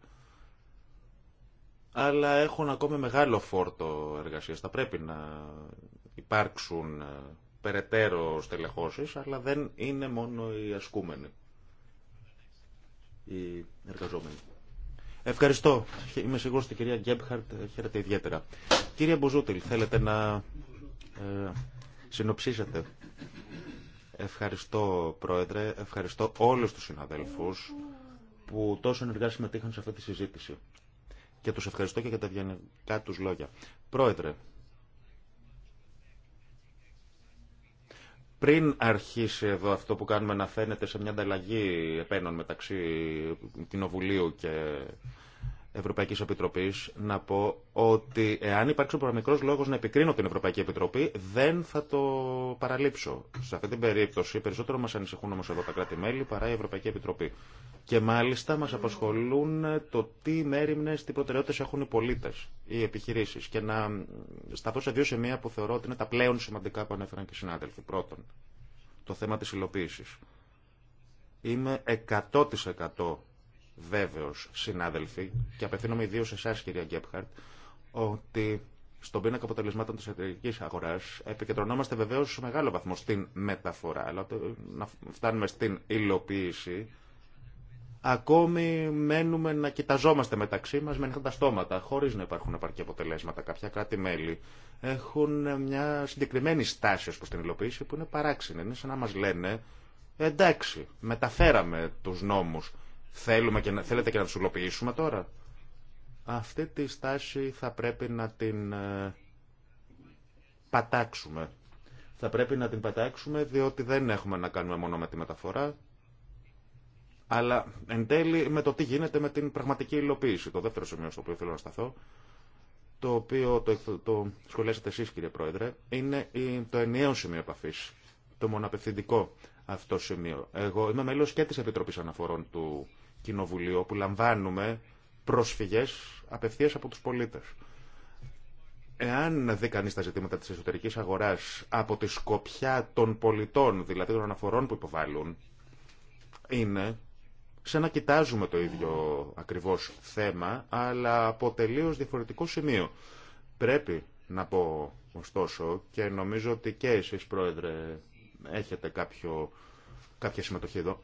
αλλά έχουν ακόμη μεγάλο φόρτο εργασίας. Θα πρέπει να υπάρξουν ε, περαιτέρω στελεχώσεις, αλλά δεν είναι μόνο οι ασκούμενοι, οι εργαζόμενοι. Ευχαριστώ. Είμαι σίγουρος ότι η κυρία Γκέμπχαρτ χαίρεται ιδιαίτερα. Κύριε Μποζούτιλ, θέλετε να ε, συνοψίσετε. Ευχαριστώ, Πρόεδρε. Ευχαριστώ όλους τους συναδέλφους που τόσο ενεργά συμμετείχαν σε αυτή τη συζήτηση και τους ευχαριστώ και για τα ευγενικά τους λόγια. Πρόεδρε, πριν αρχίσει εδώ αυτό που κάνουμε να φαίνεται σε μια ανταλλαγή επένων μεταξύ Κοινοβουλίου και Ευρωπαϊκή Επιτροπή να πω ότι εάν υπάρξει ο προγραμμικό λόγο να επικρίνω την Ευρωπαϊκή Επιτροπή, δεν θα το παραλείψω. Σε αυτή την περίπτωση, περισσότερο μα ανησυχούν όμω εδώ τα κράτη-μέλη παρά η Ευρωπαϊκή Επιτροπή. Και μάλιστα μα απασχολούν το τι μέρημνε, τι προτεραιότητε έχουν οι πολίτε, οι επιχειρήσει. Και να σταθώ σε δύο σημεία που θεωρώ ότι είναι τα πλέον σημαντικά που ανέφεραν και οι συνάδελφοι. Πρώτον, το θέμα τη υλοποίηση. Είμαι 100% βέβαιο, συνάδελφοι, και απευθύνομαι ιδίω σε εσά, κυρία Γκέπχαρτ, ότι στον πίνακα αποτελεσμάτων τη εταιρική αγορά επικεντρωνόμαστε βεβαίω σε μεγάλο βαθμό στην μεταφορά, αλλά να φτάνουμε στην υλοποίηση. Ακόμη μένουμε να κοιταζόμαστε μεταξύ μας με ανοιχτά τα στόματα, χωρίς να υπάρχουν επαρκή αποτελέσματα. Κάποια κράτη-μέλη έχουν μια συγκεκριμένη στάση ως προς την υλοποίηση που είναι παράξενη. Είναι σαν να λένε, εντάξει, μεταφέραμε τους νόμους, Θέλουμε και θέλετε και να τους υλοποιήσουμε τώρα. Αυτή τη στάση θα πρέπει να την ε, πατάξουμε. Θα πρέπει να την πατάξουμε διότι δεν έχουμε να κάνουμε μόνο με τη μεταφορά, αλλά εν τέλει με το τι γίνεται με την πραγματική υλοποίηση. Το δεύτερο σημείο στο οποίο θέλω να σταθώ, το οποίο το, το σχολιάσατε εσείς κύριε Πρόεδρε, είναι το ενιαίο σημείο επαφή, το μοναπευθυντικό αυτό σημείο. Εγώ είμαι μέλος και της Επιτροπής Αναφορών του Κοινοβουλίο που λαμβάνουμε πρόσφυγες απευθείας από τους πολίτες. Εάν δει κανεί τα ζητήματα της εσωτερικής αγοράς από τη σκοπιά των πολιτών, δηλαδή των αναφορών που υποβάλλουν, είναι σαν να κοιτάζουμε το ίδιο ακριβώς θέμα, αλλά από τελείω διαφορετικό σημείο. Πρέπει να πω ωστόσο, και νομίζω ότι και εσείς πρόεδρε έχετε κάποιο, κάποια συμμετοχή εδώ,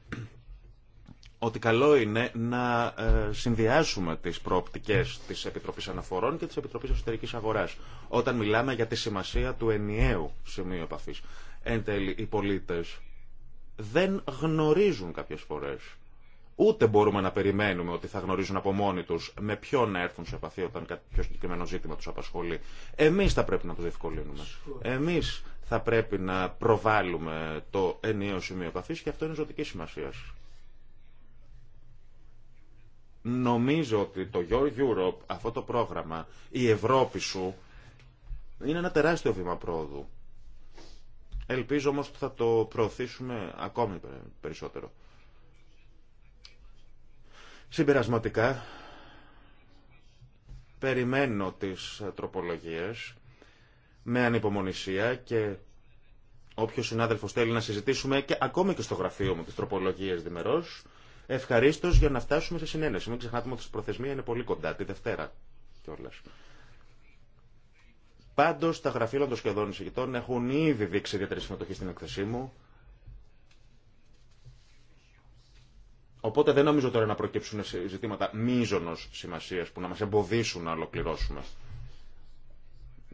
ότι καλό είναι να ε, συνδυάσουμε τις προοπτικές της Επιτροπής Αναφορών και της Επιτροπής Εσωτερικής Αγοράς όταν μιλάμε για τη σημασία του ενιαίου σημείου επαφής. Εν τέλει, οι πολίτες δεν γνωρίζουν κάποιες φορές. Ούτε μπορούμε να περιμένουμε ότι θα γνωρίζουν από μόνοι τους με ποιον να έρθουν σε επαφή όταν κάποιο συγκεκριμένο ζήτημα τους απασχολεί. Εμείς θα πρέπει να του διευκολύνουμε. Εμείς θα πρέπει να προβάλλουμε το ενιαίο σημείο επαφή και αυτό είναι ζωτική σημασία. Νομίζω ότι το Your Europe, αυτό το πρόγραμμα, η Ευρώπη σου, είναι ένα τεράστιο βήμα πρόοδου. Ελπίζω όμως ότι θα το προωθήσουμε ακόμη περισσότερο. Συμπερασματικά, περιμένω τις τροπολογίες με ανυπομονησία και όποιος συνάδελφος θέλει να συζητήσουμε και ακόμη και στο γραφείο μου τις τροπολογίες διμερώς, ευχαρίστω για να φτάσουμε σε συνένεση. Μην ξεχνάτε ότι η προθεσμία είναι πολύ κοντά, τη Δευτέρα κιόλα. Πάντω, τα γραφεία των σχεδόν εισηγητών έχουν ήδη δείξει ιδιαίτερη συμμετοχή στην εκθεσή μου. Οπότε δεν νομίζω τώρα να προκύψουν ζητήματα μείζωνος σημασίας που να μας εμποδίσουν να ολοκληρώσουμε.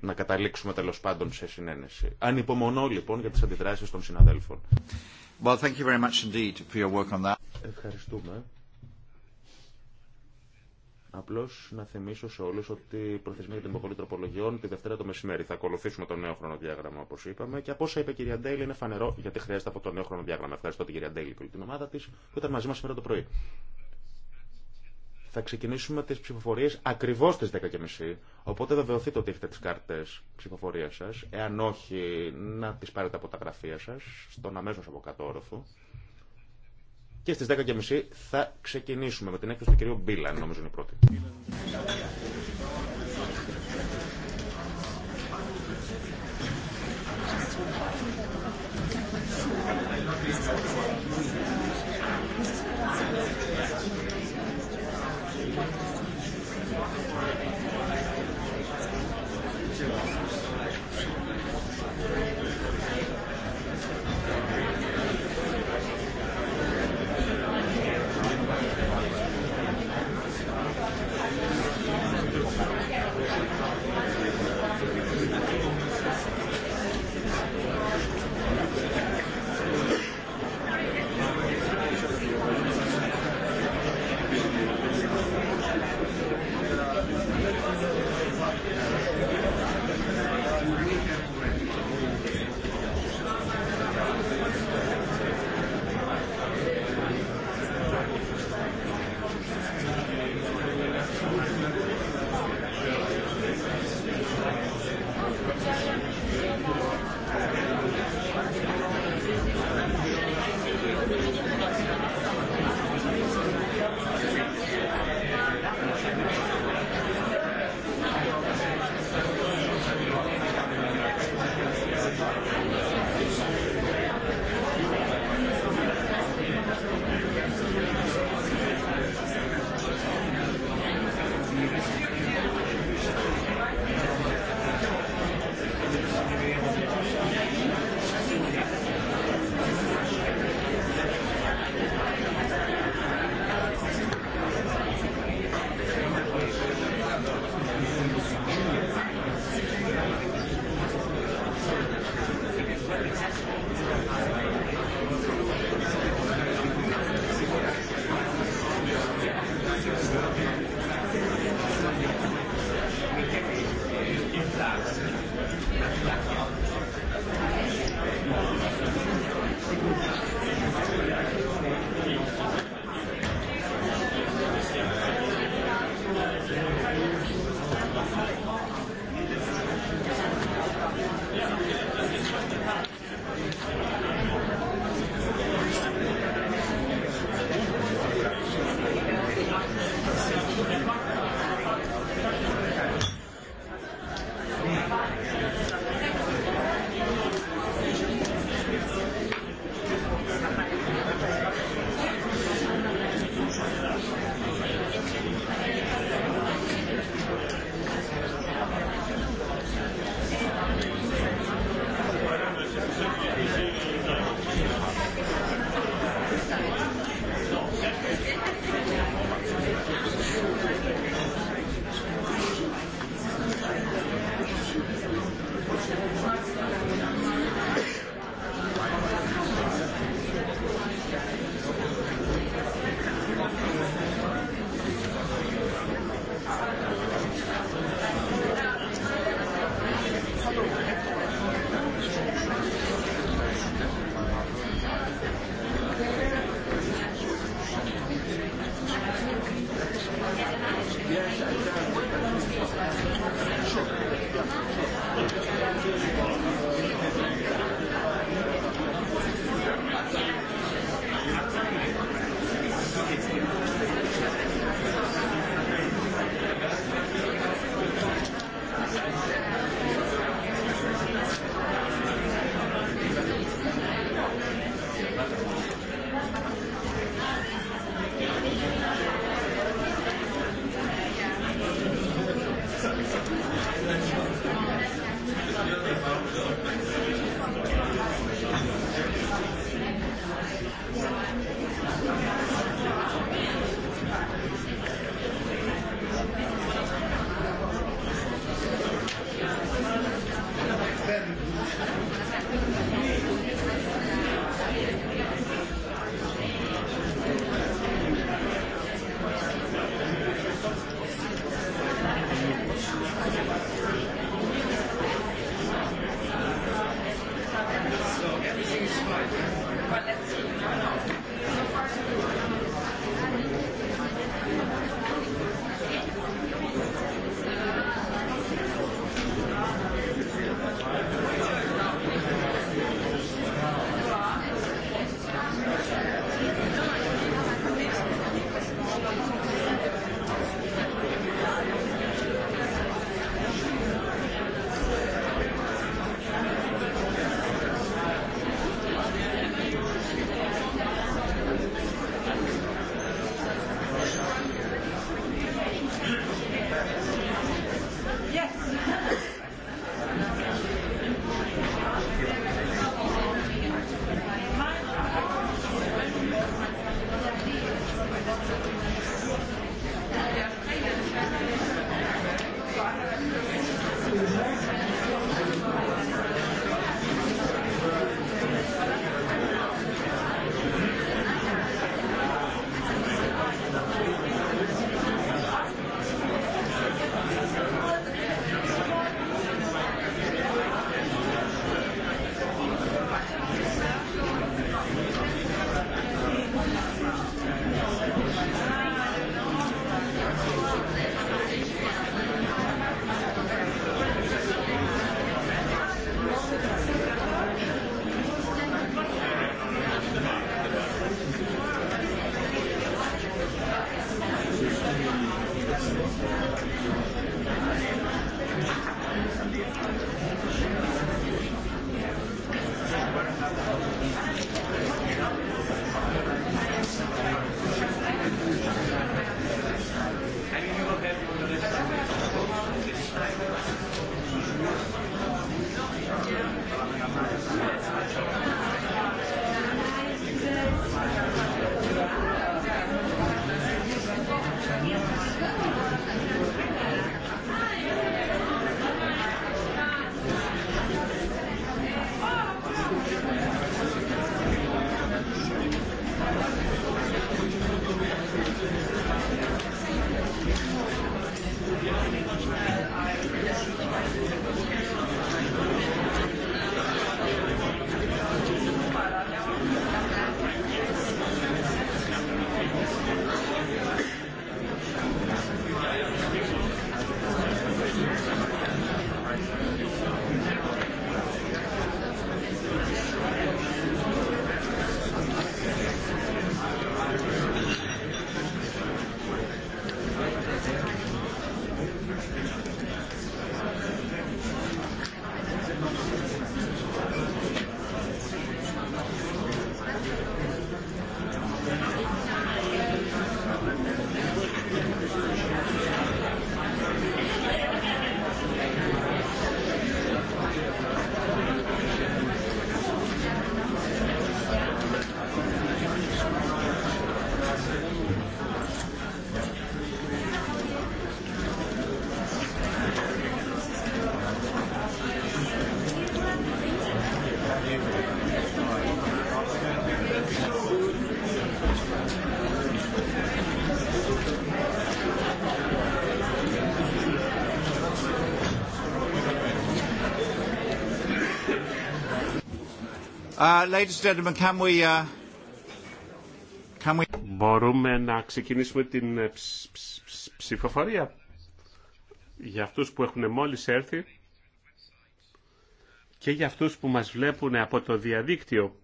Να καταλήξουμε τέλο πάντων σε συνένεση. Ανυπομονώ λοιπόν για τις αντιδράσεις των συναδέλφων. Well, thank you very much indeed for your work on that. Ευχαριστούμε. Απλώ να θυμίσω σε όλου ότι η προθεσμία για την υποβολή τροπολογιών τη Δευτέρα το μεσημέρι θα ακολουθήσουμε το νέο χρονοδιάγραμμα όπω είπαμε. Και από όσα είπε η κυρία Ντέιλ είναι φανερό γιατί χρειάζεται από το νέο χρονοδιάγραμμα. Ευχαριστώ την κυρία Ντέιλ και την ομάδα τη που ήταν μαζί μα σήμερα το πρωί. Θα ξεκινήσουμε τις ψηφοφορίες ακριβώς στις 10.30, οπότε βεβαιωθείτε ότι έχετε τις κάρτες ψηφοφορίας σας, εάν όχι να τις πάρετε από τα γραφεία σας, στον αμέσως από κάτω όροφο. Και στις 10.30 θα ξεκινήσουμε με την έκθεση του κυρίου Μπίλαν, νομίζω είναι η πρώτη. Uh, uh, μπορούμε να ξεκινήσουμε την ε, ψηφοφορία για αυτούς που έχουν μόλις έρθει και για αυτούς που μας βλέπουν από το διαδίκτυο.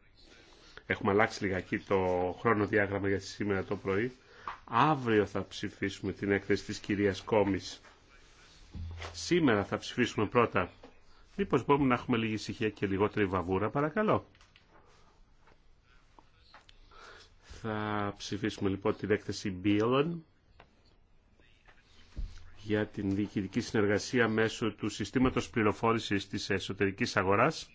Έχουμε αλλάξει λιγάκι το χρόνο διάγραμμα για σήμερα το πρωί. Αύριο θα ψηφίσουμε την έκθεση της κυρίας Κόμης. Σήμερα θα ψηφίσουμε πρώτα. Μήπως μπορούμε να έχουμε λίγη ησυχία και λιγότερη βαβούρα, παρακαλώ. Θα ψηφίσουμε λοιπόν την έκθεση Μπίελον για την διοικητική συνεργασία μέσω του συστήματος πληροφόρησης της εσωτερικής αγοράς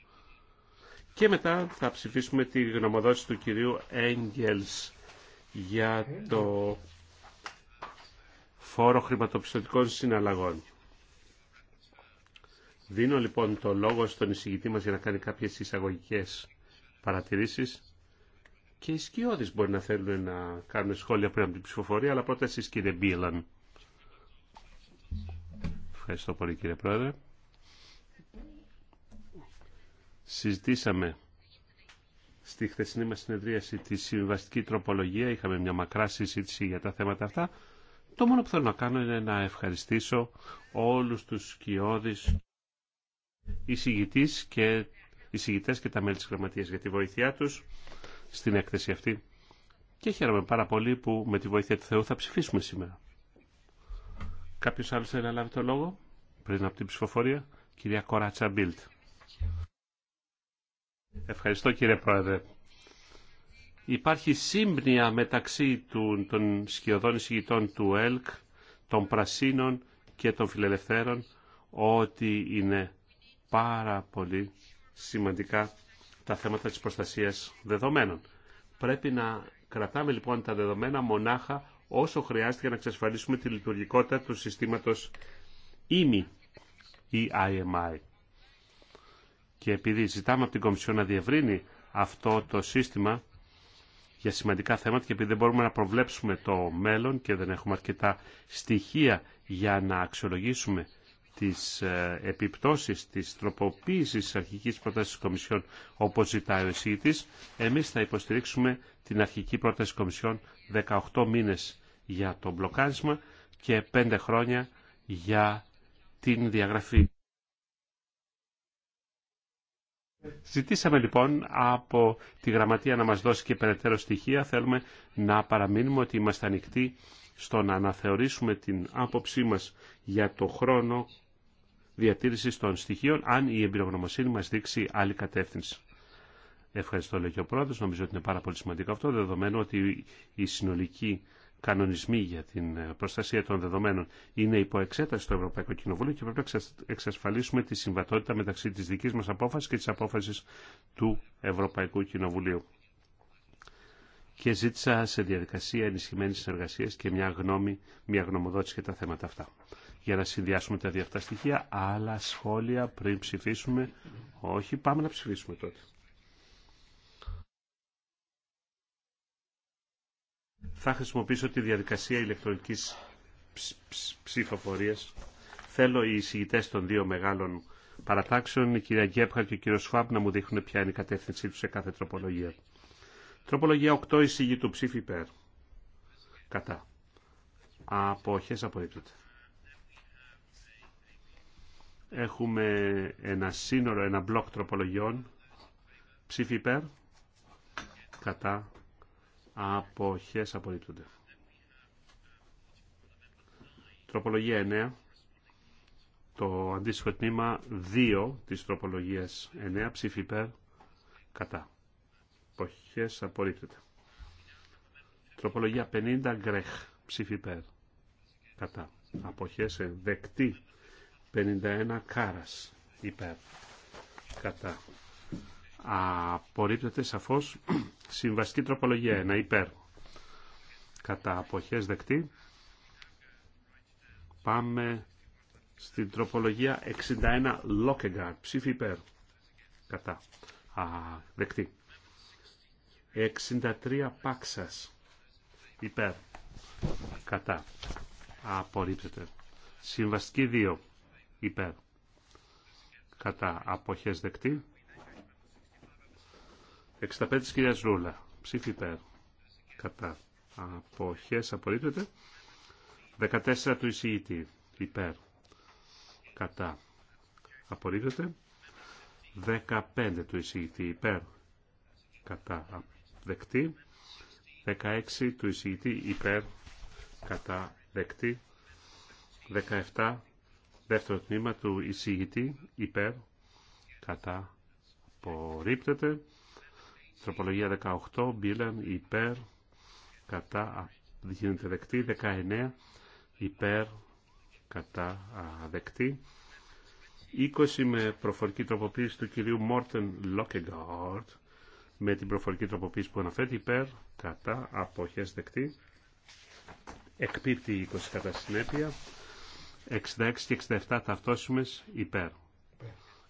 και μετά θα ψηφίσουμε τη γνωμοδότηση του κυρίου Έγγελς για το φόρο χρηματοπιστωτικών συναλλαγών. Δίνω λοιπόν το λόγο στον εισηγητή μας για να κάνει κάποιες εισαγωγικές παρατηρήσεις και οι σκιώδει μπορεί να θέλουν να κάνουν σχόλια πριν από την ψηφοφορία, αλλά πρώτα εσεί κύριε Μπίλαν. Ευχαριστώ πολύ κύριε Πρόεδρε. Συζητήσαμε στη χθεσινή μας συνεδρίαση τη συμβαστική τροπολογία, είχαμε μια μακρά συζήτηση για τα θέματα αυτά. Το μόνο που θέλω να κάνω είναι να ευχαριστήσω όλους τους σκιώδεις εισηγητές και, και τα μέλη της γραμματείας για τη βοήθειά τους στην έκθεση αυτή και χαίρομαι πάρα πολύ που με τη βοήθεια του Θεού θα ψηφίσουμε σήμερα. Κάποιο άλλος θέλει να λάβει το λόγο πριν από την ψηφοφορία. Κυρία Κοράτσα Μπίλτ. Ευχαριστώ κύριε Πρόεδρε. Υπάρχει σύμπνοια μεταξύ των σκιωδών εισηγητών του ΕΛΚ, των Πρασίνων και των Φιλελευθέρων ότι είναι πάρα πολύ σημαντικά τα θέματα της προστασίας δεδομένων. Πρέπει να κρατάμε λοιπόν τα δεδομένα μονάχα όσο χρειάζεται για να εξασφαλίσουμε τη λειτουργικότητα του συστήματος EMI ή IMI. Και επειδή ζητάμε από την Κομισιόν να διευρύνει αυτό το σύστημα για σημαντικά θέματα και επειδή δεν μπορούμε να προβλέψουμε το μέλλον και δεν έχουμε αρκετά στοιχεία για να αξιολογήσουμε τις ε, επιπτώσεις της τροποποίησης της αρχικής πρότασης της Κομισιόν όπως ζητάει ο εμείς θα υποστηρίξουμε την αρχική πρόταση της Κομισιόν 18 μήνες για το μπλοκάρισμα και 5 χρόνια για την διαγραφή. Ζητήσαμε λοιπόν από τη Γραμματεία να μας δώσει και περαιτέρω στοιχεία. Θέλουμε να παραμείνουμε ότι είμαστε ανοιχτοί στο να αναθεωρήσουμε την άποψή μας για το χρόνο διατήρηση των στοιχείων αν η εμπειρογνωμοσύνη μα δείξει άλλη κατεύθυνση. Ευχαριστώ, λέει και ο πρόεδρο. Νομίζω ότι είναι πάρα πολύ σημαντικό αυτό, δεδομένου ότι οι συνολικοί κανονισμοί για την ε, προστασία των δεδομένων είναι υπό εξέταση στο Ευρωπαϊκό Κοινοβούλιο και πρέπει να εξασφαλίσουμε τη συμβατότητα μεταξύ τη δική μα απόφαση και τη απόφαση του Ευρωπαϊκού Κοινοβουλίου. Και ζήτησα σε διαδικασία ενισχυμένη συνεργασία και μια γνώμη, μια γνωμοδότηση για τα θέματα αυτά για να συνδυάσουμε τα δύο αυτά στοιχεία. Άλλα σχόλια πριν ψηφίσουμε. Όχι, πάμε να ψηφίσουμε τότε. Θα χρησιμοποιήσω τη διαδικασία ηλεκτρονικής ψηφοφορίας. Θέλω οι εισηγητές των δύο μεγάλων παρατάξεων, η κυρία Γκέπχαρ και ο κύριος Φαμπ, να μου δείχνουν ποια είναι η κατεύθυνσή του σε κάθε τροπολογία. Τροπολογία 8 του ψήφι υπέρ. Κατά. Αποχές απορρίπτεται. Έχουμε ένα σύνορο, ένα μπλοκ τροπολογιών. Ψήφι υπέρ. Κατά. Αποχές απορρίπτονται. Τροπολογία 9. Το αντίστοιχο τμήμα 2 της τροπολογίας 9. Ψήφι υπέρ. Κατά. Αποχές απορρίπτονται. Τροπολογία 50. Γκρέχ. Ψήφι υπέρ. Κατά. Αποχές ε, δεκτή 51 κάρας υπέρ κατά απορρίπτεται σαφώς συμβαστική τροπολογία 1 υπέρ κατά αποχές δεκτή πάμε στην τροπολογία 61 Λόκεγκαρ. ψήφι υπέρ κατά Α, δεκτή 63 Πάξας υπέρ κατά απορρίπτεται συμβαστική 2 υπέρ κατά αποχές δεκτή 65 της κυρίας Ρούλα ψήφι υπέρ κατά αποχές απορρίπτεται 14 του εισηγητή υπέρ κατά απορρίπτεται 15 του εισηγητή υπέρ κατά δεκτή 16 του εισηγητή υπέρ κατά δεκτή 17 Δεύτερο τμήμα του εισηγητή υπέρ κατά απορρίπτεται. Τροπολογία 18 Μπίλαν υπέρ κατά γίνεται δεκτή. 19 υπέρ κατά δεκτή. 20 με προφορική τροποποίηση του κυρίου Μόρτεν Λόκεγκαρτ με την προφορική τροποποίηση που αναφέρει υπέρ κατά αποχές δεκτή. Εκπίπτει 20 κατά συνέπεια. 66 και 67 ταυτόσιμες υπέρ.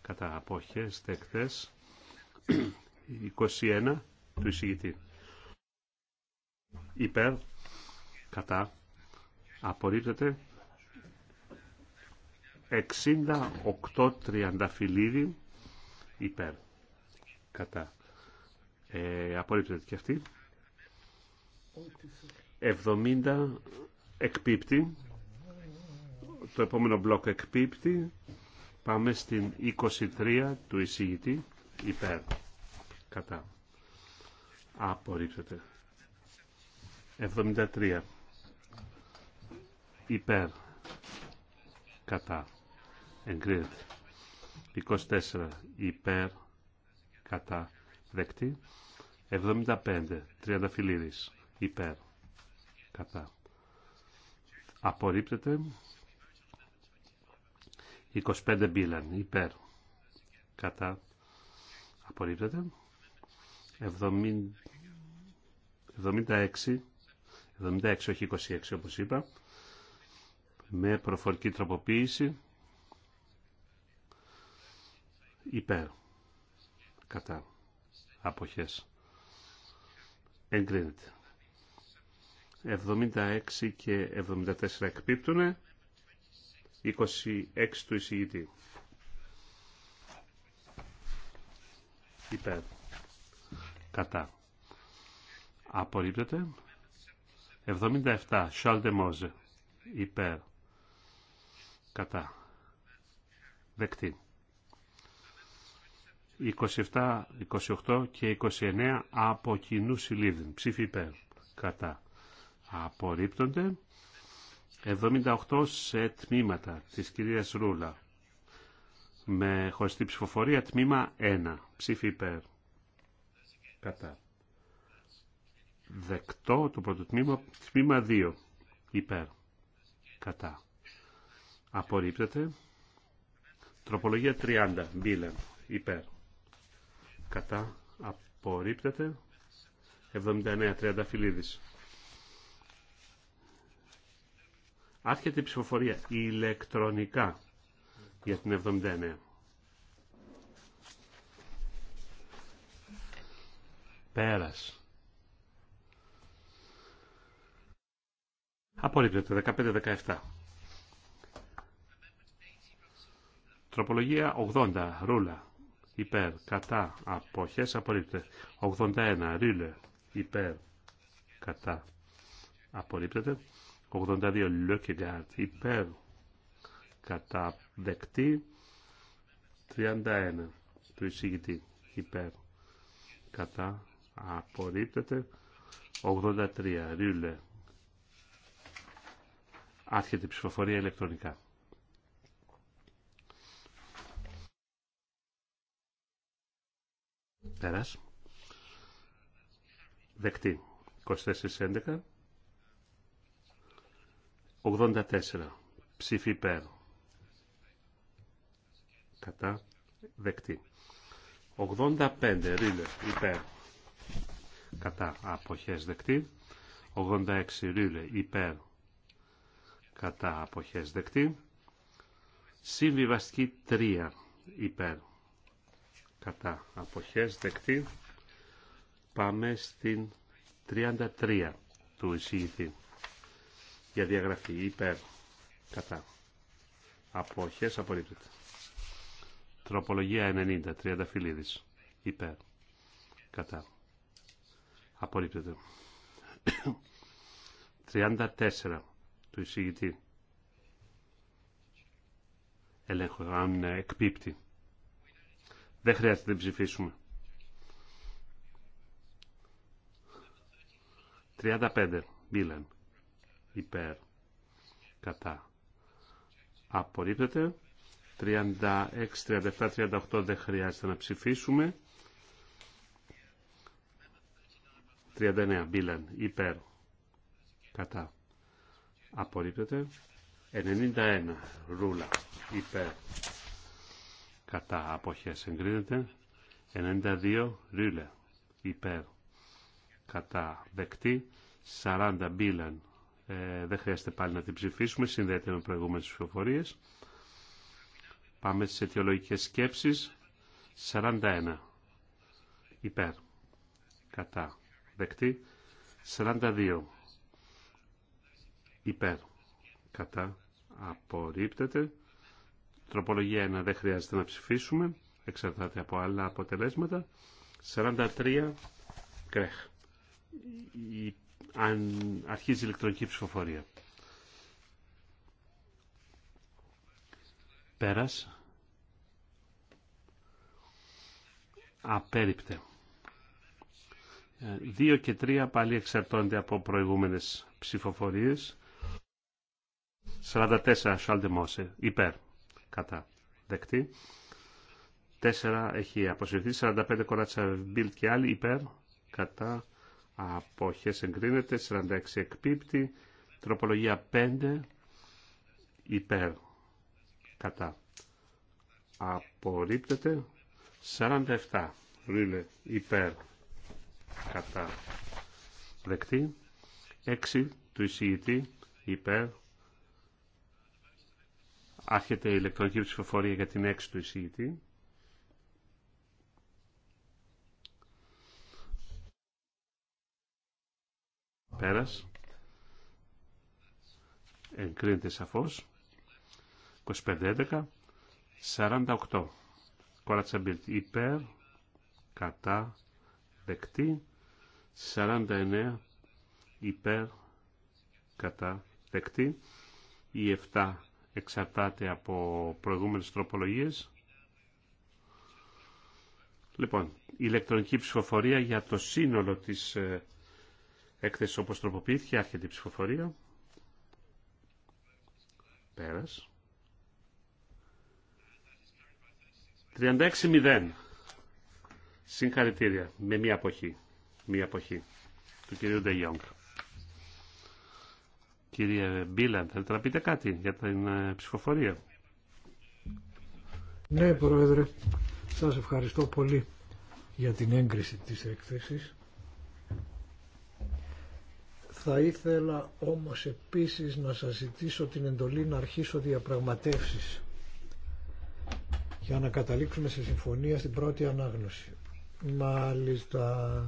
Κατά αποχές δεκτές. 21 του εισηγητή. Υπέρ. Κατά. Απορρίπτεται. 68 τριανταφυλλίδι υπέρ. Κατά. Ε, απορρίπτεται και αυτή. 70 εκπίπτει το επόμενο μπλοκ εκπίπτει. Πάμε στην 23 του εισηγητή υπέρ. Κατά. Απορρίπτεται. 73. Υπέρ. Κατά. Εγκρίνεται. 24. Υπέρ. Κατά. Δεκτή. 75. Τριανταφυλλίδης. Υπέρ. Κατά. Απορρίπτεται. 25 μπίλαν υπέρ κατά απορρίπτεται 76 76 όχι 26 όπως είπα με προφορική τροποποίηση υπέρ κατά αποχές εγκρίνεται 76 και 74 εκπίπτουνε 26 του εισηγητή. Υπέρ. Κατά. Απορρίπτεται. 77. de Υπέρ. Κατά. Δεκτή. 27, 28 και 29 από κοινού συλλήβδιν. Ψήφι υπέρ. Κατά. Απορρίπτονται. 78 σε τμήματα της κυρίας Ρούλα. Με χωριστή ψηφοφορία τμήμα 1. Ψήφι υπέρ. Κατά. Δεκτό το πρώτο τμήμα. Τμήμα 2. Υπέρ. Κατά. Απορρίπτεται. Τροπολογία 30. Μπίλεν. Υπέρ. Κατά. Απορρίπτεται. 79. 30 φιλίδης. Άρχεται η ψηφοφορία ηλεκτρονικά για την 79. Πέρας. Απορρίπτεται 15-17. Τροπολογία 80. Ρούλα. Υπέρ. Κατά. Αποχές. Απορρίπτεται. 81. Ρίλε. Υπέρ. Κατά. Απορρίπτεται. 82 Λόκεγκαρτ υπέρ κατά δεκτή 31 του εισηγητή υπέρ κατά απορρίπτεται 83 Ριουλε, άρχεται η ψηφοφορία ηλεκτρονικά Πέρας. Δεκτή. 24-11. 84. Ψήφι υπέρ. Κατά. Δεκτή. 85. Ρίλε. Υπέρ. Κατά. Αποχές δεκτή. 86. Ρίλε. Υπέρ. Κατά. Αποχές δεκτή. Συμβιβαστική 3. Υπέρ. Κατά. Αποχές δεκτή. Πάμε στην 33 του εισηγητή για διαγραφή υπέρ κατά αποχές απορρίπτεται τροπολογία 90 30 φιλίδης υπέρ κατά απορρίπτεται 34 του εισηγητή ελέγχω αν εκπίπτει δεν χρειάζεται να ψηφίσουμε 35 Μπίλαν υπέρ κατά απορρίπτεται 36, 37, 38 δεν χρειάζεται να ψηφίσουμε 39 μπίλαν υπέρ κατά απορρίπτεται 91 ρούλα υπέρ κατά αποχές εγκρίνεται 92 ρούλα υπέρ κατά δεκτή 40 μπίλαν ε, δεν χρειάζεται πάλι να την ψηφίσουμε, συνδέεται με προηγούμενες ψηφοφορίε. Πάμε στις αιτιολογικές σκέψεις. 41. Υπέρ. Κατά. Δεκτή. 42. Υπέρ. Κατά. Απορρίπτεται. Τροπολογία 1. Δεν χρειάζεται να ψηφίσουμε. Εξαρτάται από άλλα αποτελέσματα. 43. Κρέχ αν αρχίζει η ηλεκτρονική ψηφοφορία. Πέρας. Απέριπτε. Ε, δύο και τρία πάλι εξαρτώνται από προηγούμενες ψηφοφορίες. 44 Σάλτε υπέρ, κατά, δεκτή. 4 έχει αποσυρθεί, 45 Κοράτσα Μπίλτ και άλλοι, υπέρ, κατά, αποχές εγκρίνεται 46 εκπίπτει τροπολογία 5 υπέρ κατά απορρίπτεται 47 ρίλε υπέρ κατά δεκτή 6 του εισηγητή υπέρ άρχεται η ηλεκτρονική ψηφοφορία για την 6 του εισηγητή Πέρας. Εγκρίνεται σαφώς. 25-11. 48. Κορατσαμπίλτ υπέρ. Κατά. Δεκτή. 49 υπέρ. Κατά. Δεκτή. Η 7 εξαρτάται από προηγούμενες τροπολογίες. Λοιπόν, ηλεκτρονική ψηφοφορία για το σύνολο της ε, έκθεση όπως τροποποιήθηκε, άρχεται η ψηφοφορία. Πέρας. 36-0. Συγχαρητήρια. Με μία αποχή. Μία αποχή. Του κυρίου Ντε Κύριε Μπίλαν, θέλετε να πείτε κάτι για την ε, ψηφοφορία. Ναι, Πρόεδρε. Σας ευχαριστώ πολύ για την έγκριση της έκθεσης. Θα ήθελα όμως επίσης να σας ζητήσω την εντολή να αρχίσω διαπραγματεύσεις για να καταλήξουμε σε συμφωνία στην πρώτη ανάγνωση. Μάλιστα,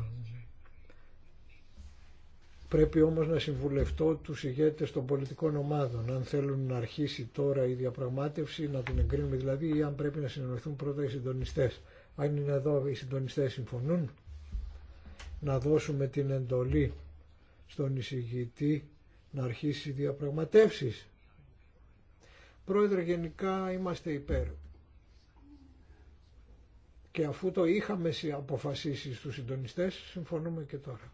πρέπει όμως να συμβουλευτώ τους ηγέτες των πολιτικών ομάδων αν θέλουν να αρχίσει τώρα η διαπραγμάτευση, να την εγκρίνουμε δηλαδή ή αν πρέπει να συνεννοηθούν πρώτα οι συντονιστές. Αν είναι εδώ οι συντονιστές συμφωνούν, να δώσουμε την εντολή στον εισηγητή να αρχίσει διαπραγματεύσεις. Πρόεδρε, γενικά είμαστε υπέρ. Και αφού το είχαμε αποφασίσει στους συντονιστές, συμφωνούμε και τώρα.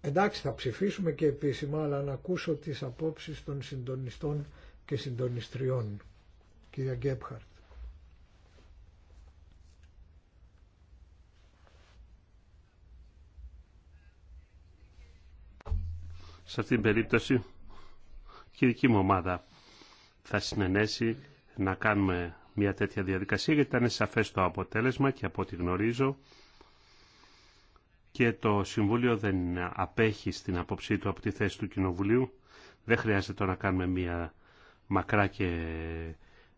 Εντάξει, θα ψηφίσουμε και επίσημα, αλλά να ακούσω τις απόψεις των συντονιστών και συντονιστριών. Κυρία Γκέπχαρτ. σε αυτήν την περίπτωση και η δική μου ομάδα θα συνενέσει να κάνουμε μια τέτοια διαδικασία γιατί ήταν σαφές το αποτέλεσμα και από ό,τι γνωρίζω και το Συμβούλιο δεν απέχει στην απόψή του από τη θέση του Κοινοβουλίου. Δεν χρειάζεται να κάνουμε μια μακρά και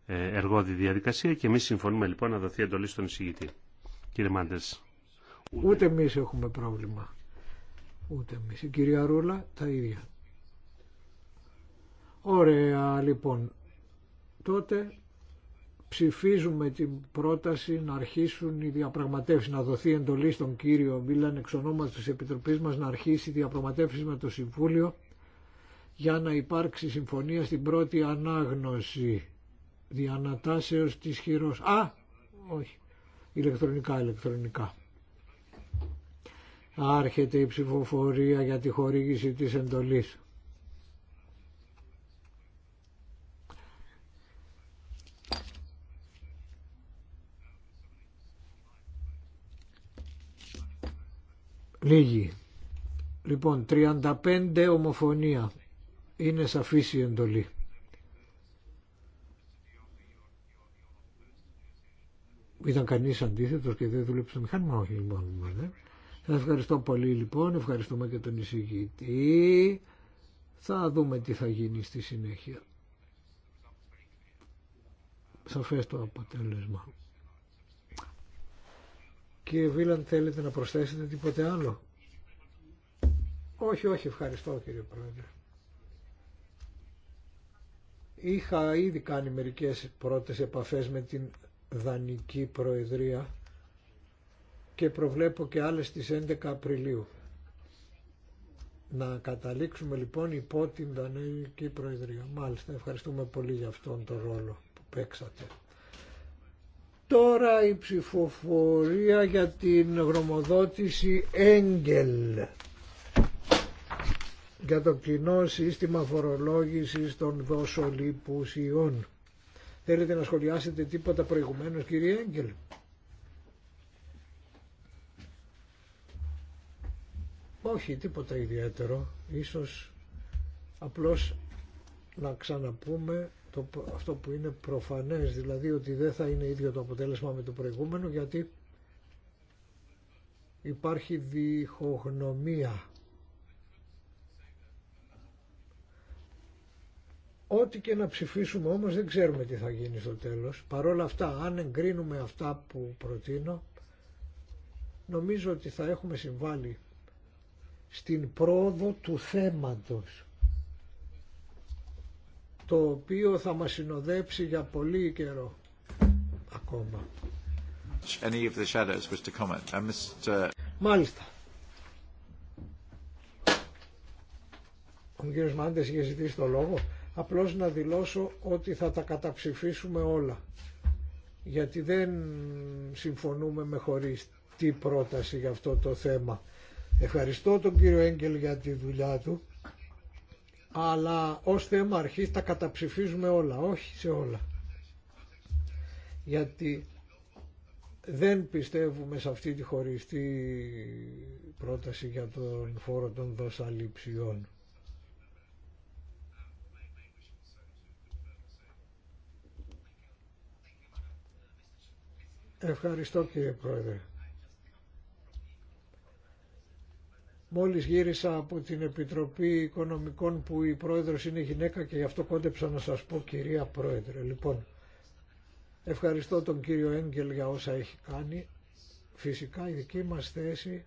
ε, εργόδη διαδικασία και εμείς συμφωνούμε λοιπόν να δοθεί εντολή στον εισηγητή. Κύριε Μάντες. Ούτε εμείς έχουμε πρόβλημα. Ούτε εμείς. Η κυρία Ρούλα τα ίδια. Ωραία λοιπόν. Τότε ψηφίζουμε την πρόταση να αρχίσουν οι διαπραγματεύσεις, να δοθεί εντολή στον κύριο Μίλαν εξ ονόματος της Επιτροπής μας να αρχίσει διαπραγματεύσεις με το Συμβούλιο για να υπάρξει συμφωνία στην πρώτη ανάγνωση διανατάσεως της χειρός. Α, όχι, ηλεκτρονικά, ηλεκτρονικά. Άρχεται η ψηφοφορία για τη χορήγηση της εντολής. Λίγοι. Λοιπόν, 35 ομοφωνία. Είναι σαφής η εντολή. Ήταν κανείς αντίθετος και δεν δούλεψε το μηχάνημα. Όχι, λοιπόν, ναι ευχαριστώ πολύ λοιπόν, ευχαριστούμε και τον εισηγητή. Θα δούμε τι θα γίνει στη συνέχεια. Σαφές το αποτέλεσμα. Κύριε Βίλαν, θέλετε να προσθέσετε τίποτε άλλο. Όχι, όχι, ευχαριστώ κύριε Πρόεδρε. Είχα ήδη κάνει μερικές πρώτες επαφές με την Δανική Προεδρία και προβλέπω και άλλες στις 11 Απριλίου. Να καταλήξουμε λοιπόν υπό την Δανέικη Προεδρία. Μάλιστα, ευχαριστούμε πολύ για αυτόν τον ρόλο που παίξατε. Τώρα η ψηφοφορία για την γνωμοδότηση Έγγελ για το κοινό σύστημα φορολόγησης των ιών. Θέλετε να σχολιάσετε τίποτα προηγουμένως κύριε Έγγελ. Όχι, τίποτα ιδιαίτερο. Ίσως απλώς να ξαναπούμε το, αυτό που είναι προφανές, δηλαδή ότι δεν θα είναι ίδιο το αποτέλεσμα με το προηγούμενο, γιατί υπάρχει διχογνωμία. Ό,τι και να ψηφίσουμε όμως δεν ξέρουμε τι θα γίνει στο τέλος. Παρόλα αυτά, αν εγκρίνουμε αυτά που προτείνω, νομίζω ότι θα έχουμε συμβάλει στην πρόοδο του θέματος το οποίο θα μας συνοδέψει για πολύ καιρό ακόμα. Any of the shadows was uh, Μάλιστα. Ο κ. Μάντες είχε ζητήσει το λόγο. Απλώς να δηλώσω ότι θα τα καταψηφίσουμε όλα. Γιατί δεν συμφωνούμε με χωρίς τι πρόταση για αυτό το θέμα. Ευχαριστώ τον κύριο Έγκελ για τη δουλειά του, αλλά ως θέμα αρχής τα καταψηφίζουμε όλα, όχι σε όλα. Γιατί δεν πιστεύουμε σε αυτή τη χωριστή πρόταση για τον φόρο των δοσαληψιών. Ευχαριστώ κύριε Πρόεδρε. Μόλις γύρισα από την Επιτροπή Οικονομικών που η πρόεδρος είναι γυναίκα και γι' αυτό κόντεψα να σας πω κυρία πρόεδρε. Λοιπόν, ευχαριστώ τον κύριο Έγγελ για όσα έχει κάνει. Φυσικά η δική μας θέση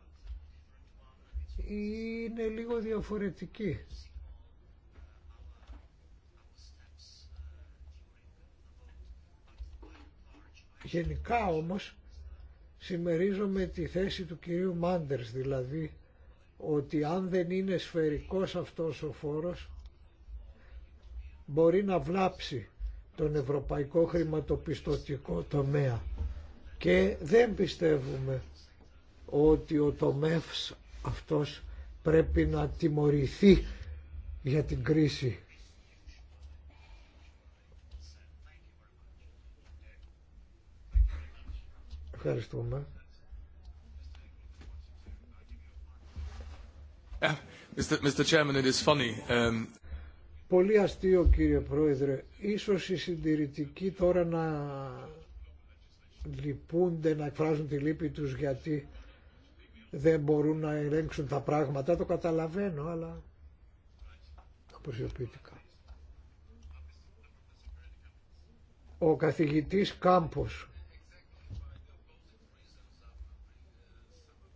είναι λίγο διαφορετική. Γενικά όμως συμμερίζομαι τη θέση του κυρίου Μάντερς, δηλαδή ότι αν δεν είναι σφαιρικός αυτός ο φόρος μπορεί να βλάψει τον ευρωπαϊκό χρηματοπιστωτικό τομέα και δεν πιστεύουμε ότι ο τομεύς αυτός πρέπει να τιμωρηθεί για την κρίση. Ευχαριστούμε. Um, Πολύ αστείο κύριε Πρόεδρε. Ίσως οι συντηρητικοί τώρα να λυπούνται, να εκφράζουν τη λύπη τους γιατί δεν μπορούν να ελέγξουν τα πράγματα. Το καταλαβαίνω, αλλά αποσιοποιητικά. Ο καθηγητής Κάμπος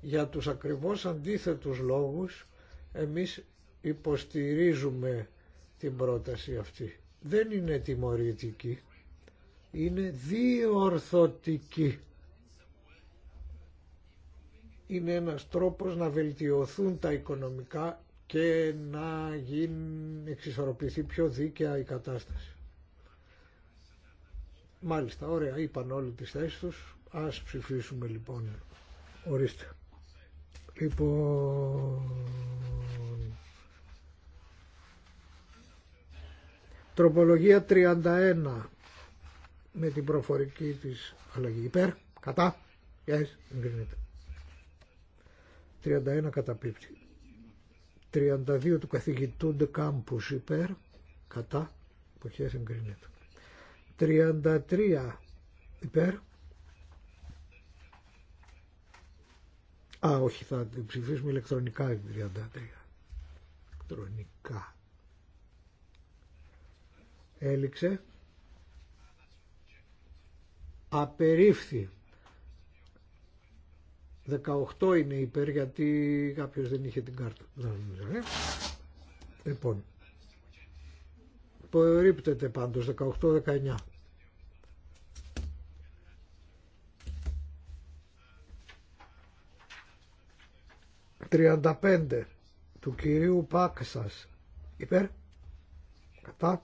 για τους ακριβώς αντίθετους λόγους εμείς υποστηρίζουμε την πρόταση αυτή. Δεν είναι τιμωρητική, είναι διορθωτική. Είναι ένας τρόπος να βελτιωθούν τα οικονομικά και να γίνει, εξισορροπηθεί πιο δίκαια η κατάσταση. Μάλιστα, ωραία, είπαν όλοι τις θέσεις τους. Ας ψηφίσουμε λοιπόν. Ορίστε. Λοιπόν... Τροπολογία 31 με την προφορική της αλλαγή υπέρ, κατά, yes, εγκρίνεται. 31 καταπίπτει. 32 του καθηγητού de campus υπέρ, κατά, εποχές εγκρίνεται. 33 υπέρ. Α, όχι, θα την ψηφίσουμε ηλεκτρονικά η 33. Ηλεκτρονικά έληξε απερίφθη 18 είναι υπέρ γιατί κάποιος δεν είχε την κάρτα ναι. λοιπόν απορρίπτεται πάντως 18-19 35 του κυρίου Πάκσας υπέρ κατά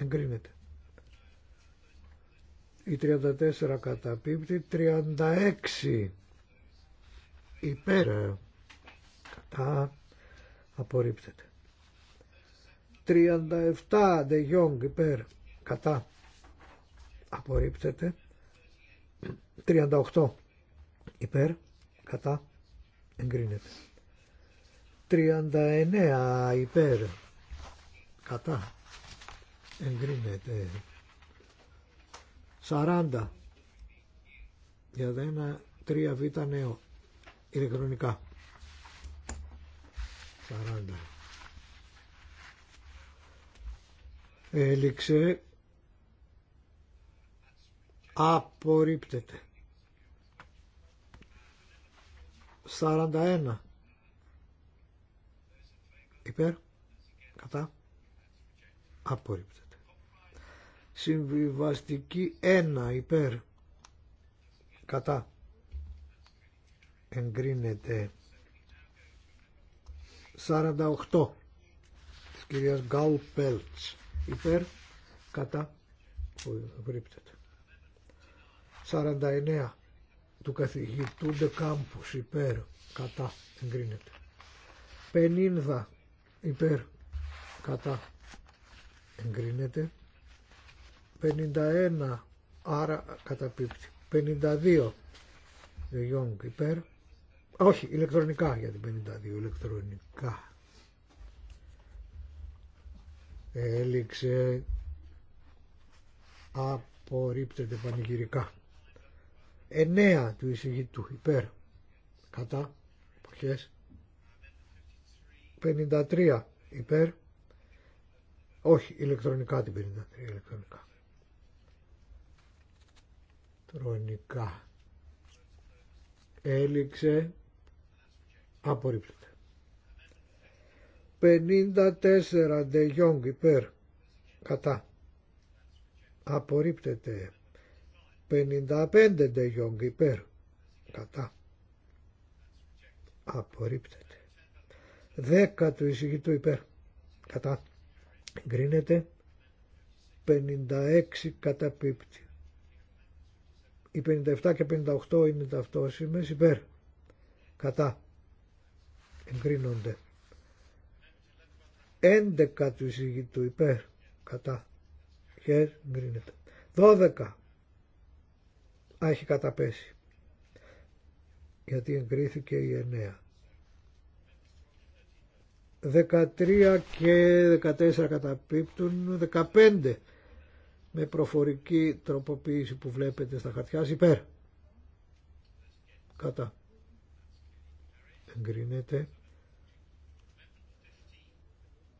εγκρίνεται. Η 34 καταπίπτει, 36 υπέρ κατά απορρίπτεται. 37 de Jong υπέρ κατά απορρίπτεται. 38 υπέρ κατά εγκρίνεται. 39 υπέρ κατά εγκρίνεται 40 για ένα 3β νέο ηλεκτρονικά 40 έληξε απορρίπτεται 41 υπέρ κατά απορρίπτεται Συμβιβαστική 1 υπέρ. Κατά. Εγκρίνεται. 48 της κυρίας Γκάου Πέλτς υπέρ κατά που 49 του καθηγητού Ντε Κάμπους υπέρ κατά εγκρίνεται 50 υπέρ κατά εγκρίνεται 51 άρα καταπίπτει 52 De Jong υπέρ όχι ηλεκτρονικά για την 52 ηλεκτρονικά έληξε απορρίπτεται πανηγυρικά 9 του εισηγητού υπέρ κατά εποχές 53 υπέρ όχι ηλεκτρονικά την 53 ηλεκτρονικά ηλεκτρονικά. Έληξε. Απορρίπτεται. 54 De Γιόγκ υπέρ. Κατά. Απορρίπτεται. 55 De Γιόγκ υπέρ. Κατά. Απορρίπτεται. 10 του εισηγητού υπέρ. Κατά. Γκρίνεται. 56 καταπίπτει. Οι 57 και 58 είναι ταυτόσιμες υπέρ. Κατά. Εγκρίνονται. 11 του εισηγητού υπέρ. Κατά. Χέρ εγκρίνεται. 12. έχει καταπέσει. Γιατί εγκρίθηκε η 9. 13 και 14 καταπίπτουν 15 με προφορική τροποποίηση που βλέπετε στα χαρτιά υπέρ κατά εγκρίνεται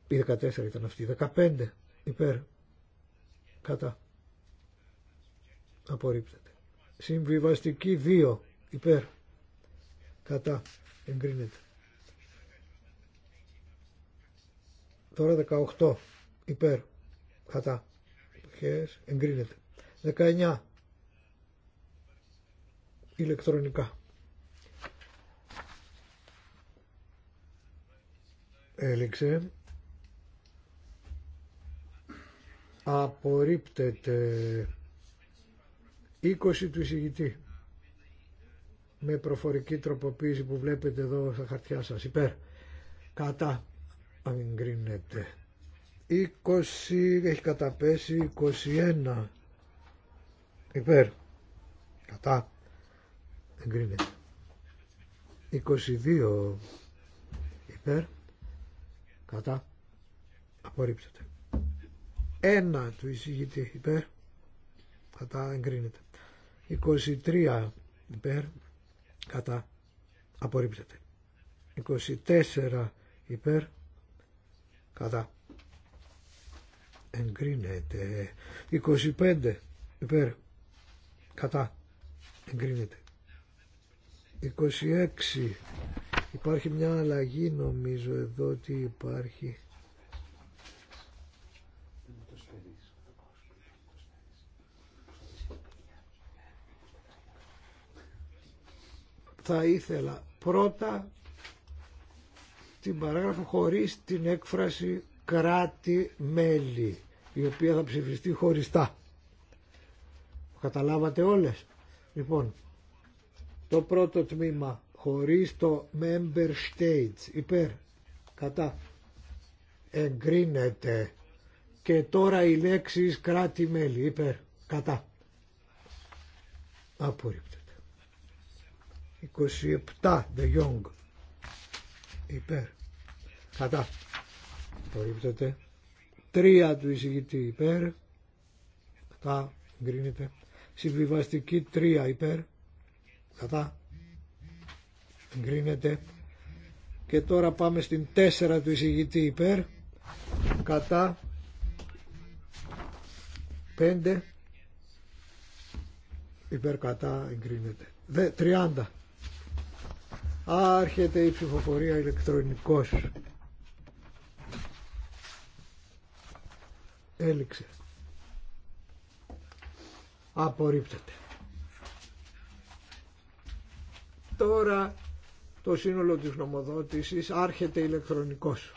η 14 ήταν αυτή 15 υπέρ κατά απορρίπτεται συμβιβαστική 2 υπέρ κατά εγκρίνεται τώρα 18 υπέρ κατά εγκρίνεται. 19 ηλεκτρονικά. Έλεξε. Απορρίπτεται 20 του εισηγητή με προφορική τροποποίηση που βλέπετε εδώ στα χαρτιά σας υπέρ κατά αν εγκρίνεται 20 έχει καταπέσει 21 υπέρ κατά εγκρίνεται 22 υπέρ κατά απορρίπτεται 1 του εισηγητή υπέρ κατά εγκρίνεται 23 υπέρ κατά απορρίπτεται 24 υπέρ κατά εγκρίνεται 25 υπέρ κατά εγκρίνεται 26 υπάρχει μια αλλαγή νομίζω εδώ ότι υπάρχει θα ήθελα πρώτα την παράγραφο χωρίς την έκφραση κράτη-μέλη, η οποία θα ψηφιστεί χωριστά. Καταλάβατε όλες. Λοιπόν, το πρώτο τμήμα χωρίς το member states υπέρ κατά εγκρίνεται και τώρα οι λέξεις κράτη-μέλη υπέρ κατά απορρίπτεται 27 de Jong υπέρ κατά απορρίπτεται. 3 του εισηγητή υπέρ, κατά εγκρίνεται. Συμβιβαστική 3 υπέρ, κατά εγκρίνεται. Και τώρα πάμε στην 4 του εισηγητή υπέρ, κατά 5 υπέρ κατά Δε, 30. Άρχεται η ψηφοφορία ηλεκτρονικός. Έληξε. Απορρίπτεται. Τώρα το σύνολο της νομοδότησης άρχεται ηλεκτρονικός.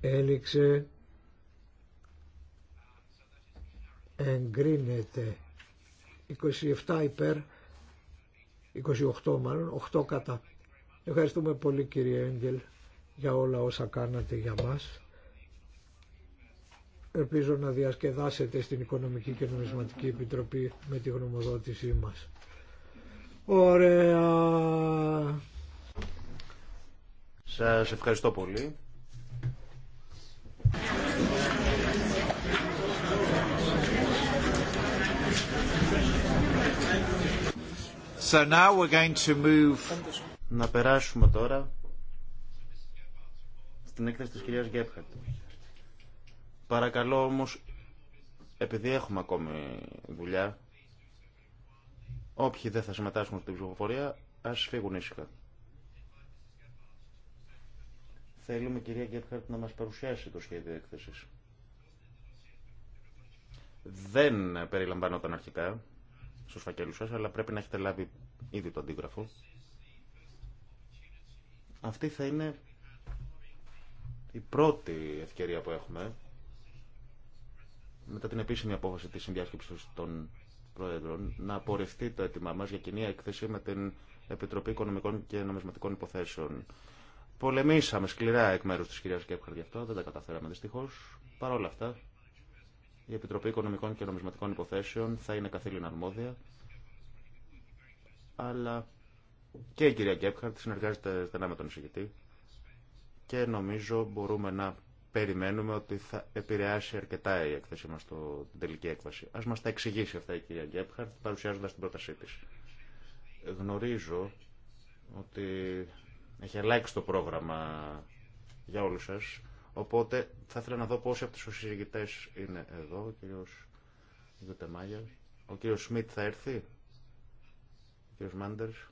Έληξε. Εγκρίνεται. 27 υπέρ, 28 μάλλον, 8 κατά. Ευχαριστούμε πολύ κύριε Έγγελ για όλα όσα κάνατε για μας. Ελπίζω να διασκεδάσετε στην Οικονομική και Νομισματική Επιτροπή με τη γνωμοδότησή μας. Ωραία. Σας ευχαριστώ πολύ. So now we're going to move να περάσουμε τώρα στην έκθεση της κυρίας Γκέπχαρτ. Παρακαλώ όμως, επειδή έχουμε ακόμη δουλειά, όποιοι δεν θα συμμετάσχουν στην ψηφοφορία, ας φύγουν ήσυχα. Θέλουμε κυρία Γκέπχαρτ να μας παρουσιάσει το σχέδιο έκθεσης. Δεν περιλαμβάνονταν αρχικά στους φακέλους σας, αλλά πρέπει να έχετε λάβει ήδη το αντίγραφο. Αυτή θα είναι η πρώτη ευκαιρία που έχουμε μετά την επίσημη απόφαση της συνδιάσκεψης των Πρόεδρων να απορριφθεί το έτοιμά μας για κοινή έκθεση με την Επιτροπή Οικονομικών και Νομισματικών Υποθέσεων. Πολεμήσαμε σκληρά εκ μέρους της κυρίας Κέπχαρ γι' αυτό, δεν τα καταφέραμε δυστυχώς. Παρ' όλα αυτά, η Επιτροπή Οικονομικών και Νομισματικών Υποθέσεων θα είναι καθήλυνα αρμόδια, αλλά και η κυρία Γκέπχαρτ συνεργάζεται στενά με τον εισηγητή και νομίζω μπορούμε να περιμένουμε ότι θα επηρεάσει αρκετά η έκθεσή μας στην την τελική έκβαση. Ας μας τα εξηγήσει αυτά η κυρία Γκέπχαρτ παρουσιάζοντας την πρότασή της. Γνωρίζω ότι έχει αλλάξει το πρόγραμμα για όλους σας, οπότε θα ήθελα να δω πόσοι από τους συζητητές είναι εδώ, ο κύριο Ο κύριος Σμιτ θα έρθει, ο κύριος Μάντερς.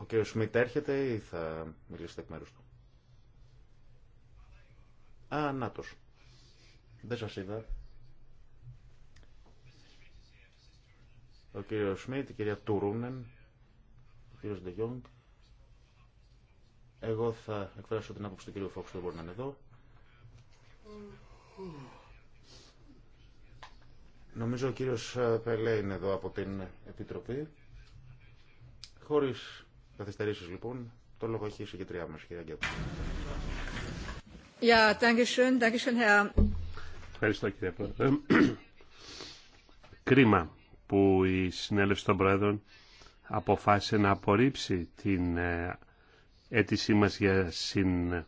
Ο κύριος Σμιτ έρχεται ή θα μιλήσετε εκ μέρους του. Α, νάτος. Δεν σας είδα. Ο κύριος Σμιτ, η κυρία Τουρούνεν, ο κύριος Ντεγιόγκ. Εγώ θα εκφράσω την άποψη του κύριου Φόξ, δεν μπορεί να είναι εδώ. Νομίζω ο κύριος Πελέ είναι εδώ από την Επιτροπή. Χωρίς καθυστερήσεις λοιπόν. Το λόγο έχει η συγκεκριά μας, κυρία Γκέπου. Ευχαριστώ κύριε Πρόεδρε. Κρίμα που η συνέλευση των Πρόεδρων αποφάσισε να απορρίψει την ε, αίτησή μας για συν,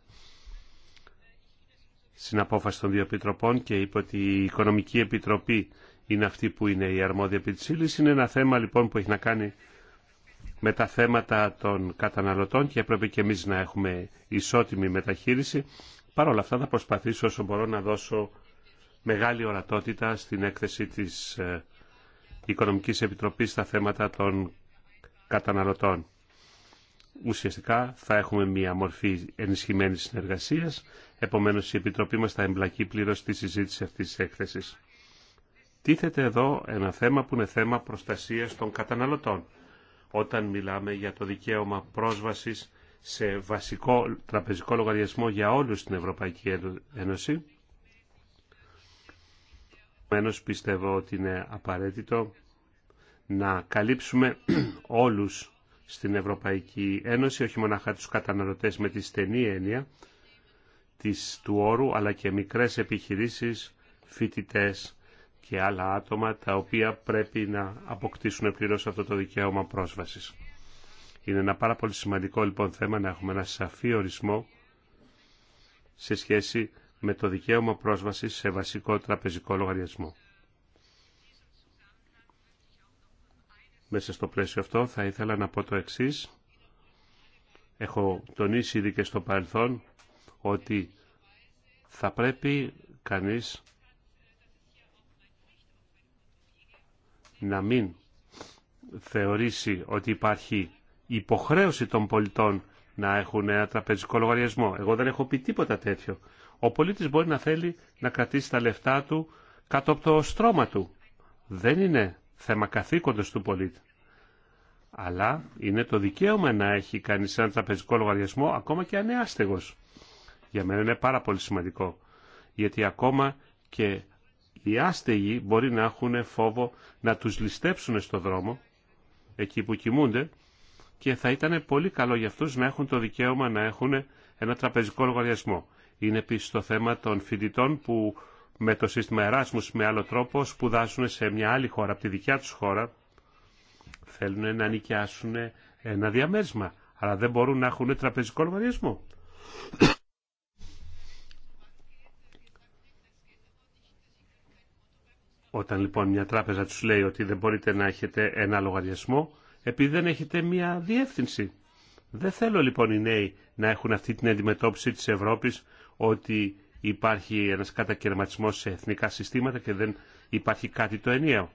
συναπόφαση των δύο επιτροπών και είπε ότι η Οικονομική Επιτροπή είναι αυτή που είναι η αρμόδια επί Είναι ένα θέμα λοιπόν που έχει να κάνει με τα θέματα των καταναλωτών και έπρεπε και εμείς να έχουμε ισότιμη μεταχείριση. Παρ' όλα αυτά θα προσπαθήσω όσο μπορώ να δώσω μεγάλη ορατότητα στην έκθεση της ε, Οικονομικής Επιτροπής στα θέματα των καταναλωτών. Ουσιαστικά θα έχουμε μια μορφή ενισχυμένης συνεργασίας, επομένως η Επιτροπή μας θα εμπλακεί πλήρως στη συζήτηση αυτής της έκθεσης. Τίθεται εδώ ένα θέμα που είναι θέμα προστασίας των καταναλωτών όταν μιλάμε για το δικαίωμα πρόσβασης σε βασικό τραπεζικό λογαριασμό για όλους στην Ευρωπαϊκή Ένωση. Επομένως πιστεύω ότι είναι απαραίτητο να καλύψουμε όλους στην Ευρωπαϊκή Ένωση, όχι μόνο τους καταναλωτές με τη στενή έννοια της, του όρου, αλλά και μικρές επιχειρήσεις, φοιτητές, και άλλα άτομα τα οποία πρέπει να αποκτήσουν πλήρω αυτό το δικαίωμα πρόσβασης. Είναι ένα πάρα πολύ σημαντικό λοιπόν θέμα να έχουμε ένα σαφή ορισμό σε σχέση με το δικαίωμα πρόσβαση σε βασικό τραπεζικό λογαριασμό. Μέσα στο πλαίσιο αυτό θα ήθελα να πω το εξής. Έχω τονίσει ήδη και στο παρελθόν ότι θα πρέπει κανείς να μην θεωρήσει ότι υπάρχει υποχρέωση των πολιτών να έχουν ένα τραπεζικό λογαριασμό. Εγώ δεν έχω πει τίποτα τέτοιο. Ο πολίτης μπορεί να θέλει να κρατήσει τα λεφτά του κάτω από το στρώμα του. Δεν είναι θέμα καθήκοντος του πολίτη. Αλλά είναι το δικαίωμα να έχει κάνει ένα τραπεζικό λογαριασμό ακόμα και ανέαστεγος. Για μένα είναι πάρα πολύ σημαντικό. Γιατί ακόμα και οι άστεγοι μπορεί να έχουν φόβο να τους ληστέψουν στο δρόμο, εκεί που κοιμούνται, και θα ήταν πολύ καλό για αυτούς να έχουν το δικαίωμα να έχουν ένα τραπεζικό λογαριασμό. Είναι επίσης το θέμα των φοιτητών που με το σύστημα Εράσμους με άλλο τρόπο σπουδάσουν σε μια άλλη χώρα, από τη δικιά τους χώρα, θέλουν να νοικιάσουν ένα διαμέρισμα, αλλά δεν μπορούν να έχουν τραπεζικό λογαριασμό. Όταν λοιπόν μια τράπεζα τους λέει ότι δεν μπορείτε να έχετε ένα λογαριασμό, επειδή δεν έχετε μια διεύθυνση. Δεν θέλω λοιπόν οι νέοι να έχουν αυτή την αντιμετώπιση της Ευρώπης ότι υπάρχει ένας κατακαιρματισμός σε εθνικά συστήματα και δεν υπάρχει κάτι το ενιαίο.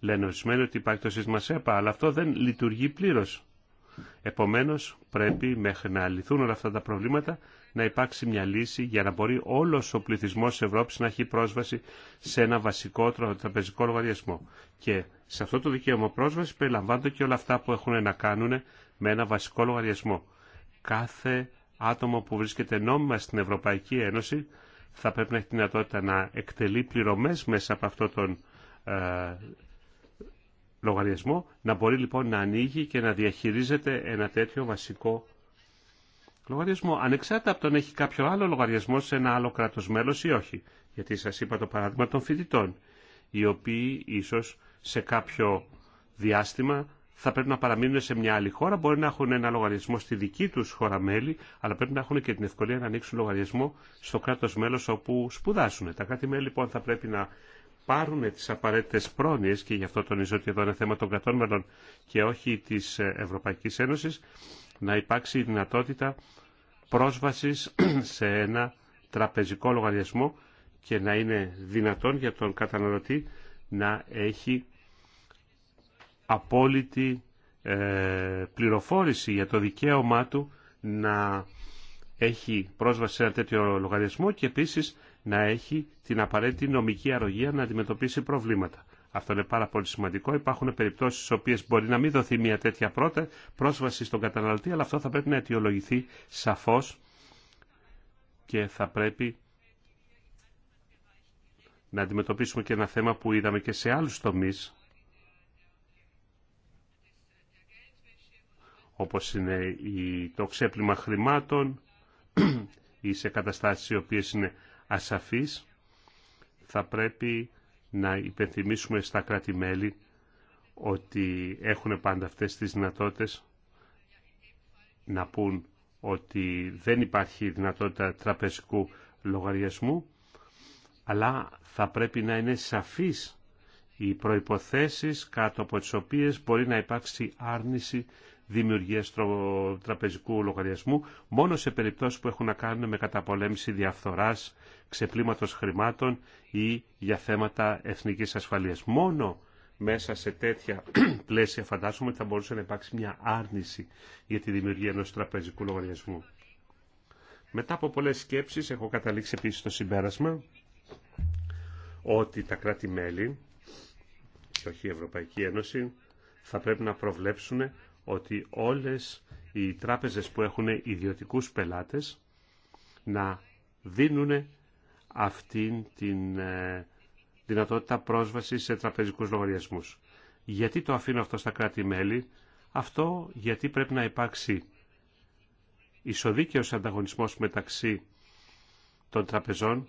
Λένε ορισμένοι ότι υπάρχει το σύστημα ΣΕΠΑ, αλλά αυτό δεν λειτουργεί πλήρως. Επομένως πρέπει μέχρι να λυθούν όλα αυτά τα προβλήματα να υπάρξει μια λύση για να μπορεί όλος ο πληθυσμός της Ευρώπης να έχει πρόσβαση σε ένα βασικό τραπεζικό λογαριασμό. Και σε αυτό το δικαίωμα πρόσβαση περιλαμβάνονται και όλα αυτά που έχουν να κάνουν με ένα βασικό λογαριασμό. Κάθε άτομο που βρίσκεται νόμιμα στην Ευρωπαϊκή Ένωση θα πρέπει να έχει τη δυνατότητα να εκτελεί πληρωμές μέσα από αυτόν τον ε, λογαριασμό, να μπορεί λοιπόν να ανοίγει και να διαχειρίζεται ένα τέτοιο βασικό λογαριασμό, ανεξάρτητα από τον έχει κάποιο άλλο λογαριασμό σε ένα άλλο κράτο μέλο ή όχι. Γιατί σα είπα το παράδειγμα των φοιτητών, οι οποίοι ίσω σε κάποιο διάστημα θα πρέπει να παραμείνουν σε μια άλλη χώρα, μπορεί να έχουν ένα λογαριασμό στη δική του χώρα μέλη, αλλά πρέπει να έχουν και την ευκολία να ανοίξουν λογαριασμό στο κράτο μέλο όπου σπουδάσουν. Τα κάτι μέλη λοιπόν θα πρέπει να πάρουν τι απαραίτητε πρόνοιε, και γι' αυτό τονίζω ότι εδώ είναι θέμα των κρατών μελών και όχι τη Ευρωπαϊκή Ένωση, να υπάρξει η δυνατότητα πρόσβασης *clears throat* σε ένα τραπεζικό λογαριασμό και να είναι δυνατόν για τον καταναλωτή να έχει απόλυτη ε, πληροφόρηση για το δικαίωμά του να έχει πρόσβαση σε ένα τέτοιο λογαριασμό και επίσης να έχει την απαραίτητη νομική αρρωγία να αντιμετωπίσει προβλήματα. Αυτό είναι πάρα πολύ σημαντικό. Υπάρχουν περιπτώσεις στι οποίε μπορεί να μην δοθεί μια τέτοια πρώτα πρόσβαση στον καταναλωτή, αλλά αυτό θα πρέπει να αιτιολογηθεί σαφώς και θα πρέπει να αντιμετωπίσουμε και ένα θέμα που είδαμε και σε άλλους τομείς, όπως είναι το ξέπλυμα χρημάτων ή σε καταστάσεις οι οποίες είναι ασαφείς, θα πρέπει να υπενθυμίσουμε στα κράτη-μέλη ότι έχουν πάντα αυτές τις δυνατότητες να πούν ότι δεν υπάρχει δυνατότητα τραπεζικού λογαριασμού, αλλά θα πρέπει να είναι σαφείς οι προϋποθέσεις κάτω από τις οποίες μπορεί να υπάρξει άρνηση δημιουργίας τραπεζικού λογαριασμού μόνο σε περιπτώσεις που έχουν να κάνουν με καταπολέμηση διαφθοράς, ξεπλήματος χρημάτων ή για θέματα εθνικής ασφαλείας. Μόνο μέσα σε τέτοια *clears throat* πλαίσια φαντάζομαι ότι θα μπορούσε να υπάρξει μια άρνηση για τη δημιουργία ενός τραπεζικού λογαριασμού. Μετά από πολλές σκέψεις έχω καταλήξει επίσης στο συμπέρασμα ότι τα κράτη-μέλη και όχι η Ευρωπαϊκή Ένωση θα πρέπει να προβλέψουν ότι όλες οι τράπεζες που έχουν ιδιωτικούς πελάτες να δίνουν αυτήν την ε, δυνατότητα πρόσβαση σε τραπεζικούς λογαριασμούς. Γιατί το αφήνω αυτό στα κράτη-μέλη. Αυτό γιατί πρέπει να υπάρξει ισοδίκαιος ανταγωνισμός μεταξύ των τραπεζών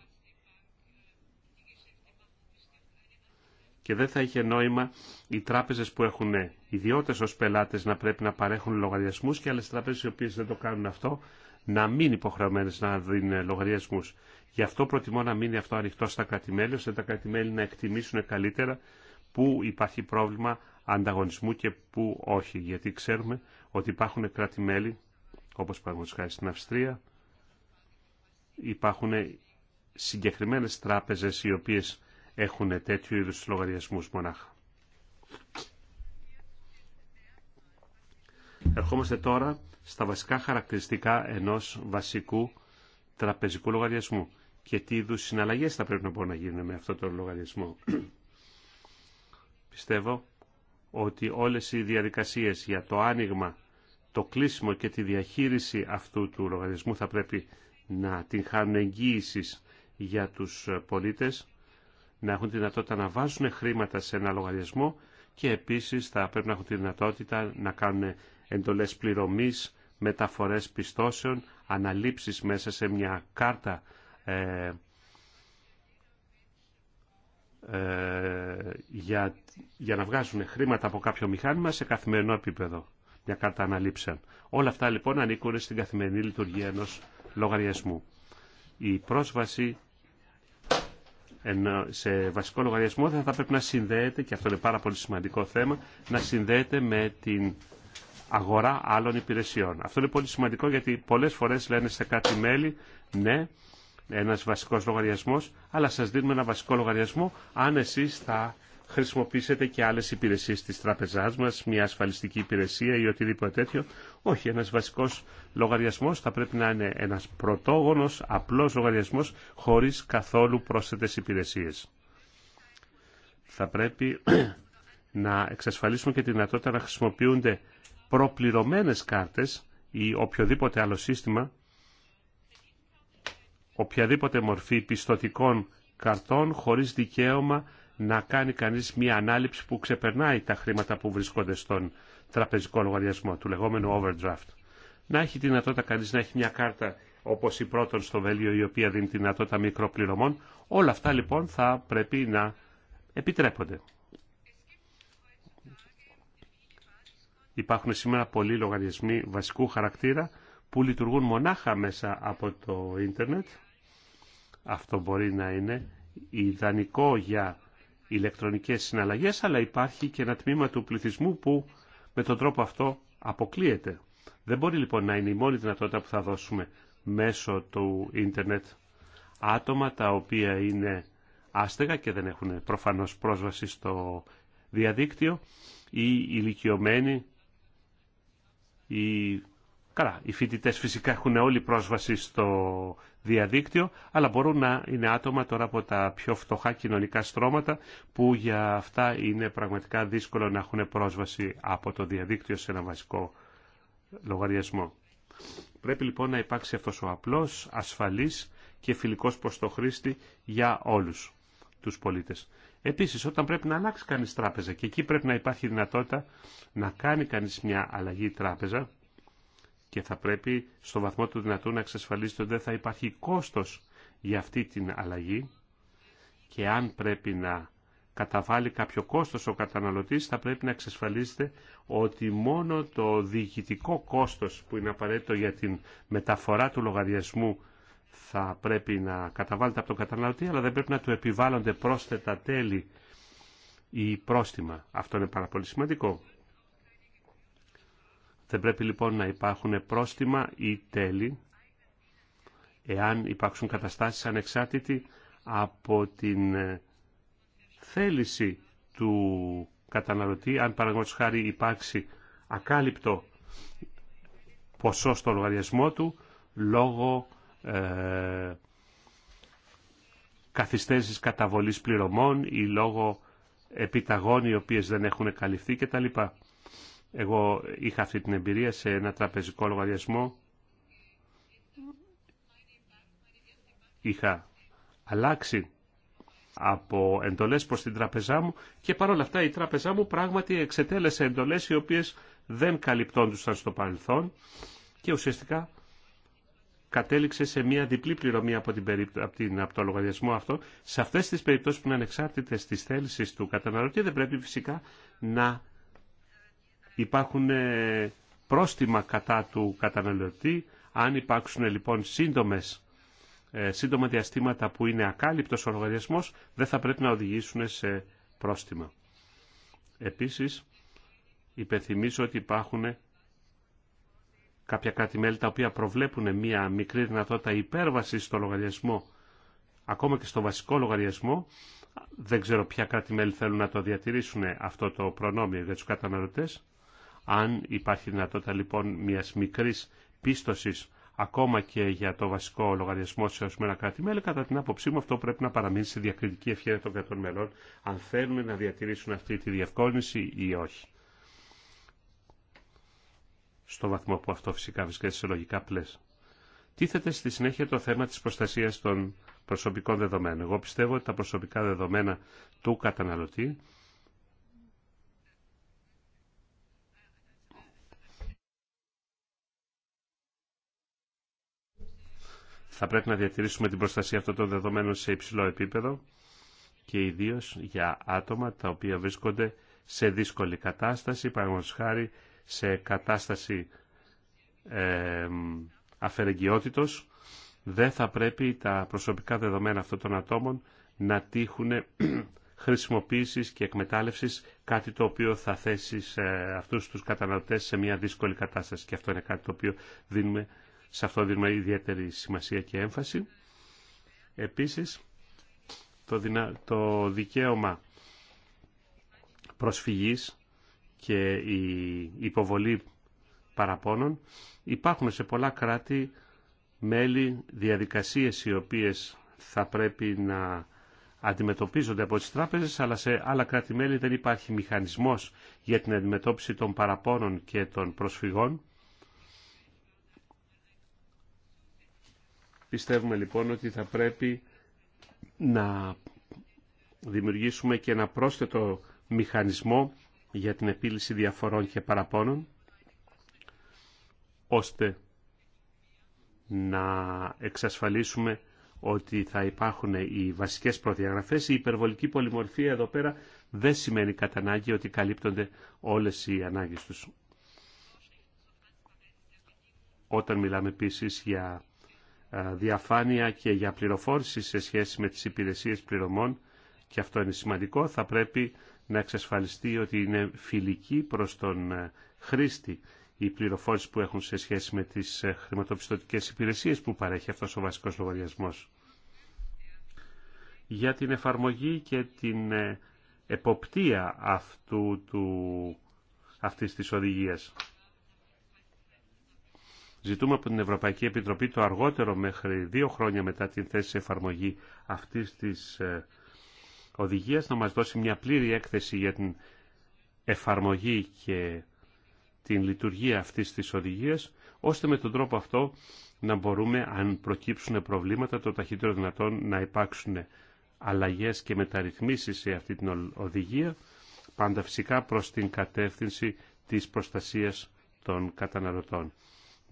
και δεν θα είχε νόημα οι τράπεζες που έχουν ιδιώτες ως πελάτες να πρέπει να παρέχουν λογαριασμούς και άλλες τράπεζες οι οποίες δεν το κάνουν αυτό να μην υποχρεωμένες να δίνουν λογαριασμούς. Γι' αυτό προτιμώ να μείνει αυτό ανοιχτό στα κρατημέλη, ώστε τα κρατημέλη να εκτιμήσουν καλύτερα που υπάρχει πρόβλημα ανταγωνισμού και που όχι. Γιατί ξέρουμε ότι υπάρχουν κράτη-μέλη, όπως παραδείγματος στην Αυστρία, υπάρχουν συγκεκριμένες τράπεζες οι οποίες έχουν τέτοιου είδους λογαριασμούς μονάχα. Ερχόμαστε τώρα στα βασικά χαρακτηριστικά ενός βασικού τραπεζικού λογαριασμού και τι είδου συναλλαγές θα πρέπει να μπορούν να γίνουν με αυτό το λογαριασμό. Πιστεύω ότι όλες οι διαδικασίες για το άνοιγμα, το κλείσιμο και τη διαχείριση αυτού του λογαριασμού θα πρέπει να την χάνουν για τους πολίτες να έχουν τη δυνατότητα να βάζουν χρήματα σε ένα λογαριασμό και επίσης θα πρέπει να έχουν τη δυνατότητα να κάνουν εντολές πληρωμής, μεταφορές πιστώσεων, αναλήψεις μέσα σε μια κάρτα ε, ε για, για να βγάζουν χρήματα από κάποιο μηχάνημα σε καθημερινό επίπεδο. Μια κάρτα αναλήψεων. Όλα αυτά λοιπόν ανήκουν στην καθημερινή λειτουργία ενός λογαριασμού. Η πρόσβαση σε βασικό λογαριασμό δεν θα πρέπει να συνδέεται, και αυτό είναι πάρα πολύ σημαντικό θέμα, να συνδέεται με την αγορά άλλων υπηρεσιών. Αυτό είναι πολύ σημαντικό γιατί πολλές φορές λένε σε κάτι μέλη, ναι, ένας βασικός λογαριασμός, αλλά σας δίνουμε ένα βασικό λογαριασμό αν εσείς θα χρησιμοποιήσετε και άλλες υπηρεσίες της τραπεζάς μας, μια ασφαλιστική υπηρεσία ή οτιδήποτε τέτοιο. Όχι, ένας βασικός λογαριασμός θα πρέπει να είναι ένας πρωτόγονος, απλός λογαριασμός, χωρίς καθόλου πρόσθετες υπηρεσίες. Θα πρέπει *clears throat* να εξασφαλίσουμε και τη δυνατότητα να χρησιμοποιούνται προπληρωμένες κάρτες ή οποιοδήποτε άλλο σύστημα, οποιαδήποτε μορφή πιστοτικών καρτών χωρίς δικαίωμα να κάνει κανείς μια ανάληψη που ξεπερνάει τα χρήματα που βρίσκονται στον τραπεζικό λογαριασμό, του λεγόμενου overdraft. Να έχει δυνατότητα κανείς να έχει μια κάρτα όπως η πρώτον στο Βέλιο η οποία δίνει τη δυνατότητα μικροπληρωμών. Όλα αυτά λοιπόν θα πρέπει να επιτρέπονται. Υπάρχουν σήμερα πολλοί λογαριασμοί βασικού χαρακτήρα που λειτουργούν μονάχα μέσα από το ίντερνετ. Αυτό μπορεί να είναι ιδανικό για ηλεκτρονικές συναλλαγές, αλλά υπάρχει και ένα τμήμα του πληθυσμού που με τον τρόπο αυτό αποκλείεται. Δεν μπορεί λοιπόν να είναι η μόνη δυνατότητα που θα δώσουμε μέσω του ίντερνετ άτομα τα οποία είναι άστεγα και δεν έχουν προφανώς πρόσβαση στο διαδίκτυο ή ηλικιωμένοι ή Καλά, οι φοιτητες φυσικά έχουν όλη πρόσβαση στο διαδίκτυο, αλλά μπορούν να είναι άτομα τώρα από τα πιο φτωχά κοινωνικά στρώματα που για αυτά είναι πραγματικά δύσκολο να έχουν πρόσβαση από το διαδίκτυο σε ένα βασικό λογαριασμό. Πρέπει λοιπόν να υπάρξει αυτός ο απλός, ασφαλής και φιλικός προς το χρήστη για όλους τους πολίτες. Επίσης, όταν πρέπει να αλλάξει κανείς τράπεζα και εκεί πρέπει να υπάρχει δυνατότητα να κάνει κανείς μια αλλαγή τράπεζα, και θα πρέπει στο βαθμό του δυνατού να εξασφαλίσετε ότι δεν θα υπάρχει κόστος για αυτή την αλλαγή και αν πρέπει να καταβάλει κάποιο κόστος ο καταναλωτής θα πρέπει να εξασφαλίσετε ότι μόνο το διοικητικό κόστος που είναι απαραίτητο για την μεταφορά του λογαριασμού θα πρέπει να καταβάλλεται από τον καταναλωτή αλλά δεν πρέπει να του επιβάλλονται πρόσθετα τέλη ή πρόστιμα. Αυτό είναι πάρα πολύ σημαντικό. Δεν πρέπει λοιπόν να υπάρχουν πρόστιμα ή τέλη εάν υπάρξουν καταστάσεις ανεξάτητη από την ε, θέληση του καταναλωτή, αν παραγωγός χάρη υπάρξει ακάλυπτο ποσό στο λογαριασμό του λόγω ε, καθυστέρησης καταβολής πληρωμών ή λόγω επιταγών οι οποίες δεν έχουν καλυφθεί κτλ. Εγώ είχα αυτή την εμπειρία σε ένα τραπεζικό λογαριασμό. Είχα αλλάξει από εντολές προς την τραπεζά μου και παρόλα αυτά η τραπεζά μου πράγματι εξετέλεσε εντολές οι οποίες δεν καλυπτόντουσαν στο παρελθόν και ουσιαστικά κατέληξε σε μια διπλή πληρωμή από, την, από, το λογαριασμό αυτό. Σε αυτές τις περιπτώσεις που είναι ανεξάρτητες της θέλησης του καταναλωτή δεν πρέπει φυσικά να υπάρχουν ε, πρόστιμα κατά του καταναλωτή. Αν υπάρξουν λοιπόν σύντομες, ε, σύντομα διαστήματα που είναι ακάλυπτος ο λογαριασμός, δεν θα πρέπει να οδηγήσουν σε πρόστιμα. Επίσης, υπενθυμίζω ότι υπάρχουν κάποια κράτη-μέλη τα οποία προβλέπουν μία μικρή δυνατότητα υπέρβαση στο λογαριασμό, ακόμα και στο βασικό λογαριασμό. Δεν ξέρω ποια κράτη-μέλη θέλουν να το διατηρήσουν αυτό το προνόμιο για τους καταναλωτές. Αν υπάρχει δυνατότητα λοιπόν μιας μικρής πίστοσης ακόμα και για το βασικό λογαριασμό σε ορισμένα κράτη-μέλη, κατά την άποψή μου αυτό πρέπει να παραμείνει σε διακριτική ευχαίρεια των κρατών μελών, αν θέλουν να διατηρήσουν αυτή τη διευκόλυνση ή όχι. Στο βαθμό που αυτό φυσικά βρίσκεται σε λογικά πλαίσια. Τίθεται στη συνέχεια το θέμα της προστασίας των προσωπικών δεδομένων. Εγώ πιστεύω ότι τα προσωπικά δεδομένα του καταναλωτή Θα πρέπει να διατηρήσουμε την προστασία αυτών των δεδομένων σε υψηλό επίπεδο και ιδίω για άτομα τα οποία βρίσκονται σε δύσκολη κατάσταση, παραγωγή χάρη σε κατάσταση ε, δεν θα πρέπει τα προσωπικά δεδομένα αυτών των ατόμων να τύχουν *clears throat* χρησιμοποίησης και εκμετάλλευσης, κάτι το οποίο θα θέσει σε αυτούς τους καταναλωτές σε μια δύσκολη κατάσταση. Και αυτό είναι κάτι το οποίο δίνουμε σε αυτό δίνουμε ιδιαίτερη σημασία και έμφαση. Επίσης, το, το δικαίωμα προσφυγής και η υποβολή παραπώνων υπάρχουν σε πολλά κράτη μέλη διαδικασίες οι οποίες θα πρέπει να αντιμετωπίζονται από τις τράπεζες, αλλά σε άλλα κράτη-μέλη δεν υπάρχει μηχανισμός για την αντιμετώπιση των παραπώνων και των προσφυγών Πιστεύουμε λοιπόν ότι θα πρέπει να δημιουργήσουμε και ένα πρόσθετο μηχανισμό για την επίλυση διαφορών και παραπώνων, ώστε να εξασφαλίσουμε ότι θα υπάρχουν οι βασικές προδιαγραφές. Η υπερβολική πολυμορφία εδώ πέρα δεν σημαίνει κατά ανάγκη ότι καλύπτονται όλες οι ανάγκες τους. Όταν μιλάμε επίσης για ε, διαφάνεια και για πληροφόρηση σε σχέση με τις υπηρεσίες πληρωμών και αυτό είναι σημαντικό. Θα πρέπει να εξασφαλιστεί ότι είναι φιλική προς τον ε, χρήστη οι πληροφόρηση που έχουν σε σχέση με τις ε, χρηματοπιστωτικές υπηρεσίες που παρέχει αυτός ο βασικός λογαριασμός. Για την εφαρμογή και την εποπτεία αυτού του, αυτής της οδηγίας. Ζητούμε από την Ευρωπαϊκή Επιτροπή το αργότερο μέχρι δύο χρόνια μετά την θέση εφαρμογή αυτής της ε, οδηγίας να μας δώσει μια πλήρη έκθεση για την εφαρμογή και την λειτουργία αυτής της οδηγίας, ώστε με τον τρόπο αυτό να μπορούμε, αν προκύψουν προβλήματα, το ταχύτερο δυνατόν να υπάρξουν αλλαγές και μεταρρυθμίσεις σε αυτή την οδηγία, πάντα φυσικά προς την κατεύθυνση της προστασίας των καταναλωτών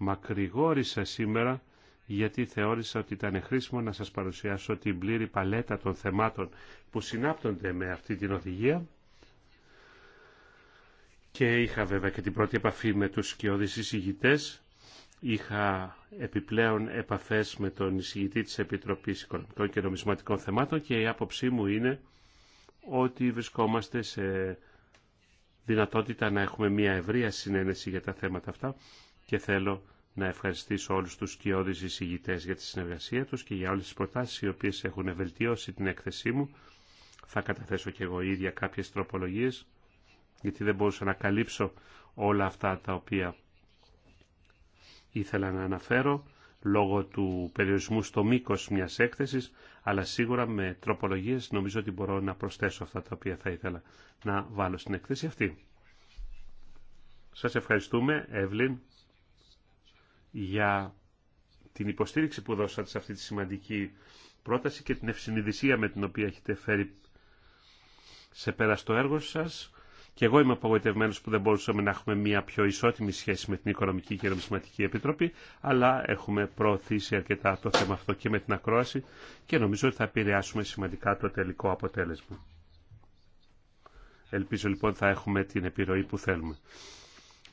μακρηγόρησα σήμερα γιατί θεώρησα ότι ήταν χρήσιμο να σας παρουσιάσω την πλήρη παλέτα των θεμάτων που συνάπτονται με αυτή την οδηγία και είχα βέβαια και την πρώτη επαφή με τους σκιώδεις εισηγητές είχα επιπλέον επαφές με τον εισηγητή της Επιτροπής Οικονομικών και Νομισματικών Θεμάτων και η άποψή μου είναι ότι βρισκόμαστε σε δυνατότητα να έχουμε μια ευρεία συνένεση για τα θέματα αυτά και θέλω να ευχαριστήσω όλους τους κοιόδης εισηγητές για τη συνεργασία τους και για όλες τις προτάσεις οι οποίες έχουν βελτιώσει την έκθεσή μου. Θα καταθέσω και εγώ ίδια κάποιες τροπολογίες, γιατί δεν μπορούσα να καλύψω όλα αυτά τα οποία ήθελα να αναφέρω λόγω του περιορισμού στο μήκος μιας έκθεσης, αλλά σίγουρα με τροπολογίες νομίζω ότι μπορώ να προσθέσω αυτά τα οποία θα ήθελα να βάλω στην έκθεση αυτή. Σας ευχαριστούμε, Εύλην για την υποστήριξη που δώσατε σε αυτή τη σημαντική πρόταση και την ευσυνειδησία με την οποία έχετε φέρει σε πέρα στο έργο σας. Και εγώ είμαι απογοητευμένος που δεν μπορούσαμε να έχουμε μια πιο ισότιμη σχέση με την Οικονομική και Νομισματική Επιτροπή, αλλά έχουμε προωθήσει αρκετά το θέμα αυτό και με την ακρόαση και νομίζω ότι θα επηρεάσουμε σημαντικά το τελικό αποτέλεσμα. Ελπίζω λοιπόν θα έχουμε την επιρροή που θέλουμε.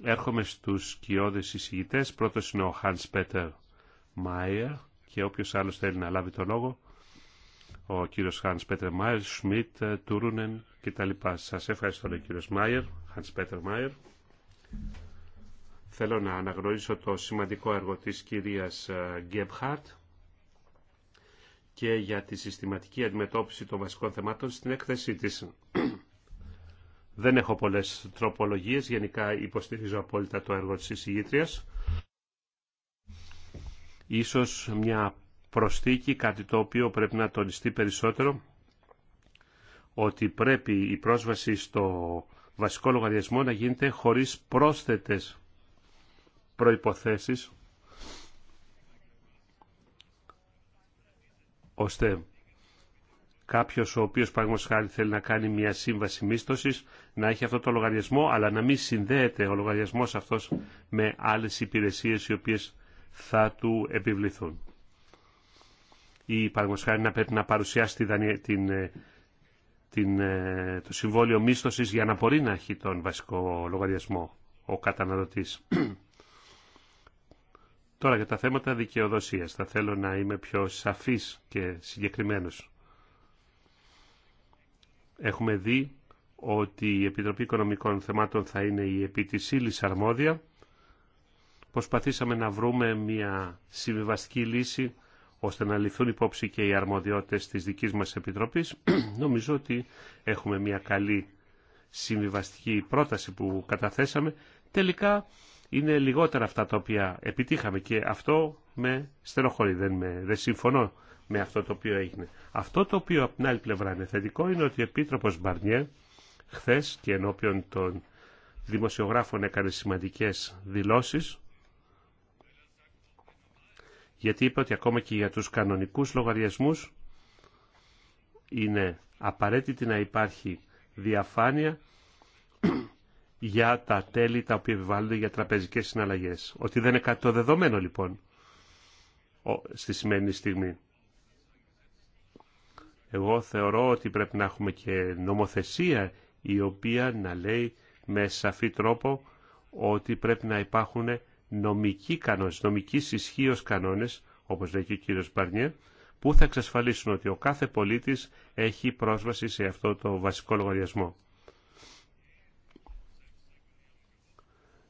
Έρχομαι στους κοιόδες εισηγητές. Πρώτος είναι ο Hans Peter Μάιερ και όποιος άλλος θέλει να λάβει το λόγο. Ο κύριος Hans Peter Μάιερ, Schmidt, Τούρουνεν κτλ. Σας ευχαριστώ λέει κύριος Μάιερ, Hans Peter Μάιερ. Θέλω να αναγνωρίσω το σημαντικό έργο της κυρίας ε, Gebhardt και για τη συστηματική αντιμετώπιση των βασικών θεμάτων στην έκθεσή της. Δεν έχω πολλές τροπολογίες, γενικά υποστηρίζω απόλυτα το έργο της εισηγήτριας. Ίσως μια προσθήκη, κάτι το οποίο πρέπει να τονιστεί περισσότερο, ότι πρέπει η πρόσβαση στο βασικό λογαριασμό να γίνεται χωρίς πρόσθετες προϋποθέσεις, ώστε κάποιο ο οποίο παραδείγματο χάρη θέλει να κάνει μια σύμβαση μίσθωση να έχει αυτό το λογαριασμό, αλλά να μην συνδέεται ο λογαριασμό αυτό με άλλε υπηρεσίε οι οποίε θα του επιβληθούν. Ή παραδείγματο χάρη να πρέπει να παρουσιάσει την, ε, την, ε, το συμβόλαιο μίσθωση για να μπορεί να έχει τον βασικό λογαριασμό ο καταναλωτή. Τώρα για τα θέματα δικαιοδοσίας θα θέλω να είμαι πιο σαφής και συγκεκριμένος. Έχουμε δει ότι η Επιτροπή Οικονομικών Θεμάτων θα είναι η επιτησή της αρμόδια. Προσπαθήσαμε να βρούμε μια συμβιβαστική λύση ώστε να ληφθούν υπόψη και οι αρμοδιότητες της δικής μας Επιτροπής. *clears throat* Νομίζω ότι έχουμε μια καλή συμβιβαστική πρόταση που καταθέσαμε. Τελικά είναι λιγότερα αυτά τα οποία επιτύχαμε και αυτό με στενοχωρεί. Δεν, με, δεν συμφωνώ με αυτό το οποίο έγινε. Αυτό το οποίο από την άλλη πλευρά είναι θετικό είναι ότι ο Επίτροπος Μπαρνιέ χθε και ενώπιον των δημοσιογράφων έκανε σημαντικές δηλώσεις γιατί είπε ότι ακόμα και για τους κανονικούς λογαριασμούς είναι απαραίτητη να υπάρχει διαφάνεια *clears throat* για τα τέλη τα οποία επιβάλλονται για τραπεζικές συναλλαγές. Ότι δεν είναι κάτι το δεδομένο λοιπόν στη σημερινή στιγμή. Εγώ θεωρώ ότι πρέπει να έχουμε και νομοθεσία η οποία να λέει με σαφή τρόπο ότι πρέπει να υπάρχουν νομικοί κανόνες, νομικής ισχύω κανόνες, όπως λέει και ο κύριος Μπαρνιέ, που θα εξασφαλίσουν ότι ο κάθε πολίτης έχει πρόσβαση σε αυτό το βασικό λογαριασμό.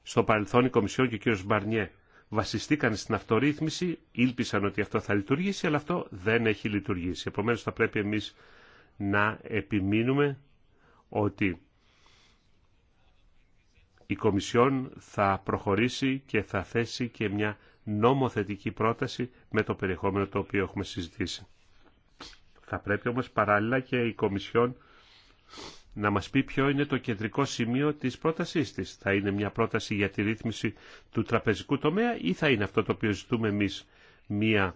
Στο παρελθόν η Κομισιόν και ο κύριος Μπαρνιέ βασιστήκαν στην αυτορύθμιση, ήλπισαν ότι αυτό θα λειτουργήσει, αλλά αυτό δεν έχει λειτουργήσει. Επομένως θα πρέπει εμείς να επιμείνουμε ότι η Κομισιόν θα προχωρήσει και θα θέσει και μια νομοθετική πρόταση με το περιεχόμενο το οποίο έχουμε συζητήσει. Θα πρέπει όμως παράλληλα και η Κομισιόν να μας πει ποιο είναι το κεντρικό σημείο της πρότασής της. Θα είναι μια πρόταση για τη ρύθμιση του τραπεζικού τομέα ή θα είναι αυτό το οποίο ζητούμε εμείς μια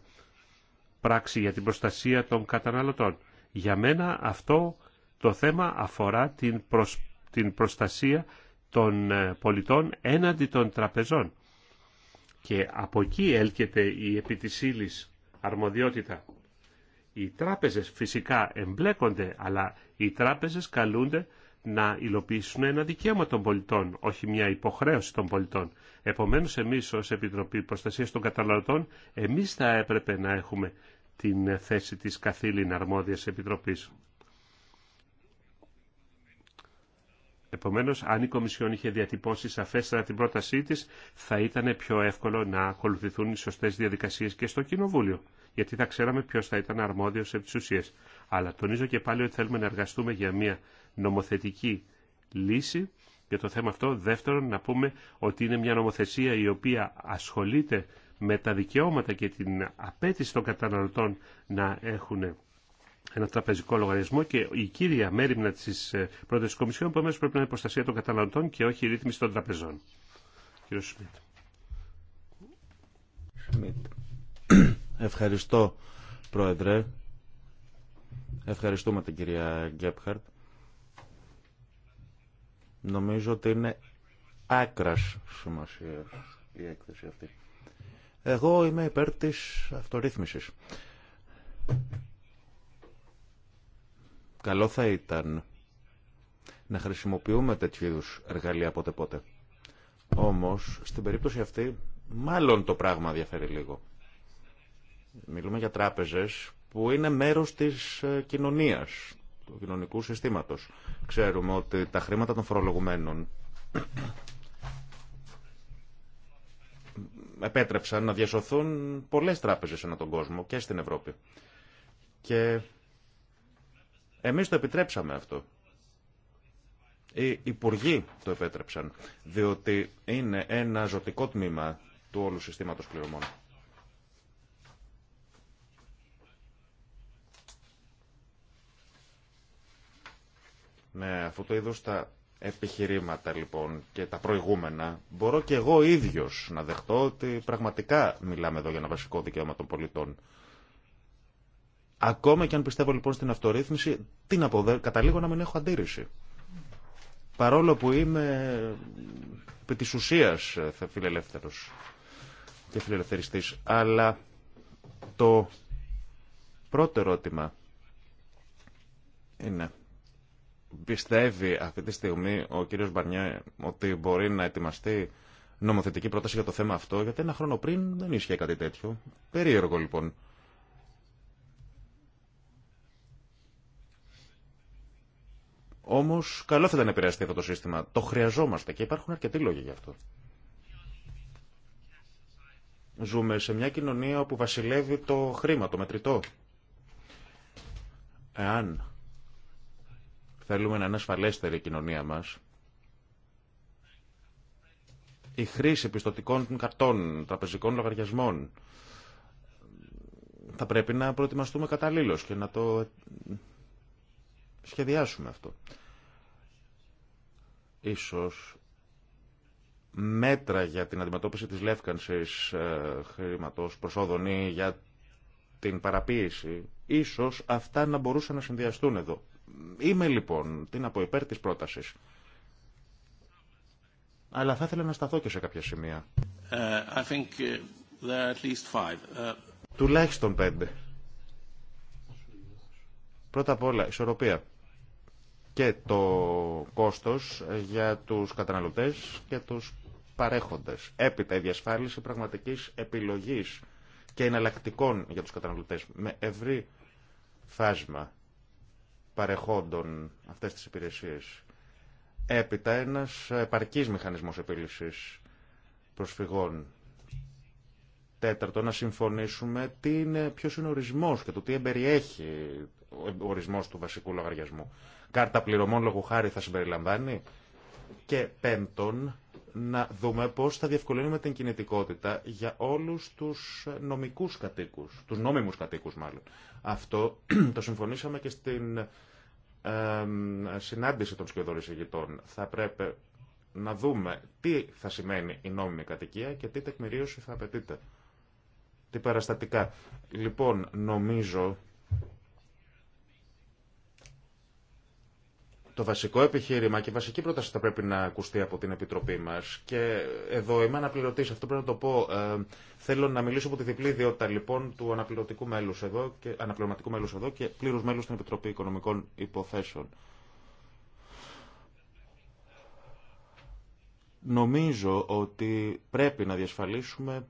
πράξη για την προστασία των καταναλωτών. Για μένα αυτό το θέμα αφορά την, προστασία των ε, πολιτών έναντι των τραπεζών. Και από εκεί έλκεται η επιτυσίλης αρμοδιότητα οι τράπεζες φυσικά εμπλέκονται, αλλά οι τράπεζες καλούνται να υλοποιήσουν ένα δικαίωμα των πολιτών, όχι μια υποχρέωση των πολιτών. Επομένως εμείς ως Επιτροπή Προστασίας των Καταναλωτών, εμείς θα έπρεπε να έχουμε την θέση της καθήλυνα αρμόδιας Επιτροπής. Επομένως, αν η Κομισιόν είχε διατυπώσει σαφέστερα την πρότασή της, θα ήταν πιο εύκολο να ακολουθηθούν οι σωστές διαδικασίες και στο Κοινοβούλιο, γιατί θα ξέραμε ποιος θα ήταν αρμόδιος επί της ουσίας. Αλλά τονίζω και πάλι ότι θέλουμε να εργαστούμε για μια νομοθετική λύση για το θέμα αυτό. Δεύτερον, να πούμε ότι είναι μια νομοθεσία η οποία ασχολείται με τα δικαιώματα και την απέτηση των καταναλωτών να έχουν ένα τραπεζικό λογαριασμό και η κύρια μέρημνα τη ε, πρόταση τη Κομισιόν εμείς πρέπει να είναι η προστασία των καταναλωτών και όχι η ρύθμιση των τραπεζών. Κύριο Σμιτ. Ευχαριστώ, Πρόεδρε. Ευχαριστούμε την κυρία Γκέπχαρτ. Νομίζω ότι είναι άκρας σημασία η έκθεση αυτή. Εγώ είμαι υπέρ της αυτορύθμισης. Καλό θα ήταν να χρησιμοποιούμε τέτοιου είδου εργαλεία πότε πότε. Όμως, στην περίπτωση αυτή, μάλλον το πράγμα διαφέρει λίγο. Μιλούμε για τράπεζες που είναι μέρος της ε, κοινωνίας, του κοινωνικού συστήματος. Ξέρουμε ότι τα χρήματα των φορολογουμένων *clears throat* επέτρεψαν να διασωθούν πολλές τράπεζες ανά τον κόσμο και στην Ευρώπη. Και εμείς το επιτρέψαμε αυτό. Οι υπουργοί το επέτρεψαν, διότι είναι ένα ζωτικό τμήμα του όλου συστήματος πληρωμών. Με αυτό το είδος τα επιχειρήματα λοιπόν και τα προηγούμενα, μπορώ και εγώ ίδιος να δεχτώ ότι πραγματικά μιλάμε εδώ για ένα βασικό δικαίωμα των πολιτών. Ακόμα και αν πιστεύω λοιπόν στην αυτορύθμιση, τι να καταλήγω να μην έχω αντίρρηση. Παρόλο που είμαι επί της ουσίας ε, φιλελεύθερος και φιλελευθεριστής. Αλλά το πρώτο ερώτημα είναι πιστεύει αυτή τη στιγμή ο κύριος Μπαρνιέ ότι μπορεί να ετοιμαστεί νομοθετική πρόταση για το θέμα αυτό, γιατί ένα χρόνο πριν δεν ίσχυε κάτι τέτοιο. Περίεργο λοιπόν. Όμω, καλό θα ήταν να επηρεαστεί αυτό το σύστημα. Το χρειαζόμαστε και υπάρχουν αρκετοί λόγοι γι' αυτό. Ζούμε σε μια κοινωνία όπου βασιλεύει το χρήμα, το μετρητό. Εάν θέλουμε να είναι ασφαλέστερη η κοινωνία μας, η χρήση πιστοτικών καρτών, τραπεζικών λογαριασμών, θα πρέπει να προετοιμαστούμε καταλήλως και να το σχεδιάσουμε αυτό. Ίσως μέτρα για την αντιμετώπιση της λεύκανσης ε, χρήματος προσόδων ή για την παραποίηση, ίσως αυτά να μπορούσαν να συνδυαστούν εδώ. Είμαι λοιπόν, την να υπέρ της πρότασης. Αλλά θα ήθελα να σταθώ και σε κάποια σημεία. Ε, I think ε, there at least five. Τουλάχιστον πέντε. Πρώτα απ' όλα, ισορροπία και το κόστος για τους καταναλωτές και τους παρέχοντες. Έπειτα η διασφάλιση πραγματικής επιλογής και εναλλακτικών για τους καταναλωτές με ευρύ φάσμα παρεχόντων αυτές τις υπηρεσίες. Έπειτα ένας επαρκής μηχανισμός επίλυσης προσφυγών. Τέταρτο, να συμφωνήσουμε τι είναι, ποιος είναι ο ορισμός και το τι εμπεριέχει ο ορισμός του βασικού λογαριασμού κάρτα πληρωμών λόγου χάρη θα συμπεριλαμβάνει. Και πέμπτον, να δούμε πώς θα διευκολύνουμε την κινητικότητα για όλους τους νομικούς κατοίκους, τους νόμιμους κατοίκους μάλλον. Αυτό *clears throat* το συμφωνήσαμε και στην ε, συνάντηση των σχεδόν εισηγητών. Θα πρέπει να δούμε τι θα σημαίνει η νόμιμη κατοικία και τι τεκμηρίωση θα απαιτείται. Τι παραστατικά. Λοιπόν, νομίζω Το βασικό επιχείρημα και η βασική πρόταση θα πρέπει να ακουστεί από την Επιτροπή μα. Και εδώ είμαι αναπληρωτή, αυτό πρέπει να το πω. Ε, θέλω να μιλήσω από τη διπλή ιδιότητα λοιπόν του αναπληρωτικού μέλου εδώ και αναπληρωματικού μέλου εδώ και πλήρου μέλου στην Επιτροπή Οικονομικών Υποθέσεων. Νομίζω ότι πρέπει να διασφαλίσουμε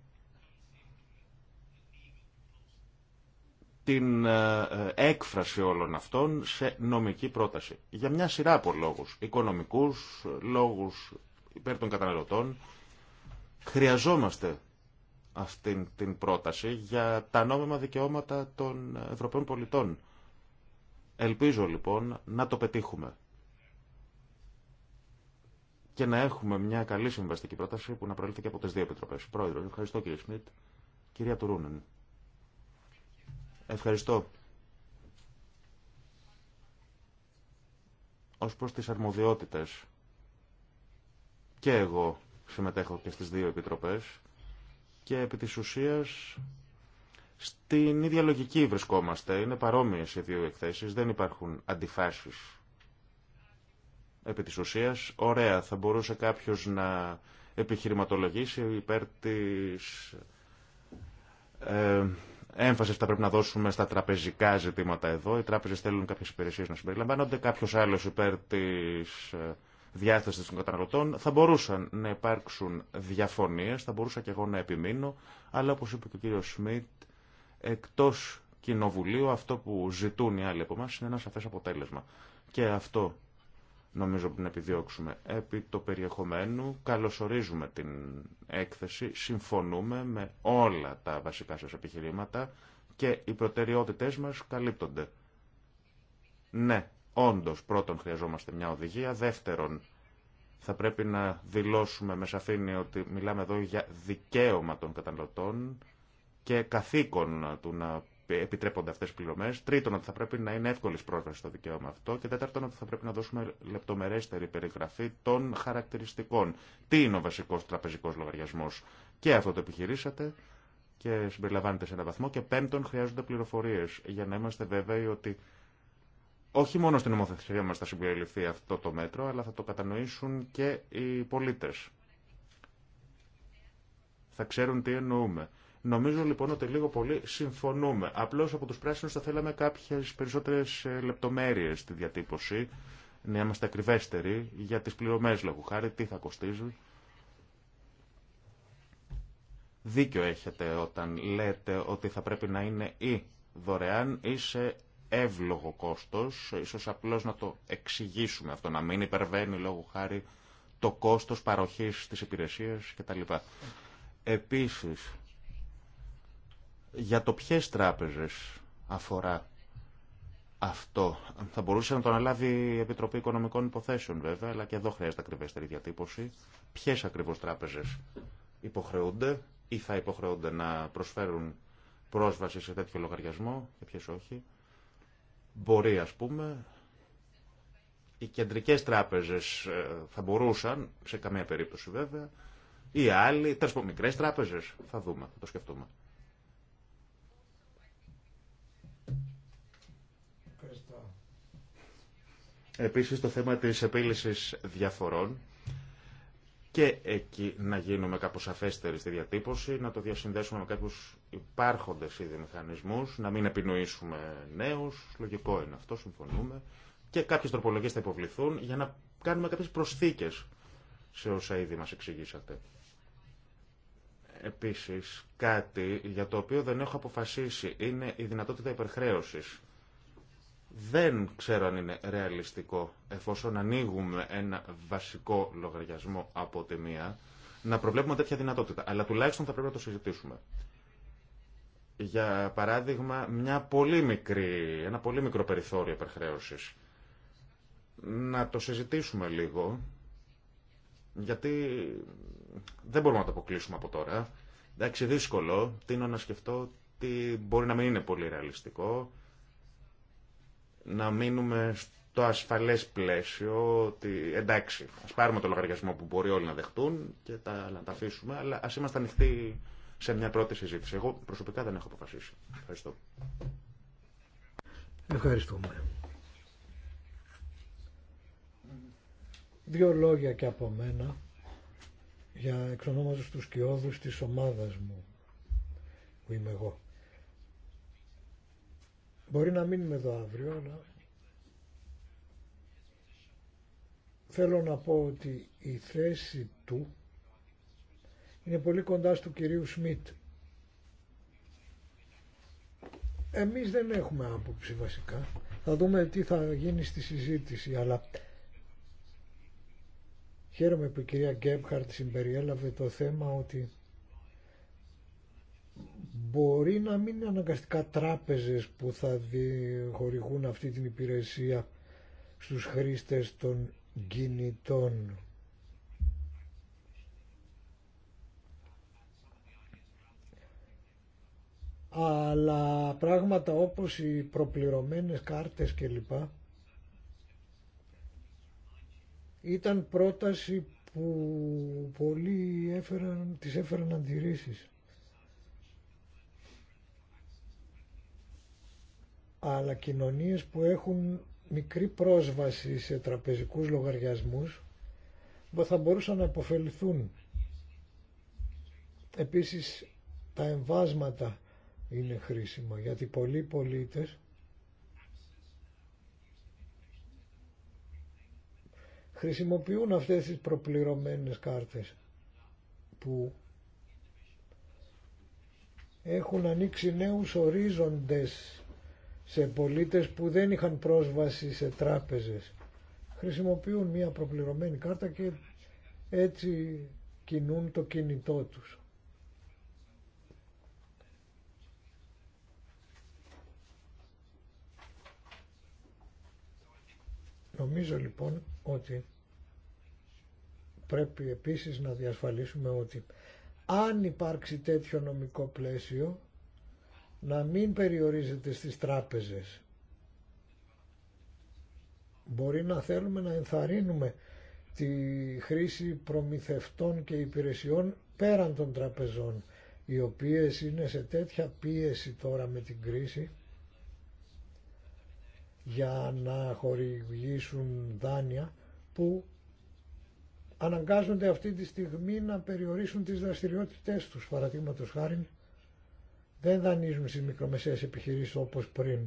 την ε, ε, έκφραση όλων αυτών σε νομική πρόταση. Για μια σειρά από λόγους, οικονομικούς, λόγους υπέρ των καταναλωτών, χρειαζόμαστε αυτή την πρόταση για τα νόμιμα δικαιώματα των Ευρωπαίων πολιτών. Ελπίζω λοιπόν να το πετύχουμε και να έχουμε μια καλή συμβαστική πρόταση που να προέλθει και από τις δύο επιτροπές. Πρόεδρο, ευχαριστώ κύριε Σμιτ. Κυρία Τουρούνεν. Ευχαριστώ. Ως προς τις αρμοδιότητες, και εγώ συμμετέχω και στις δύο επιτροπές και επί της ουσίας στην ίδια λογική βρισκόμαστε. Είναι παρόμοιες οι δύο εκθέσεις, δεν υπάρχουν αντιφάσεις. Επί της ουσίας, ωραία, θα μπορούσε κάποιος να επιχειρηματολογήσει υπέρ της ε, έμφαση θα πρέπει να δώσουμε στα τραπεζικά ζητήματα εδώ. Οι τράπεζε θέλουν κάποιε υπηρεσίε να συμπεριλαμβάνονται. Κάποιο άλλο υπέρ τη ε, διάθεση των καταναλωτών. Θα μπορούσαν να υπάρξουν διαφωνίε, θα μπορούσα και εγώ να επιμείνω, αλλά όπω είπε και ο κύριο Σμιτ, εκτό κοινοβουλίου αυτό που ζητούν οι άλλοι από εμά είναι ένα σαφέ αποτέλεσμα. Και αυτό νομίζω που να επιδιώξουμε. Επί το περιεχομένου καλωσορίζουμε την έκθεση, συμφωνούμε με όλα τα βασικά σας επιχειρήματα και οι προτεραιότητές μας καλύπτονται. Ναι, όντως πρώτον χρειαζόμαστε μια οδηγία, δεύτερον θα πρέπει να δηλώσουμε με σαφήνεια ότι μιλάμε εδώ για δικαίωμα των καταναλωτών και καθήκον του να επιτρέπονται αυτέ οι πληρωμέ. Τρίτον, ότι θα πρέπει να είναι εύκολη πρόσβαση στο δικαίωμα αυτό. Και τέταρτον, ότι θα πρέπει να δώσουμε λεπτομερέστερη περιγραφή των χαρακτηριστικών. Τι είναι ο βασικό τραπεζικό λογαριασμό. Και αυτό το επιχειρήσατε και συμπεριλαμβάνεται σε ένα βαθμό. Και πέμπτον, χρειάζονται πληροφορίε για να είμαστε βέβαιοι ότι όχι μόνο στην νομοθεσία μας θα συμπεριληφθεί αυτό το μέτρο, αλλά θα το κατανοήσουν και οι πολίτε. Θα ξέρουν τι εννοούμε. Νομίζω λοιπόν ότι λίγο πολύ συμφωνούμε. Απλώς από τους πράσινους θα θέλαμε κάποιες περισσότερες ε, λεπτομέρειες στη διατύπωση, να είμαστε ακριβέστεροι για τις πληρωμές λόγου χάρη, τι θα κοστίζει. Δίκιο έχετε όταν λέτε ότι θα πρέπει να είναι ή δωρεάν ή σε εύλογο κόστος, ίσως απλώς να το εξηγήσουμε αυτό, να μην υπερβαίνει λόγου χάρη το κόστος παροχής της υπηρεσίας κτλ. Επίσης, για το ποιες τράπεζες αφορά αυτό. Θα μπορούσε να το αναλάβει η Επιτροπή Οικονομικών Υποθέσεων βέβαια, αλλά και εδώ χρειάζεται ακριβέστερη διατύπωση. Ποιες ακριβώς τράπεζες υποχρεούνται ή θα υποχρεούνται να προσφέρουν πρόσβαση σε τέτοιο λογαριασμό και ποιες όχι. Μπορεί ας πούμε οι κεντρικές τράπεζες ε, θα μπορούσαν, σε καμία περίπτωση βέβαια, ή άλλοι, τέλος πάντων μικρές τράπεζες, θα δούμε, θα το σκεφτούμε. Επίσης το θέμα της επίλυσης διαφορών και εκεί να γίνουμε κάπως αφέστεροι στη διατύπωση, να το διασυνδέσουμε με κάποιους υπάρχοντες ήδη μηχανισμούς, να μην επινοήσουμε νέους, λογικό είναι αυτό, συμφωνούμε, και κάποιες τροπολογίες θα υποβληθούν για να κάνουμε κάποιες προσθήκες σε όσα ήδη μας εξηγήσατε. Επίσης, κάτι για το οποίο δεν έχω αποφασίσει είναι η δυνατότητα υπερχρέωσης δεν ξέρω αν είναι ρεαλιστικό εφόσον ανοίγουμε ένα βασικό λογαριασμό από τη μία να προβλέπουμε τέτοια δυνατότητα. Αλλά τουλάχιστον θα πρέπει να το συζητήσουμε. Για παράδειγμα, μια πολύ μικρή, ένα πολύ μικρό περιθώριο υπερχρέωση. Να το συζητήσουμε λίγο, γιατί δεν μπορούμε να το αποκλείσουμε από τώρα. Εντάξει, δύσκολο. Τίνω να σκεφτώ ότι μπορεί να μην είναι πολύ ρεαλιστικό να μείνουμε στο ασφαλές πλαίσιο ότι εντάξει, ας πάρουμε το λογαριασμό που μπορεί όλοι να δεχτούν και τα, να τα αφήσουμε, αλλά ας είμαστε ανοιχτοί σε μια πρώτη συζήτηση. Εγώ προσωπικά δεν έχω αποφασίσει. Ευχαριστώ. Ευχαριστούμε. Δύο λόγια και από μένα για εξ ονόματος του σκιώδους της ομάδας μου που είμαι εγώ. Μπορεί να μείνουμε εδώ αύριο, αλλά θέλω να πω ότι η θέση του είναι πολύ κοντά στο κυρίου Σμιτ. Εμείς δεν έχουμε άποψη βασικά. Θα δούμε τι θα γίνει στη συζήτηση, αλλά χαίρομαι που η κυρία Γκέμπχαρτ συμπεριέλαβε το θέμα ότι μπορεί να μην είναι αναγκαστικά τράπεζες που θα χορηγούν αυτή την υπηρεσία στους χρήστες των κινητών. Αλλά πράγματα όπως οι προπληρωμένες κάρτες κλπ. Ήταν πρόταση που πολλοί έφεραν, τις έφεραν αντιρρήσεις. αλλά κοινωνίες που έχουν μικρή πρόσβαση σε τραπεζικούς λογαριασμούς θα μπορούσαν να υποφεληθούν. Επίσης τα εμβάσματα είναι χρήσιμα γιατί πολλοί πολίτες χρησιμοποιούν αυτές τις προπληρωμένες κάρτες που έχουν ανοίξει νέους ορίζοντες σε πολίτες που δεν είχαν πρόσβαση σε τράπεζες. Χρησιμοποιούν μια προπληρωμένη κάρτα και έτσι κινούν το κινητό τους. Νομίζω λοιπόν ότι πρέπει επίσης να διασφαλίσουμε ότι αν υπάρξει τέτοιο νομικό πλαίσιο να μην περιορίζεται στις τράπεζες. Μπορεί να θέλουμε να ενθαρρύνουμε τη χρήση προμηθευτών και υπηρεσιών πέραν των τραπεζών, οι οποίες είναι σε τέτοια πίεση τώρα με την κρίση για να χορηγήσουν δάνεια που αναγκάζονται αυτή τη στιγμή να περιορίσουν τις δραστηριότητές τους, παραδείγματος χάρη δεν δανείζουν στις μικρομεσαίες επιχειρήσεις όπως πριν.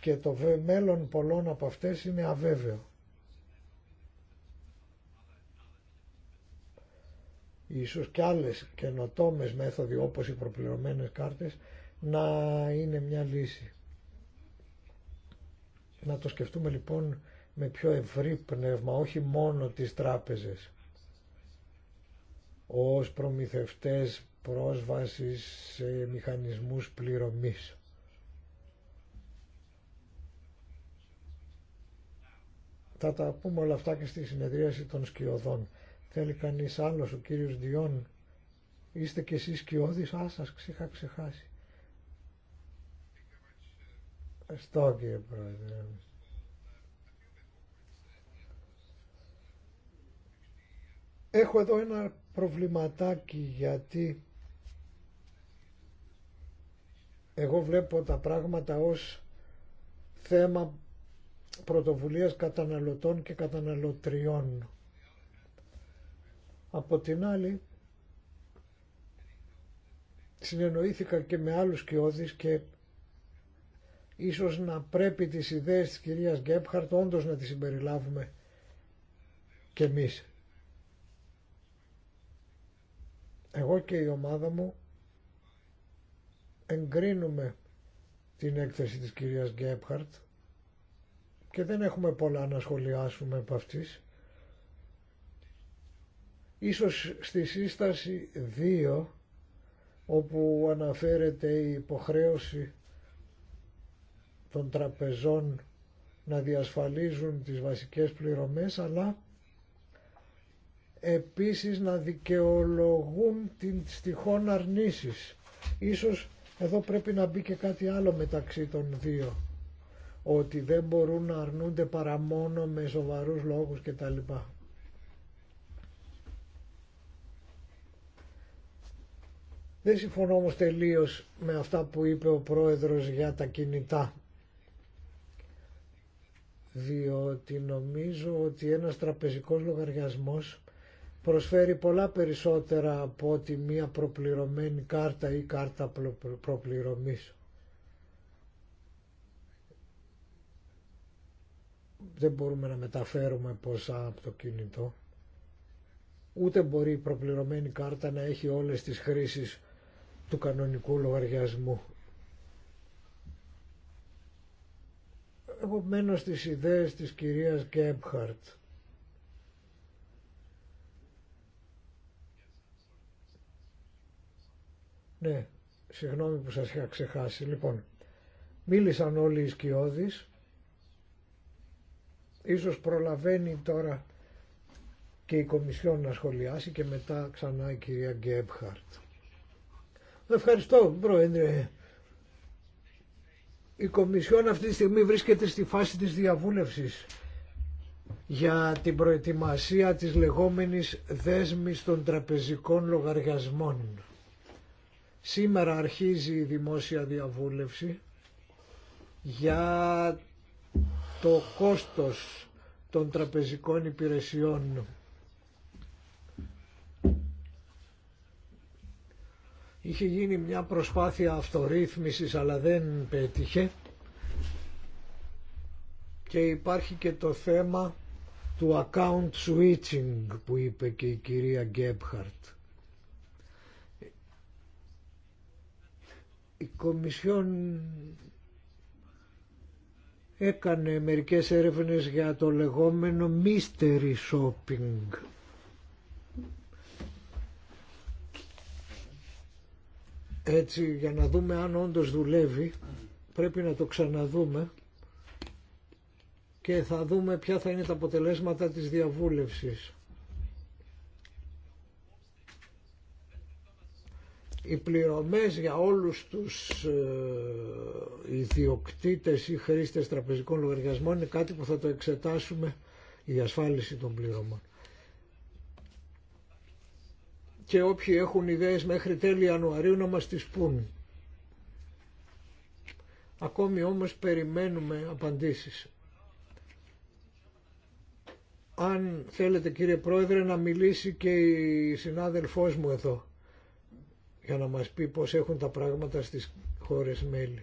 Και το μέλλον πολλών από αυτές είναι αβέβαιο. Ίσως και άλλες καινοτόμες μέθοδοι όπως οι προπληρωμένες κάρτες να είναι μια λύση. Να το σκεφτούμε λοιπόν με πιο ευρύ πνεύμα, όχι μόνο τις τράπεζες ως προμηθευτές πρόσβασης σε μηχανισμούς πληρωμής. Θα τα πούμε όλα αυτά και στη συνεδρίαση των σκιωδών. Θέλει κανείς άλλος, ο κύριος Διόν, είστε και εσείς σκιώδης, α, σας ξέχα ξεχάσει. Ευχαριστώ κύριε Πρόεδρε. Έχω εδώ ένα προβληματάκι γιατί εγώ βλέπω τα πράγματα ως θέμα πρωτοβουλίας καταναλωτών και καταναλωτριών. Από την άλλη, συνεννοήθηκα και με άλλους κοιόδης και ίσως να πρέπει τις ιδέες της κυρίας Γκέπχαρτ όντως να τις συμπεριλάβουμε και εμείς. εγώ και η ομάδα μου εγκρίνουμε την έκθεση της κυρίας Γκέπχαρτ και δεν έχουμε πολλά να σχολιάσουμε από αυτής. Ίσως στη σύσταση 2 όπου αναφέρεται η υποχρέωση των τραπεζών να διασφαλίζουν τις βασικές πληρωμές αλλά επίσης να δικαιολογούν την τυχόν αρνήσεις. Ίσως εδώ πρέπει να μπει και κάτι άλλο μεταξύ των δύο. Ότι δεν μπορούν να αρνούνται παρά μόνο με σοβαρούς λόγους κτλ. Δεν συμφωνώ όμως τελείως με αυτά που είπε ο πρόεδρος για τα κινητά. Διότι νομίζω ότι ένας τραπεζικός λογαριασμός προσφέρει πολλά περισσότερα από ότι μία προπληρωμένη κάρτα ή κάρτα προπληρωμής. Δεν μπορούμε να μεταφέρουμε ποσά από το κινητό. Ούτε μπορεί η προπληρωμένη κάρτα να έχει όλες τις χρήσεις του κανονικού λογαριασμού. Εγώ μένω στις ιδέες της κυρίας Γκέμπχαρτ Ναι, συγγνώμη που σας είχα ξεχάσει. Λοιπόν, μίλησαν όλοι οι σκιώδεις. Ίσως προλαβαίνει τώρα και η Κομισιόν να σχολιάσει και μετά ξανά η κυρία Γκέμπχαρτ. Ευχαριστώ, Πρόεδρε. Η Κομισιόν αυτή τη στιγμή βρίσκεται στη φάση της διαβούλευσης για την προετοιμασία της λεγόμενης δέσμης των τραπεζικών λογαριασμών. Σήμερα αρχίζει η δημόσια διαβούλευση για το κόστος των τραπεζικών υπηρεσιών. Είχε γίνει μια προσπάθεια αυτορύθμισης αλλά δεν πέτυχε και υπάρχει και το θέμα του account switching που είπε και η κυρία Γκέμπχαρτ. η Κομισιόν έκανε μερικές έρευνες για το λεγόμενο mystery shopping. Έτσι για να δούμε αν όντως δουλεύει πρέπει να το ξαναδούμε και θα δούμε ποια θα είναι τα αποτελέσματα της διαβούλευσης. οι πληρωμές για όλους τους ε, ιδιοκτήτες ή χρήστες τραπεζικών λογαριασμών είναι κάτι που θα το εξετάσουμε η ασφάλιση των πληρωμών. Και όποιοι έχουν ιδέες μέχρι τέλη Ιανουαρίου να μας τις πούν. Ακόμη όμως περιμένουμε απαντήσεις. Αν θέλετε κύριε Πρόεδρε να μιλήσει και η συνάδελφός μου εδώ για να μας πει πώς έχουν τα πράγματα στις χώρες μέλη.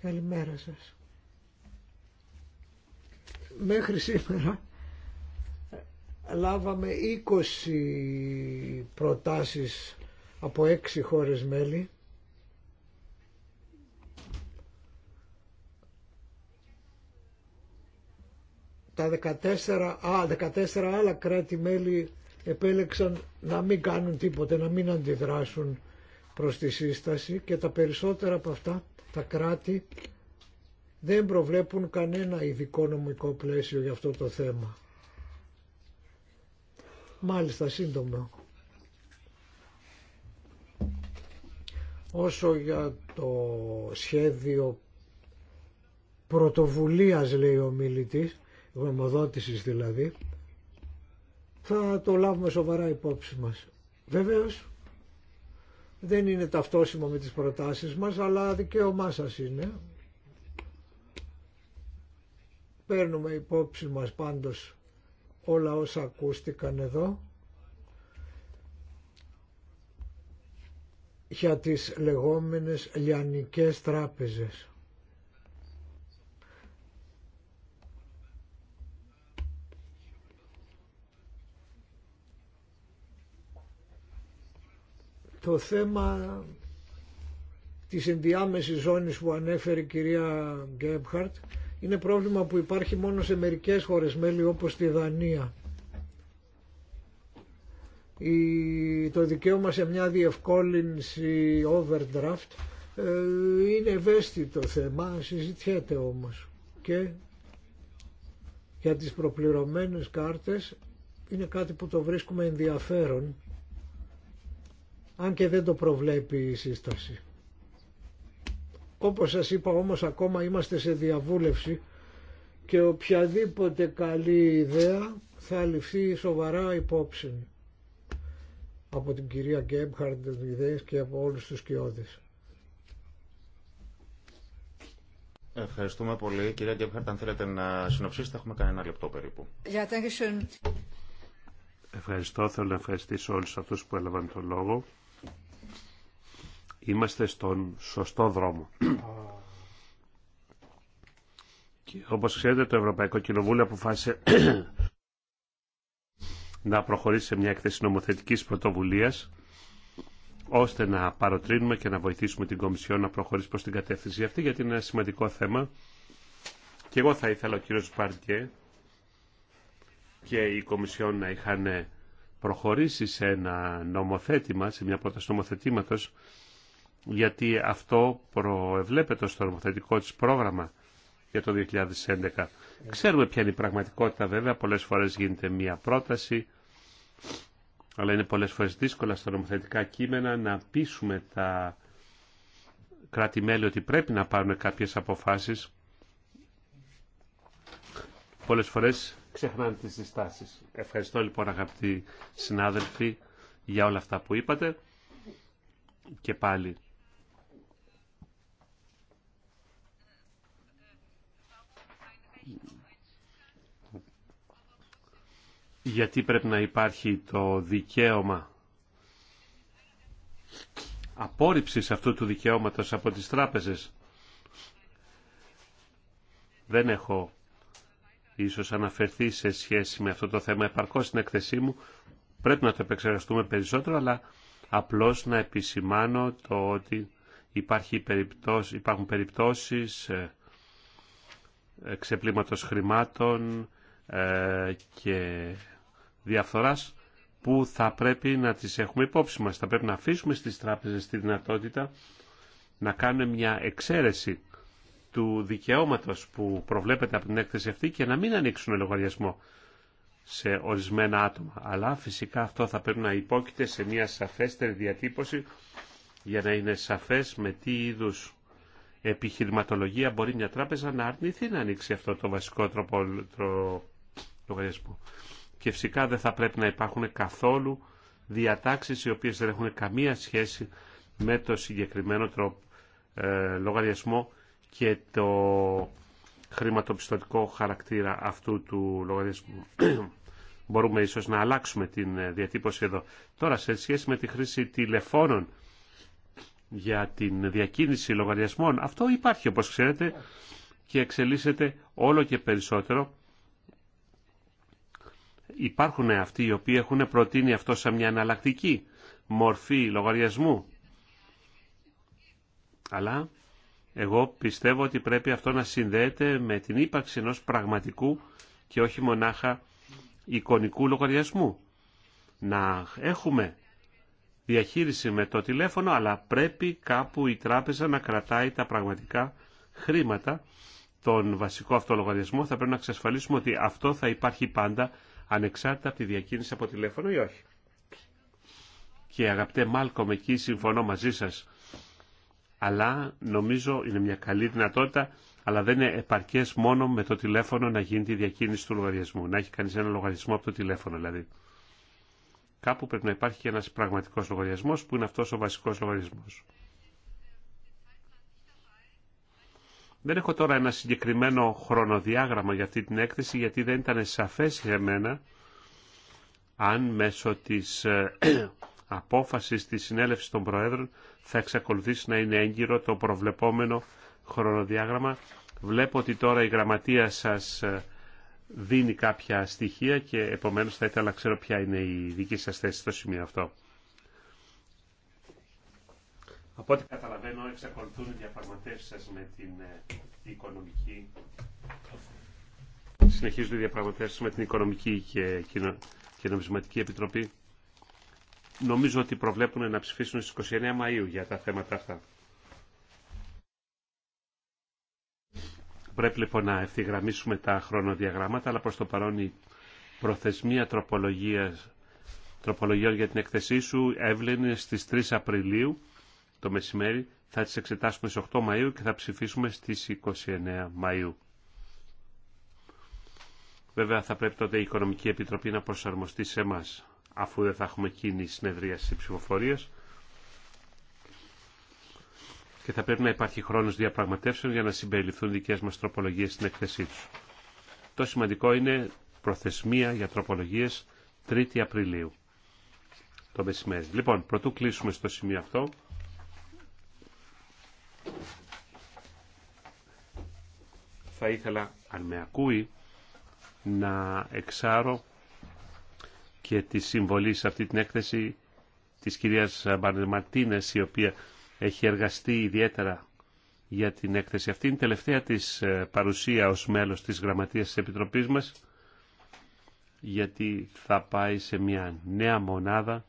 Καλημέρα σας. Μέχρι σήμερα λάβαμε 20 προτάσεις από 6 χώρες μέλη τα 14, α, 14 άλλα κράτη-μέλη επέλεξαν να μην κάνουν τίποτε, να μην αντιδράσουν προς τη σύσταση και τα περισσότερα από αυτά τα κράτη δεν προβλέπουν κανένα ειδικό νομικό πλαίσιο για αυτό το θέμα. Μάλιστα σύντομα. Όσο για το σχέδιο πρωτοβουλίας λέει ο μιλητής, γνωμοδότησης δηλαδή, θα το λάβουμε σοβαρά υπόψη μας. Βεβαίως δεν είναι ταυτόσιμο με τις προτάσεις μας, αλλά δικαίωμά σας είναι. Παίρνουμε υπόψη μας πάντως όλα όσα ακούστηκαν εδώ για τις λεγόμενες λιανικές τράπεζες. Το θέμα της ενδιάμεσης ζώνης που ανέφερε η κυρία Γκέμπχαρτ είναι πρόβλημα που υπάρχει μόνο σε μερικές χώρες μέλη όπως τη Δανία. Η, το δικαίωμα σε μια διευκόλυνση overdraft ε, είναι ευαίσθητο θέμα, συζητιέται όμως και για τις προπληρωμένες κάρτες είναι κάτι που το βρίσκουμε ενδιαφέρον αν και δεν το προβλέπει η σύσταση. Όπως σας είπα όμως ακόμα είμαστε σε διαβούλευση και οποιαδήποτε καλή ιδέα θα ληφθεί σοβαρά υπόψη από την κυρία Γκέμπχαρντ ιδέες και από όλους τους κοιόδες. Ευχαριστούμε πολύ. Κυρία Γκέμχαρντ, αν θέλετε να συνοψίσετε, έχουμε κανένα λεπτό περίπου. Ευχαριστώ. Θέλω να ευχαριστήσω όλους αυτούς που έλαβαν το λόγο είμαστε στον σωστό δρόμο. Και όπως ξέρετε το Ευρωπαϊκό Κοινοβούλιο αποφάσισε να προχωρήσει σε μια εκθέση νομοθετικής πρωτοβουλίας ώστε να παροτρύνουμε και να βοηθήσουμε την Κομισιό να προχωρήσει προς την κατεύθυνση αυτή γιατί είναι ένα σημαντικό θέμα και εγώ θα ήθελα ο κύριος Πάρκε και η Κομισιό να είχαν προχωρήσει σε ένα νομοθέτημα, σε μια πρόταση νομοθετήματος γιατί αυτό προεβλέπεται στο νομοθετικό της πρόγραμμα για το 2011. Ξέρουμε ποια είναι η πραγματικότητα βέβαια, πολλές φορές γίνεται μία πρόταση, αλλά είναι πολλές φορές δύσκολα στα νομοθετικά κείμενα να πείσουμε τα κράτη-μέλη ότι πρέπει να πάρουμε κάποιες αποφάσεις. Πολλές φορές ξεχνάνε τις διστάσεις. Ευχαριστώ λοιπόν αγαπητοί συνάδελφοι για όλα αυτά που είπατε και πάλι γιατί πρέπει να υπάρχει το δικαίωμα απόρριψης αυτού του δικαιώματος από τις τράπεζες. Δεν έχω ίσως αναφερθεί σε σχέση με αυτό το θέμα επαρκώς στην εκθεσή μου. Πρέπει να το επεξεργαστούμε περισσότερο, αλλά απλώς να επισημάνω το ότι υπάρχει περιπτώσεις, υπάρχουν περιπτώσεις ε, ξεπλήματος χρημάτων ε, και διαφθοράς που θα πρέπει να τις έχουμε υπόψη μας. Θα πρέπει να αφήσουμε στις τράπεζες τη δυνατότητα να κάνουν μια εξαίρεση του δικαιώματος που προβλέπεται από την έκθεση αυτή και να μην ανοίξουν λογαριασμό σε ορισμένα άτομα. Αλλά φυσικά αυτό θα πρέπει να υπόκειται σε μια σαφέστερη διατύπωση για να είναι σαφές με τι είδους επιχειρηματολογία μπορεί μια τράπεζα να αρνηθεί να ανοίξει αυτό το βασικό τρόπο λογαριασμό και φυσικά δεν θα πρέπει να υπάρχουν καθόλου διατάξεις οι οποίες δεν έχουν καμία σχέση με το συγκεκριμένο τρόπο, ε, λογαριασμό και το χρηματοπιστωτικό χαρακτήρα αυτού του λογαριασμού. *clears throat* Μπορούμε ίσως να αλλάξουμε την ε, διατύπωση εδώ. Τώρα, σε σχέση με τη χρήση τηλεφώνων για την διακίνηση λογαριασμών, αυτό υπάρχει όπως ξέρετε και εξελίσσεται όλο και περισσότερο υπάρχουν αυτοί οι οποίοι έχουν προτείνει αυτό σαν μια αναλλακτική μορφή λογαριασμού. Αλλά εγώ πιστεύω ότι πρέπει αυτό να συνδέεται με την ύπαρξη ενός πραγματικού και όχι μονάχα εικονικού λογαριασμού. Να έχουμε διαχείριση με το τηλέφωνο, αλλά πρέπει κάπου η τράπεζα να κρατάει τα πραγματικά χρήματα. Τον βασικό αυτό λογαριασμό θα πρέπει να εξασφαλίσουμε ότι αυτό θα υπάρχει πάντα ανεξάρτητα από τη διακίνηση από τηλέφωνο ή όχι. Και αγαπητέ Μάλκομ, εκεί συμφωνώ μαζί σας. Αλλά νομίζω είναι μια καλή δυνατότητα, αλλά δεν είναι επαρκές μόνο με το τηλέφωνο να γίνει τη διακίνηση του λογαριασμού. Να έχει κανείς ένα λογαριασμό από το τηλέφωνο δηλαδή. Κάπου πρέπει να υπάρχει και ένας πραγματικός λογαριασμός που είναι αυτός ο βασικός λογαριασμός. Δεν έχω τώρα ένα συγκεκριμένο χρονοδιάγραμμα για αυτή την έκθεση γιατί δεν ήταν σαφές για μένα αν μέσω της ε, *clears throat* απόφασης της συνέλευσης των Προέδρων θα εξακολουθήσει να είναι έγκυρο το προβλεπόμενο χρονοδιάγραμμα. Βλέπω ότι τώρα η γραμματεία σας ε, δίνει κάποια στοιχεία και επομένως θα ήθελα να ξέρω ποια είναι η δική σας θέση στο σημείο αυτό. Από ό,τι καταλαβαίνω, εξακολουθούν οι διαπραγματεύσει σα με την ε, οικονομική. Συνεχίζουν οι διαπραγματεύσει με την Οικονομική και, και Νομισματική Επιτροπή. Νομίζω ότι προβλέπουν να ψηφίσουν στις 29 Μαΐου για τα θέματα αυτά. Πρέπει λοιπόν να ευθυγραμμίσουμε τα χρονοδιαγράμματα, αλλά προς το παρόν η προθεσμία τροπολογία τροπολογιών για την εκθεσή σου έβλενε στις 3 Απριλίου το μεσημέρι. Θα τις εξετάσουμε στις 8 Μαΐου και θα ψηφίσουμε στις 29 Μαΐου. Βέβαια θα πρέπει τότε η Οικονομική Επιτροπή να προσαρμοστεί σε εμά, αφού δεν θα έχουμε συνεδρία στις ψηφοφορία. Και θα πρέπει να υπάρχει χρόνος διαπραγματεύσεων για να συμπεριληφθούν δικές μας τροπολογίες στην έκθεσή τους. Το σημαντικό είναι προθεσμία για τροπολογίες 3η Απριλίου το μεσημέρι. Λοιπόν, πρωτού κλείσουμε στο σημείο αυτό. θα ήθελα, αν με ακούει, να εξάρω και τη συμβολή σε αυτή την έκθεση της κυρίας Μπαρνεμαρτίνες, η οποία έχει εργαστεί ιδιαίτερα για την έκθεση αυτή. Είναι τελευταία της ε, παρουσία ως μέλος της Γραμματείας της Επιτροπής μας, γιατί θα πάει σε μια νέα μονάδα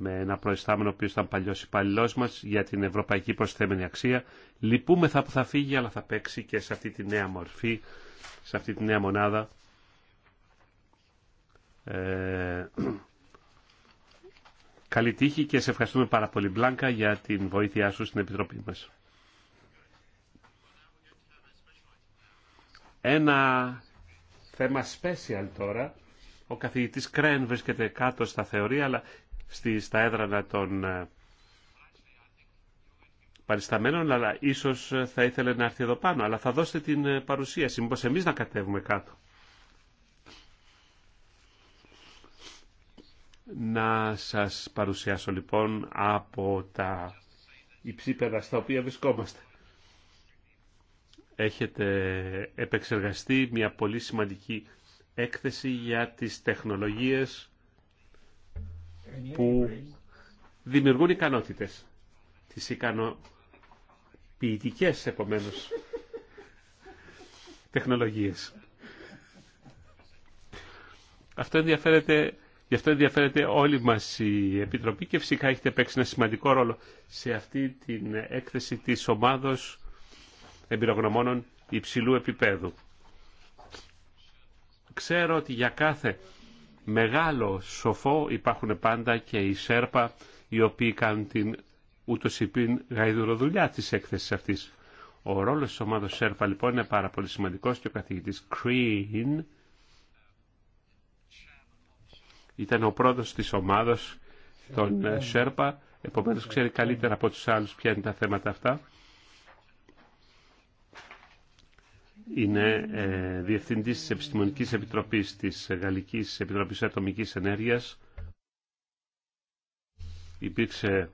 με ένα προϊστάμενο ο οποίο ήταν παλιό υπαλληλό μας για την ευρωπαϊκή προσθέμενη αξία. Λυπούμεθα που θα φύγει, αλλά θα παίξει και σε αυτή τη νέα μορφή, σε αυτή τη νέα μονάδα. Ε, *clears throat* καλή τύχη και σε ευχαριστούμε πάρα πολύ Μπλάνκα για την βοήθειά σου στην Επιτροπή μας. Ένα θέμα special τώρα. Ο καθηγητής Κρέν βρίσκεται κάτω στα θεωρία, αλλά στη, στα έδρανα των ε, παρισταμένων, αλλά ίσως ε, θα ήθελε να έρθει εδώ πάνω. Αλλά θα δώσετε την ε, παρουσίαση, μήπως εμείς να κατέβουμε κάτω. Να σας παρουσιάσω λοιπόν από τα υψίπεδα στα οποία βρισκόμαστε. Έχετε επεξεργαστεί μια πολύ σημαντική έκθεση για τις τεχνολογίες που δημιουργούν ικανότητες. Τις ικανοποιητικές επομένως τεχνολογίες. Αυτό γι' αυτό ενδιαφέρεται όλη μας η Επιτροπή και φυσικά έχετε παίξει ένα σημαντικό ρόλο σε αυτή την έκθεση της ομάδος εμπειρογνωμόνων υψηλού επίπεδου. Ξέρω ότι για κάθε μεγάλο σοφό υπάρχουν πάντα και οι Σέρπα οι οποίοι κάνουν την ούτως υπήν γαϊδουροδουλειά της έκθεσης αυτής. Ο ρόλος της ομάδας Σέρπα λοιπόν είναι πάρα πολύ σημαντικός και ο καθηγητής Κριν ήταν ο πρώτος της ομάδας των ε, Σέρπα, επομένως ξέρει καλύτερα από τους άλλους ποια είναι τα θέματα αυτά. είναι ε, διευθυντής της Επιστημονικής Επιτροπής της Γαλλικής Επιτροπής Ατομικής Ενέργειας. Υπήρξε,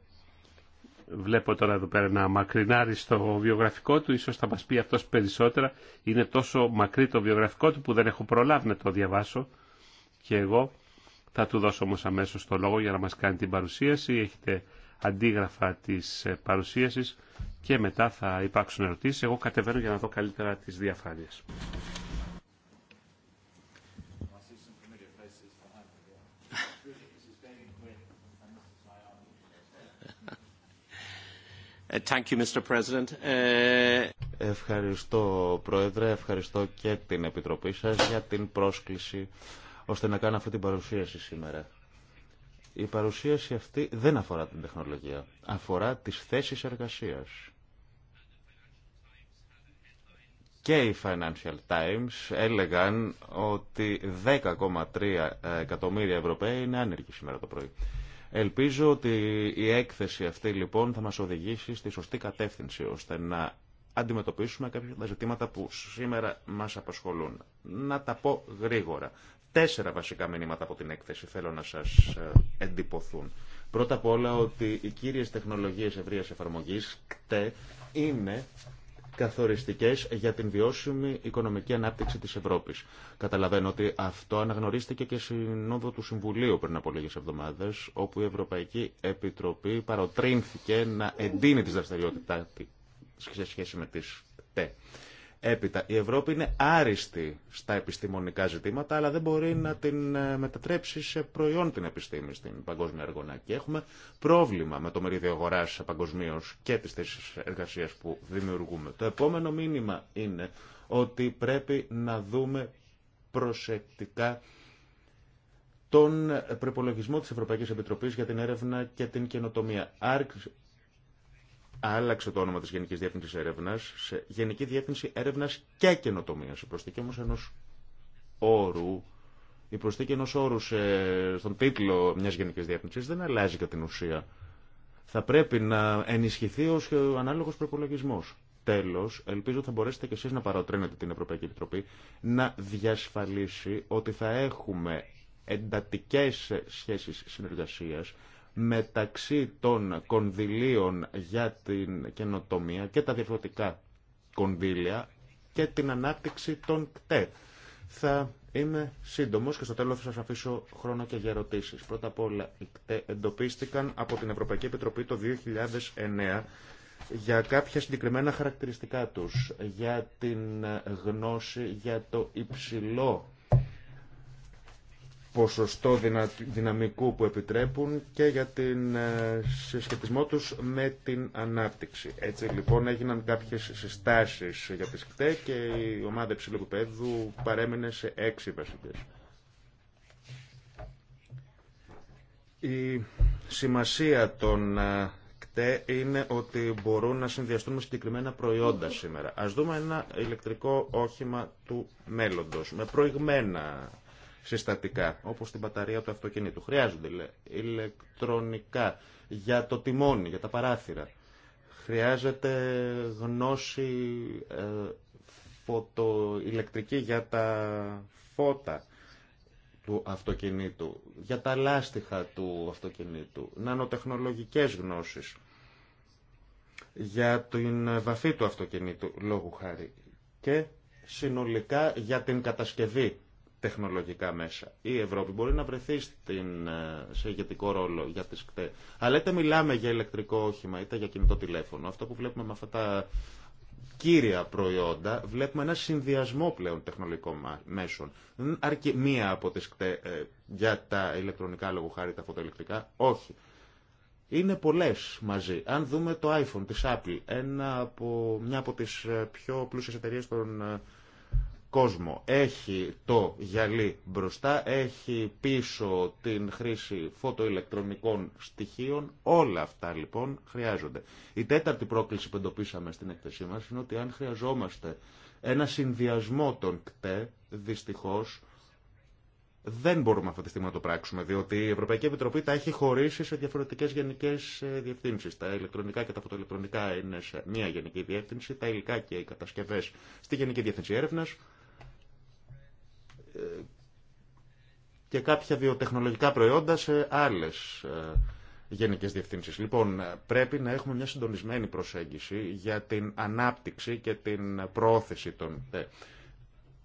βλέπω τώρα εδώ πέρα ένα μακρινάρι στο βιογραφικό του, ίσως θα μας πει αυτός περισσότερα. Είναι τόσο μακρύ το βιογραφικό του που δεν έχω προλάβει να το διαβάσω και εγώ. Θα του δώσω όμως αμέσως το λόγο για να μας κάνει την παρουσίαση αντίγραφα της ε, παρουσίασης και μετά θα υπάρξουν ερωτήσεις. Εγώ κατεβαίνω για να δω καλύτερα τις διαφάνειες. Ε, thank you, Mr. President. Ε, Ευχαριστώ, Πρόεδρε. Ευχαριστώ και την Επιτροπή σας για την πρόσκληση ώστε να κάνω αυτή την παρουσίαση σήμερα. Η παρουσίαση αυτή δεν αφορά την τεχνολογία, αφορά τις θέσεις εργασίας. Και οι Financial Times έλεγαν ότι 10,3 εκατομμύρια Ευρωπαίοι είναι άνεργοι σήμερα το πρωί. Ελπίζω ότι η έκθεση αυτή λοιπόν θα μας οδηγήσει στη σωστή κατεύθυνση ώστε να αντιμετωπίσουμε κάποια τα ζητήματα που σήμερα μας απασχολούν. Να τα πω γρήγορα. Τέσσερα βασικά μηνύματα από την έκθεση θέλω να σας ε, εντυπωθούν. Πρώτα απ' όλα ότι οι κύριες τεχνολογίες ευρείας εφαρμογής, ΚΤΕ, είναι καθοριστικές για την βιώσιμη οικονομική ανάπτυξη της Ευρώπης. Καταλαβαίνω ότι αυτό αναγνωρίστηκε και συνόδο του Συμβουλίου πριν από λίγες εβδομάδες, όπου η Ευρωπαϊκή Επιτροπή παροτρύνθηκε να εντείνει τις δραστηριότητά τη σε σχέση με τις ΚΤΕ. Έπειτα, η Ευρώπη είναι άριστη στα επιστημονικά ζητήματα, αλλά δεν μπορεί να την ε, μετατρέψει σε προϊόν την επιστήμη στην παγκόσμια εργονά. Και έχουμε πρόβλημα με το μερίδιο αγορά παγκοσμίω και τι θέσει εργασία που δημιουργούμε. Το επόμενο μήνυμα είναι ότι πρέπει να δούμε προσεκτικά τον προπολογισμό της Ευρωπαϊκής Επιτροπής για την έρευνα και την καινοτομία άλλαξε το όνομα της Γενικής Διεύθυνσης Έρευνας σε Γενική Διεύθυνση Έρευνας και Καινοτομίας. Η προσθήκη όμως ενός όρου, η προσθήκη όρου στον τίτλο μιας Γενικής Διεύθυνσης δεν αλλάζει κατά την ουσία. Θα πρέπει να ενισχυθεί ως ο ανάλογος προπολογισμό. Τέλο, ελπίζω θα μπορέσετε και εσεί να παροτρύνετε την Ευρωπαϊκή Επιτροπή να διασφαλίσει ότι θα έχουμε εντατικέ σχέσει συνεργασία μεταξύ των κονδυλίων για την καινοτομία και τα διαφορετικά κονδύλια και την ανάπτυξη των ΚΤΕ. Θα είμαι σύντομο και στο τέλο θα σα αφήσω χρόνο και για ερωτήσει. Πρώτα απ' όλα, οι ΚΤΕ εντοπίστηκαν από την Ευρωπαϊκή Επιτροπή το 2009 για κάποια συγκεκριμένα χαρακτηριστικά τους, για την γνώση, για το υψηλό ποσοστό δυναμικού που επιτρέπουν και για την ε, συσχετισμό τους με την ανάπτυξη. Έτσι λοιπόν έγιναν κάποιες συστάσεις για τις ΚΤΕ και η ομάδα υψηλού παρέμεινε σε έξι βασικές. Η σημασία των ε, ΚΤΕ είναι ότι μπορούν να συνδυαστούν με συγκεκριμένα προϊόντα σήμερα. Ας δούμε ένα ηλεκτρικό όχημα του μέλλοντος με προηγμένα συστατικά, όπως την μπαταρία του αυτοκινήτου. Χρειάζονται ηλεκτρονικά για το τιμόνι, για τα παράθυρα. Χρειάζεται γνώση ε, ηλεκτρική για τα φώτα του αυτοκινήτου, για τα λάστιχα του αυτοκινήτου, νανοτεχνολογικές γνώσεις, για την βαφή του αυτοκινήτου, λόγου χάρη, και συνολικά για την κατασκευή τεχνολογικά μέσα. Η Ευρώπη μπορεί να βρεθεί στην, ε, σε ηγετικό ρόλο για τις ΚΤΕ. Αλλά είτε μιλάμε για ηλεκτρικό όχημα είτε για κινητό τηλέφωνο, αυτό που βλέπουμε με αυτά τα κύρια προϊόντα, βλέπουμε ένα συνδυασμό πλέον τεχνολογικών μέσων. Δεν αρκεί μία από τις ΚΤΕ ε, για τα ηλεκτρονικά λόγω χάρη τα φωτοελεκτρικά, όχι. Είναι πολλές μαζί. Αν δούμε το iPhone της Apple, μια από τις ε, πιο πλούσιες εταιρείες των κόσμο. Έχει το γυαλί μπροστά, έχει πίσω την χρήση φωτοηλεκτρονικών στοιχείων. Όλα αυτά λοιπόν χρειάζονται. Η τέταρτη πρόκληση που εντοπίσαμε στην έκθεσή μας είναι ότι αν χρειαζόμαστε ένα συνδυασμό των ΚΤΕ, δυστυχώς, δεν μπορούμε αυτή τη στιγμή να το πράξουμε, διότι η Ευρωπαϊκή Επιτροπή τα έχει χωρίσει σε διαφορετικέ γενικέ ε, διευθύνσει. Τα ηλεκτρονικά και τα φωτοελεκτρονικά είναι σε μία γενική διεύθυνση, τα υλικά και οι κατασκευέ στη Γενική Διεύθυνση Έρευνα, και κάποια βιοτεχνολογικά προϊόντα σε άλλες ε, γενικές διευθύνσεις. Λοιπόν, ε, πρέπει να έχουμε μια συντονισμένη προσέγγιση για την ανάπτυξη και την προώθηση των ε,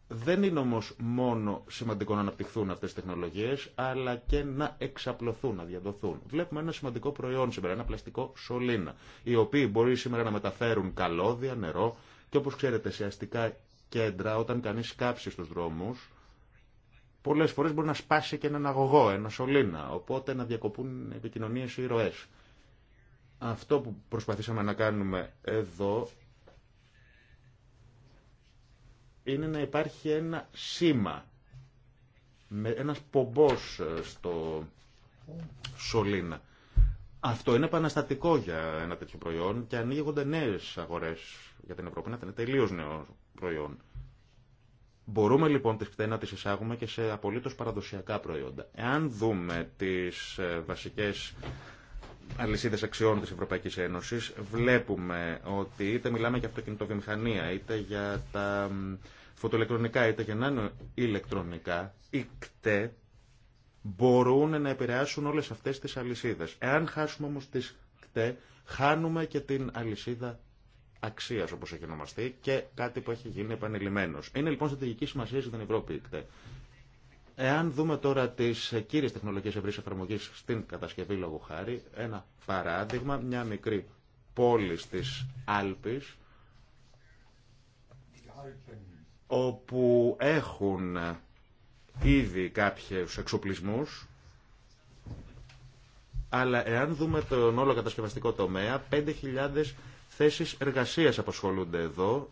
Δεν είναι όμως μόνο σημαντικό να αναπτυχθούν αυτές τι τεχνολογίες, αλλά και να εξαπλωθούν, να διαδοθούν. Βλέπουμε ένα σημαντικό προϊόν σήμερα, ένα πλαστικό σωλήνα, οι οποίοι μπορεί σήμερα να μεταφέρουν καλώδια, νερό και όπως ξέρετε σε αστικά κέντρα, όταν κανείς κάψει στους δρόμους, Πολλέ φορέ μπορεί να σπάσει και έναν αγωγό, ένα σωλήνα, οπότε να διακοπούν επικοινωνίε ή ροέ. Αυτό που προσπαθήσαμε να κάνουμε εδώ είναι να υπάρχει ένα σήμα, με ένας πομπός ε, στο σωλήνα. Αυτό είναι επαναστατικό για ένα τέτοιο προϊόν και ανοίγονται νέες αγορές για την Ευρώπη. Είναι τελείως νέο προϊόν. Μπορούμε λοιπόν τη ΚΤΕ να τις εισάγουμε και σε απολύτως παραδοσιακά προϊόντα. Εάν δούμε τις ε, βασικές αλυσίδε αξιών τη Ευρωπαϊκή Ένωση, βλέπουμε ότι είτε μιλάμε για αυτοκινητοβιομηχανία, είτε για τα φωτοελεκτρονικά, είτε για είναι ηλεκτρονικά, ΚΤΕ μπορούν να επηρεάσουν όλε αυτέ τι αλυσίδε. Εάν χάσουμε όμω τι ΚΤΕ, χάνουμε και την αλυσίδα αξία, όπω έχει ονομαστεί, και κάτι που έχει γίνει επανειλημμένο. Είναι λοιπόν στρατηγική σημασία για την Ευρώπη, Εάν δούμε τώρα τι κύριε τεχνολογίε ευρύ εφαρμογή στην κατασκευή λόγου χάρη, ένα παράδειγμα, μια μικρή πόλη τη Άλπη, όπου έχουν ήδη κάποιους εξοπλισμούς, αλλά εάν δούμε τον όλο κατασκευαστικό τομέα, 5.000 θέσεις εργασίας απασχολούνται εδώ,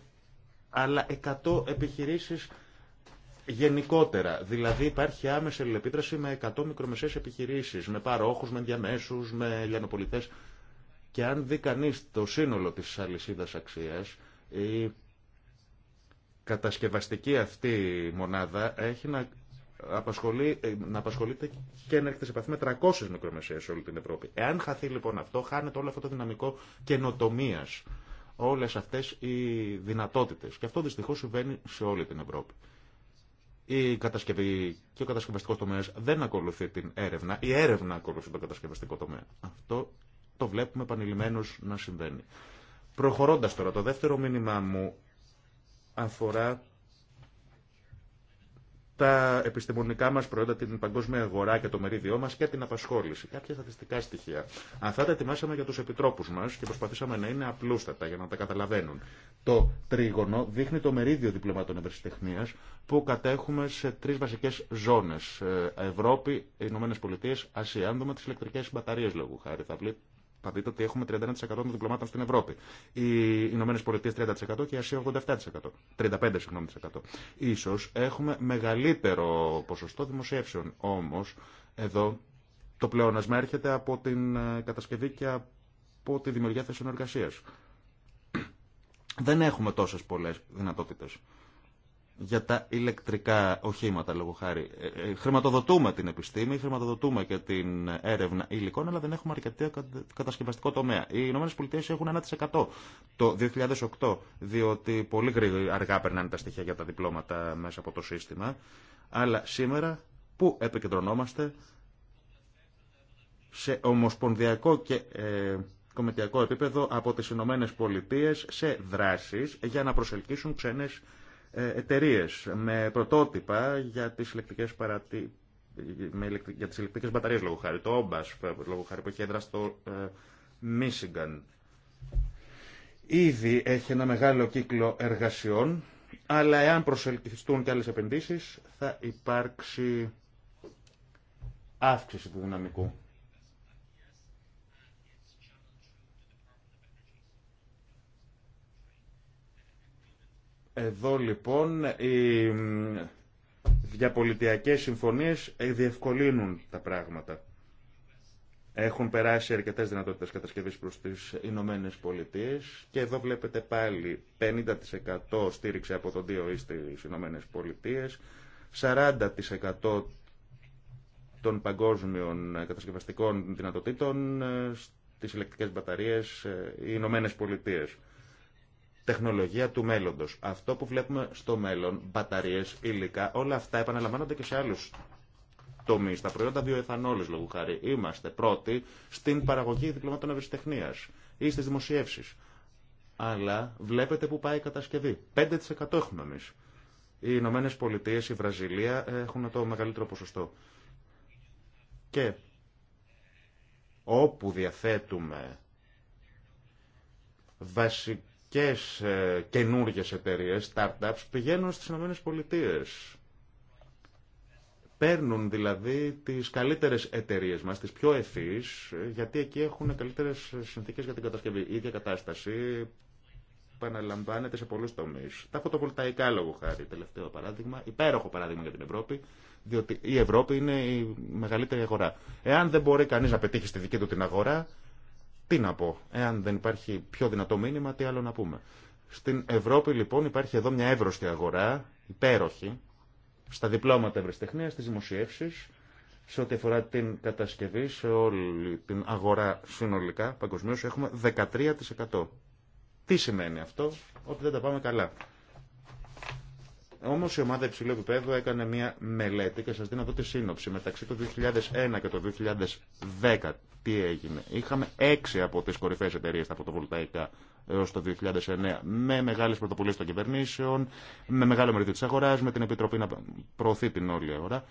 αλλά 100 επιχειρήσεις γενικότερα. Δηλαδή υπάρχει άμεση αλληλεπίδραση με 100 μικρομεσαίες επιχειρήσεις, με παρόχους, με διαμέσους, με λιανοπολιτές. Και αν δει κανεί το σύνολο της αλυσίδα αξίας, η κατασκευαστική αυτή μονάδα έχει να ε, να απασχολείται και να έρχεται σε επαφή με 300 μικρομεσαίες σε όλη την Ευρώπη. Εάν χαθεί λοιπόν αυτό, χάνεται όλο αυτό το δυναμικό καινοτομία. Όλε αυτέ οι δυνατότητε. Και αυτό δυστυχώ συμβαίνει σε όλη την Ευρώπη. Η κατασκευή και ο κατασκευαστικό τομέα δεν ακολουθεί την έρευνα. Η έρευνα ακολουθεί τον κατασκευαστικό τομέα. Αυτό το βλέπουμε επανειλημμένω να συμβαίνει. Προχωρώντα τώρα, το δεύτερο μήνυμά μου αφορά τα επιστημονικά μα προϊόντα, την παγκόσμια αγορά και το μερίδιό μα και την απασχόληση. Κάποια στατιστικά στοιχεία. Αυτά τα ετοιμάσαμε για του επιτρόπου μα και προσπαθήσαμε να είναι απλούστατα για να τα καταλαβαίνουν. Το τρίγωνο δείχνει το μερίδιο διπλωμάτων ευρεσιτεχνία που κατέχουμε σε τρει βασικέ ζώνε. Ε, Ευρώπη, Ηνωμένε Πολιτείε, Ασία. Αν δούμε τι ηλεκτρικέ μπαταρίε λόγου χάρη, θα θα δείτε ότι έχουμε 31% των διπλωμάτων στην Ευρώπη. Οι Ηνωμένε Πολιτείε 30% και η Ασία 87%. 35% συγγνώμη. Ίσως έχουμε μεγαλύτερο ποσοστό δημοσιεύσεων. Όμως εδώ το πλεόνασμα έρχεται από την ε, κατασκευή και από τη δημιουργία θέσεων εργασία. *clears throat* Δεν έχουμε τόσε πολλέ δυνατότητε για τα ηλεκτρικά οχήματα, λόγω χάρη. Ε, ε, χρηματοδοτούμε την επιστήμη, χρηματοδοτούμε και την έρευνα υλικών, αλλά δεν έχουμε αρκετή κατασκευαστικό τομέα. Οι Ηνωμένε Πολιτείε έχουν 1% το 2008, διότι πολύ γρήγορα αργά περνάνε τα στοιχεία για τα διπλώματα μέσα από το σύστημα. Αλλά σήμερα πού επικεντρωνόμαστε σε ομοσπονδιακό και ε, επίπεδο από τις Ηνωμένε Πολιτείε σε δράσεις για να προσελκύσουν ξένες ε, εταιρείε με πρωτότυπα για τι ηλεκτρικέ παρατη... με για τις ηλεκτρικές μπαταρίες λόγω χάρη, το Όμπας λόγω χάρη που έχει έδρα στο ε, Μίσιγκαν. Ήδη έχει ένα μεγάλο κύκλο εργασιών, αλλά εάν προσελκυθούν και άλλες επενδύσεις θα υπάρξει αύξηση του δυναμικού. Εδώ λοιπόν οι διαπολιτιακές συμφωνίες ε, διευκολύνουν τα πράγματα. Έχουν περάσει αρκετέ δυνατότητε κατασκευή προ τι Ηνωμένε Πολιτείε και εδώ βλέπετε πάλι 50% στήριξη από τον δύο ή e στι Ηνωμένε Πολιτείε, 40% των παγκόσμιων κατασκευαστικών δυνατοτήτων ε, στι ηλεκτρικέ μπαταρίες ε, οι Ηνωμένε Πολιτείε τεχνολογία του μέλλοντος. Αυτό που βλέπουμε στο μέλλον, μπαταρίε, υλικά, όλα αυτά επαναλαμβάνονται και σε άλλου τομεί, Τα προϊόντα βιοεθανόλη, λόγου χάρη, είμαστε πρώτοι στην παραγωγή διπλωμάτων ευρεσιτεχνίας ή στις δημοσιεύσεις. Αλλά βλέπετε πού πάει η κατασκευή. 5% έχουμε εμείς. Οι Ηνωμένε Πολιτείε, η κατασκευη 5 εχουμε εμει οι έχουν το μεγαλύτερο ποσοστό. Και όπου διαθέτουμε βασικά και σε καινούργιες εταιρείες, startups, πηγαίνουν στις ΗΠΑ. Παίρνουν δηλαδή τις καλύτερες εταιρείες μας, τις πιο ευθύς, γιατί εκεί έχουν καλύτερες συνθήκες για την κατασκευή. Η ίδια κατάσταση επαναλαμβάνεται σε πολλούς τομείς. Τα φωτοβολταϊκά λόγω χάρη, τελευταίο παράδειγμα, υπέροχο παράδειγμα για την Ευρώπη, διότι η Ευρώπη είναι η μεγαλύτερη αγορά. Εάν δεν μπορεί κανείς να πετύχει στη δική του την αγορά, τι να πω, εάν δεν υπάρχει πιο δυνατό μήνυμα, τι άλλο να πούμε. Στην Ευρώπη λοιπόν υπάρχει εδώ μια εύρωστη αγορά, υπέροχη, στα διπλώματα ευρεσιτεχνία, στις δημοσιεύσεις, σε ό,τι αφορά την κατασκευή, σε όλη την αγορά συνολικά, παγκοσμίως έχουμε 13%. Τι σημαίνει αυτό, ότι δεν τα πάμε καλά. Όμως η ομάδα υψηλού επίπεδου έκανε μια μελέτη και σας δίνω εδώ τη σύνοψη. Μεταξύ του 2001 και του 2010 τι έγινε. Είχαμε έξι από τις κορυφαίες εταιρείες στα φωτοβολταϊκά έως το 2009 με μεγάλες πρωτοπολιέ των κυβερνήσεων, με μεγάλο μερίδιο της αγοράς, με την Επιτροπή να προωθεί την όλη αγορά.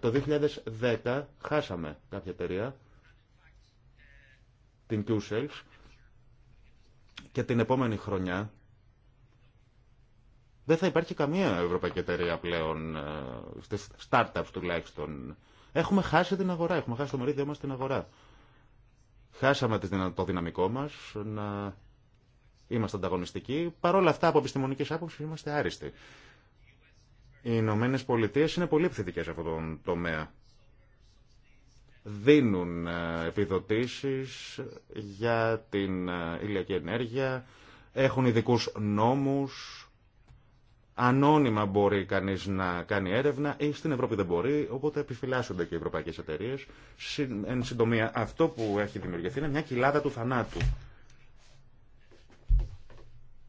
Το 2010 χάσαμε κάποια εταιρεία, την Q-Sales, και την επόμενη χρονιά δεν θα υπάρχει καμία ευρωπαϊκή εταιρεία πλέον, ε, στις startups τουλάχιστον. Έχουμε χάσει την αγορά, έχουμε χάσει το μερίδιο μας την αγορά. Χάσαμε το δυναμικό μας να είμαστε ανταγωνιστικοί. Παρ' όλα αυτά, από επιστημονική άποψη, είμαστε άριστοι. Οι Ηνωμένε Πολιτείε είναι πολύ επιθετικέ σε αυτόν τον τομέα. Δίνουν ε, επιδοτήσεις για την ε, ηλιακή ενέργεια, έχουν ειδικού νόμους Ανώνυμα μπορεί κανεί να κάνει έρευνα ή στην Ευρώπη δεν μπορεί, οπότε επιφυλάσσονται και οι ευρωπαϊκέ εταιρείε. Εν συντομία, αυτό που έχει δημιουργηθεί είναι μια κοιλάδα του θανάτου.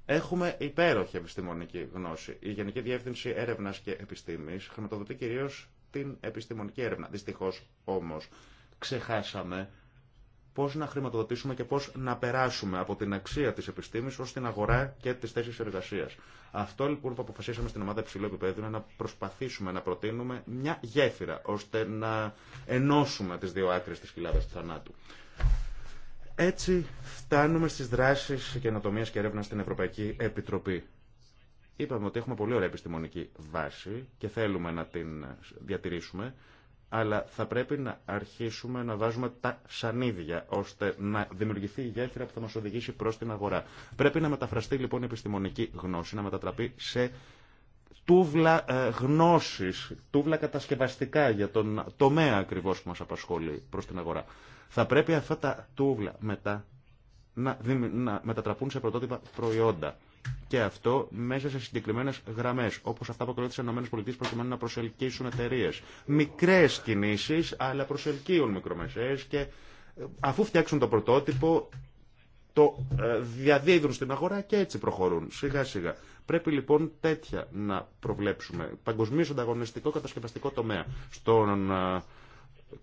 Έχουμε υπέροχη επιστημονική γνώση. Η Γενική Διεύθυνση Έρευνα και Επιστήμη χρηματοδοτεί κυρίω την επιστημονική έρευνα. Δυστυχώ όμω ξεχάσαμε πώς να χρηματοδοτήσουμε και πώς να περάσουμε από την αξία της επιστήμης ω την αγορά και τι θέσει εργασίας. Αυτό λοιπόν που αποφασίσαμε στην ομάδα υψηλού επίπεδου είναι να προσπαθήσουμε να προτείνουμε μια γέφυρα ώστε να ενώσουμε τις δύο άκρες της Κοιλάδα του θανάτου. Έτσι φτάνουμε στις δράσεις καινοτομία και έρευνα στην Ευρωπαϊκή Επιτροπή. Είπαμε ότι έχουμε πολύ ωραία επιστημονική βάση και θέλουμε να την διατηρήσουμε αλλά θα πρέπει να αρχίσουμε να βάζουμε τα σανίδια ώστε να δημιουργηθεί η γέφυρα που θα μας οδηγήσει προς την αγορά. Πρέπει να μεταφραστεί λοιπόν η επιστημονική γνώση, να μετατραπεί σε τούβλα ε, γνώσης, τούβλα κατασκευαστικά για τον τομέα ακριβώς που μας απασχολεί προς την αγορά. Θα πρέπει αυτά τα τούβλα μετά να, να μετατραπούν σε πρωτότυπα προϊόντα και αυτό μέσα σε συγκεκριμένε γραμμέ, όπω αυτά που ακολούθησαν οι ΗΠΑ προκειμένου να προσελκύσουν εταιρείε. Μικρέ κινήσει, αλλά προσελκύουν μικρομεσαίε και ε, αφού φτιάξουν το πρωτότυπο, το ε, διαδίδουν στην αγορά και έτσι προχωρούν σιγά σιγά. Πρέπει λοιπόν τέτοια να προβλέψουμε. Παγκοσμίω ανταγωνιστικό κατασκευαστικό τομέα. Στον ε,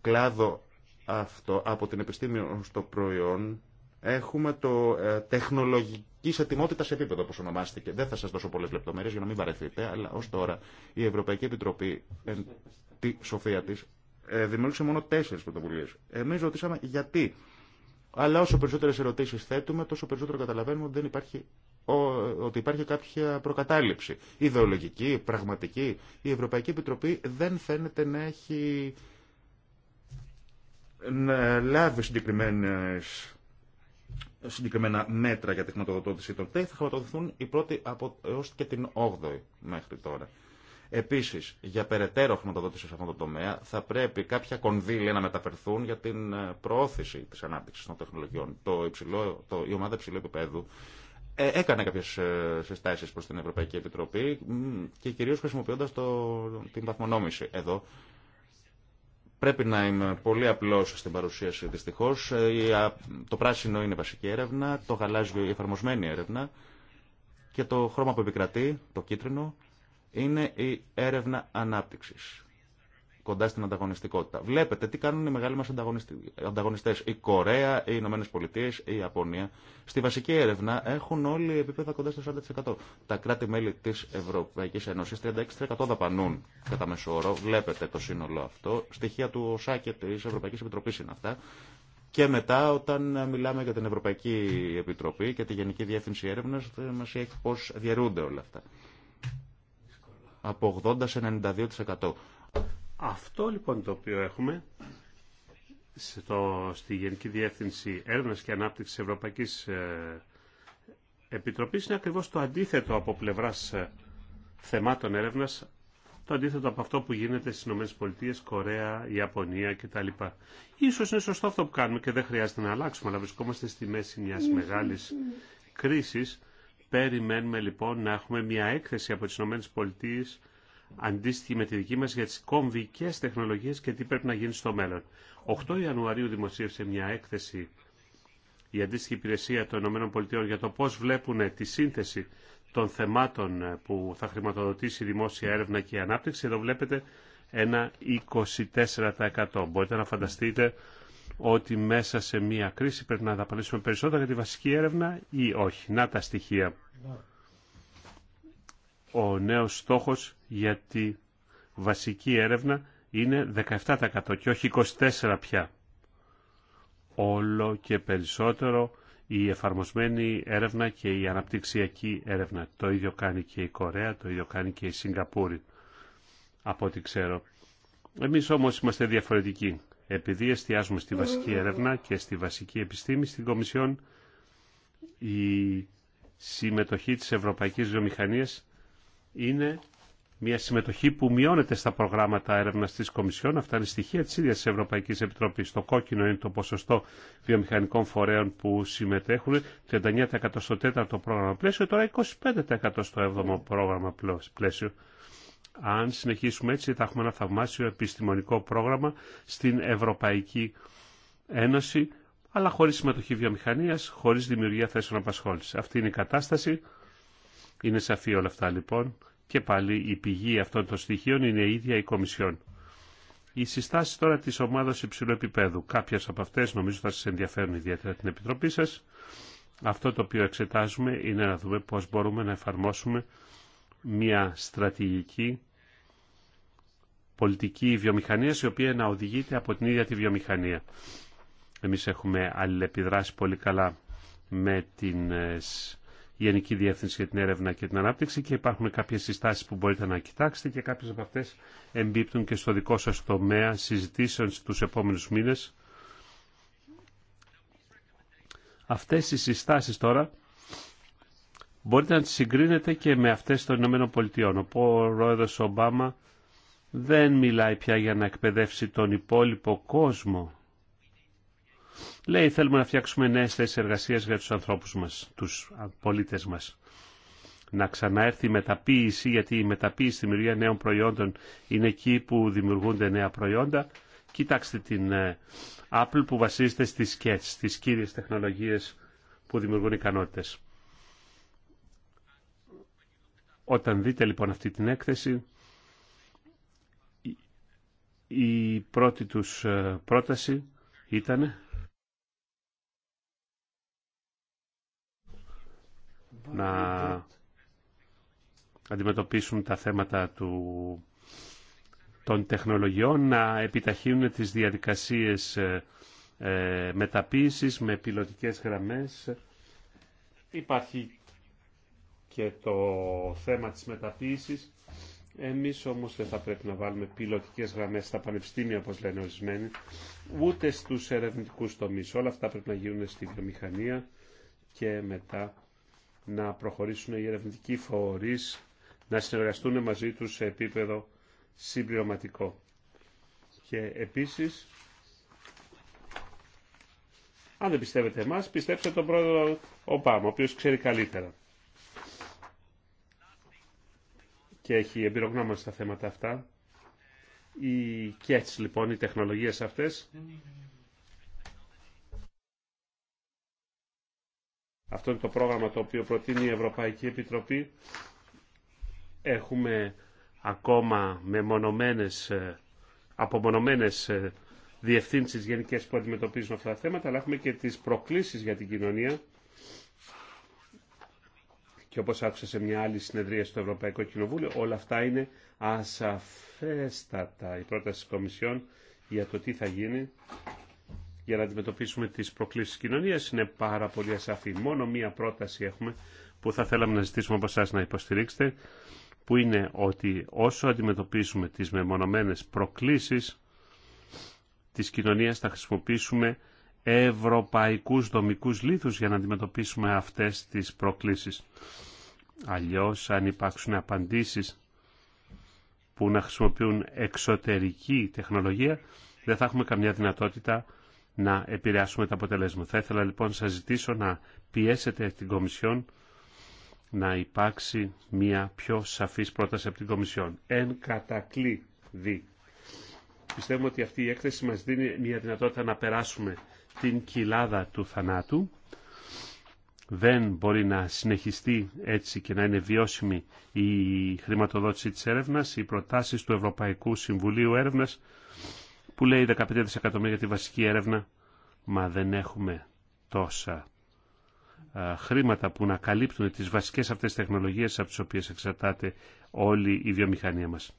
κλάδο αυτό, από την επιστήμη στο προϊόν, Έχουμε το ε, τεχνολογική ετοιμότητα σε επίπεδο, όπω ονομάστηκε. Δεν θα σα δώσω πολλέ λεπτομέρειε για να μην βαρεθείτε, αλλά ω τώρα η Ευρωπαϊκή Επιτροπή, ε, τη σοφία τη, ε, δημιούργησε μόνο τέσσερι πρωτοβουλίε. Εμεί ρωτήσαμε γιατί. Αλλά όσο περισσότερε ερωτήσει θέτουμε, τόσο περισσότερο καταλαβαίνουμε ότι, δεν υπάρχει, ότι υπάρχει κάποια προκατάληψη. Ιδεολογική, πραγματική. Η Ευρωπαϊκή Επιτροπή δεν φαίνεται να έχει να λάβει συγκεκριμένε συγκεκριμένα μέτρα για τη χρηματοδότηση των ΤΕΙ θα χρηματοδοτηθούν οι πρώτοι από, έως και την 8η μέχρι τώρα. Επίση, για περαιτέρω χρηματοδότηση σε αυτό το τομέα, θα πρέπει κάποια κονδύλια να μεταφερθούν για την ε, προώθηση τη ανάπτυξη των τεχνολογιών. Το υψηλό, το, η ομάδα υψηλού επίπεδου ε, έκανε κάποιε συστάσει προ την Ευρωπαϊκή Επιτροπή και κυρίω χρησιμοποιώντα την βαθμονόμηση εδώ Πρέπει να είμαι πολύ απλό στην παρουσίαση δυστυχώ. Ε, το πράσινο είναι βασική έρευνα, το γαλάζιο η εφαρμοσμένη έρευνα και το χρώμα που επικρατεί, το κίτρινο, είναι η έρευνα ανάπτυξης κοντά στην ανταγωνιστικότητα. Βλέπετε τι κάνουν οι μεγάλοι μα ανταγωνιστές, η Κορέα, οι Ηνωμένε Πολιτείε, η Ιαπωνία. Στη βασική έρευνα έχουν όλοι επίπεδα κοντά στο 40%. Τα κράτη-μέλη τη Ευρωπαϊκή Ένωση 36% δαπανούν κατά όρο. Βλέπετε το σύνολο αυτό. Στοιχεία του ΟΣΑ και της Ευρωπαϊκής Επιτροπής είναι αυτά. Και μετά, όταν μιλάμε για την Ευρωπαϊκή Επιτροπή και τη Γενική Διεύθυνση Έρευνα, μα έχει πώ διαιρούνται όλα αυτά. Από 80 σε 92%. Αυτό λοιπόν το οποίο έχουμε στο, στη Γενική Διεύθυνση Έρευνας και Ανάπτυξης Ευρωπαϊκής ε, Επιτροπής είναι ακριβώς το αντίθετο από πλευράς ε, θεμάτων έρευνας, το αντίθετο από αυτό που γίνεται στις ΗΠΑ, Κορέα, Ιαπωνία κτλ. Ίσως είναι σωστό αυτό που κάνουμε και δεν χρειάζεται να αλλάξουμε, αλλά βρισκόμαστε στη μέση μιας ναι. μεγάλης κρίσης. Περιμένουμε λοιπόν να έχουμε μια έκθεση από τις ΗΠΑ αντίστοιχη με τη δική μας για τις κομβικές τεχνολογίες και τι πρέπει να γίνει στο μέλλον. 8 Ιανουαρίου δημοσίευσε μια έκθεση η αντίστοιχη υπηρεσία των ΗΠΑ για το πώς βλέπουν τη σύνθεση των θεμάτων ε, που θα χρηματοδοτήσει η δημόσια έρευνα και η ανάπτυξη. Εδώ βλέπετε ένα 24%. Μπορείτε να φανταστείτε ότι μέσα σε μια κρίση πρέπει να δαπανίσουμε περισσότερα για τη βασική έρευνα ή όχι. Να τα στοιχεία ο νέος στόχος για τη βασική έρευνα είναι 17% και όχι 24% πια. Όλο και περισσότερο η εφαρμοσμένη έρευνα και η αναπτυξιακή έρευνα. Το ίδιο κάνει και η Κορέα, το ίδιο κάνει και η Σιγκαπούρη, από ό,τι ξέρω. Εμείς όμως είμαστε διαφορετικοί. Επειδή εστιάζουμε στη βασική έρευνα και στη βασική επιστήμη, στην Κομισιόν η συμμετοχή της Ευρωπαϊκής Βιομηχανίας είναι μια συμμετοχή που μειώνεται στα προγράμματα έρευνα τη Κομισιόν. Αυτά είναι στοιχεία τη ίδια Ευρωπαϊκή Επιτροπή. Το κόκκινο είναι το ποσοστό βιομηχανικών φορέων που συμμετέχουν, 39% στο 4 πρόγραμμα πλαίσιο, τώρα 25% στο 7ο πρόγραμμα πλαίσιο. Αν συνεχίσουμε έτσι, θα έχουμε ένα θαυμάσιο επιστημονικό πρόγραμμα στην Ευρωπαϊκή Ένωση, αλλά χωρί συμμετοχή βιομηχανία, χωρί δημιουργία θέσεων απασχόληση. Αυτή είναι η κατάσταση. Είναι σαφή όλα αυτά λοιπόν και πάλι η πηγή αυτών των στοιχείων είναι η ίδια η Κομισιόν. Οι συστάσει τώρα της Ομάδας υψηλού επίπεδου. Κάποιε από αυτές νομίζω θα σας ενδιαφέρουν ιδιαίτερα την Επιτροπή σας. Αυτό το οποίο εξετάζουμε είναι να δούμε πώς μπορούμε να εφαρμόσουμε μια στρατηγική πολιτική βιομηχανία η οποία να οδηγείται από την ίδια τη βιομηχανία. Εμείς έχουμε αλληλεπιδράσει πολύ καλά με τις Γενική Διεύθυνση για την Έρευνα και την Ανάπτυξη και υπάρχουν κάποιες συστάσεις που μπορείτε να κοιτάξετε και κάποιες από αυτές εμπίπτουν και στο δικό σας τομέα συζητήσεων στους επόμενους μήνες. Αυτές οι συστάσεις τώρα μπορείτε να τις συγκρίνετε και με αυτές των Ηνωμένων Πολιτειών. Ο πρόεδρος Ομπάμα δεν μιλάει πια για να εκπαιδεύσει τον υπόλοιπο κόσμο λέει θέλουμε να φτιάξουμε νέες θέσεις εργασίας για τους ανθρώπους μας, τους πολίτες μας. Να ξαναέρθει η μεταποίηση, γιατί η μεταποίηση στη δημιουργία νέων προϊόντων είναι εκεί που δημιουργούνται νέα προϊόντα. Κοιτάξτε την ε, Apple που βασίζεται στις sketch, στις κύριες τεχνολογίες που δημιουργούν ικανότητες. Όταν δείτε λοιπόν αυτή την έκθεση, η πρώτη τους ε, πρόταση ήταν να αντιμετωπίσουν τα θέματα του, των τεχνολογιών, να επιταχύνουν τις διαδικασίες ε, ε, μεταποίησης με πιλωτικές γραμμές. Υπάρχει και το θέμα της μεταποίησης. Εμείς όμως δεν θα πρέπει να βάλουμε πιλωτικές γραμμές στα πανεπιστήμια, όπως λένε ορισμένοι, ούτε στους ερευνητικούς τομείς. Όλα αυτά πρέπει να γίνουν στη βιομηχανία και μετά να προχωρήσουν οι ερευνητικοί φορείς να συνεργαστούν μαζί τους σε επίπεδο συμπληρωματικό. Και επίσης, αν δεν πιστεύετε εμάς, πιστέψτε τον πρόεδρο Ομπάμα, ο οποίος ξέρει καλύτερα. Και έχει εμπειρογνώμα στα θέματα αυτά. Οι κέτς λοιπόν, οι τεχνολογίες αυτές, Αυτό είναι το πρόγραμμα το οποίο προτείνει η Ευρωπαϊκή Επιτροπή. Έχουμε ακόμα μεμονωμένες, ε, απομονωμένες ε, διευθύνσεις γενικές που αντιμετωπίζουν αυτά τα θέματα, αλλά έχουμε και τις προκλήσεις για την κοινωνία. Και όπως άκουσα σε μια άλλη συνεδρία στο Ευρωπαϊκό Κοινοβούλιο, όλα αυτά είναι ασαφέστατα η πρόταση της Κομισιόν για το τι θα γίνει για να αντιμετωπίσουμε τις προκλήσεις της κοινωνίας είναι πάρα πολύ ασαφή. Μόνο μία πρόταση έχουμε που θα θέλαμε να ζητήσουμε από εσάς να υποστηρίξετε που είναι ότι όσο αντιμετωπίσουμε τις μεμονωμένες προκλήσεις της κοινωνίας θα χρησιμοποιήσουμε ευρωπαϊκούς δομικούς λίθους για να αντιμετωπίσουμε αυτές τις προκλήσεις. Αλλιώς αν υπάρξουν απαντήσεις που να χρησιμοποιούν εξωτερική τεχνολογία δεν θα έχουμε καμιά δυνατότητα να επηρεάσουμε τα αποτελέσματα. Θα ήθελα λοιπόν να σας ζητήσω να πιέσετε την Κομισιόν να υπάρξει μια πιο σαφής πρόταση από την Κομισιόν. Εν κατακλείδη. Πιστεύουμε ότι αυτή η έκθεση μας δίνει μια δυνατότητα να περάσουμε την κοιλάδα του θανάτου. Δεν μπορεί να συνεχιστεί έτσι και να είναι βιώσιμη η χρηματοδότηση της έρευνας. Οι προτάσεις του Ευρωπαϊκού Συμβουλίου Έρευνας που λέει 15 δισεκατομμύρια τη βασική έρευνα, μα δεν έχουμε τόσα χρήματα που να καλύπτουν τις βασικές αυτές τεχνολογίες από τις οποίες εξαρτάται όλη η βιομηχανία μας.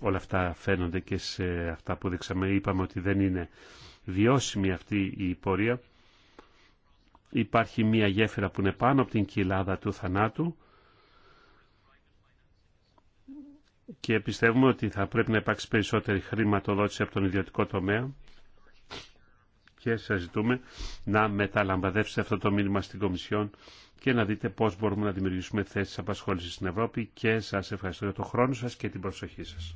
Όλα αυτά φαίνονται και σε αυτά που δείξαμε. Είπαμε ότι δεν είναι βιώσιμη αυτή η πορεία. Υπάρχει μια γέφυρα που είναι πάνω από την κοιλάδα του θανάτου και πιστεύουμε ότι θα πρέπει να υπάρξει περισσότερη χρηματοδότηση από τον ιδιωτικό τομέα και σας ζητούμε να μεταλαμβαδεύσετε αυτό το μήνυμα στην Κομισιόν και να δείτε πώς μπορούμε να δημιουργήσουμε θέσεις απασχόλησης στην Ευρώπη και σας ευχαριστώ για τον χρόνο σας και την προσοχή σας.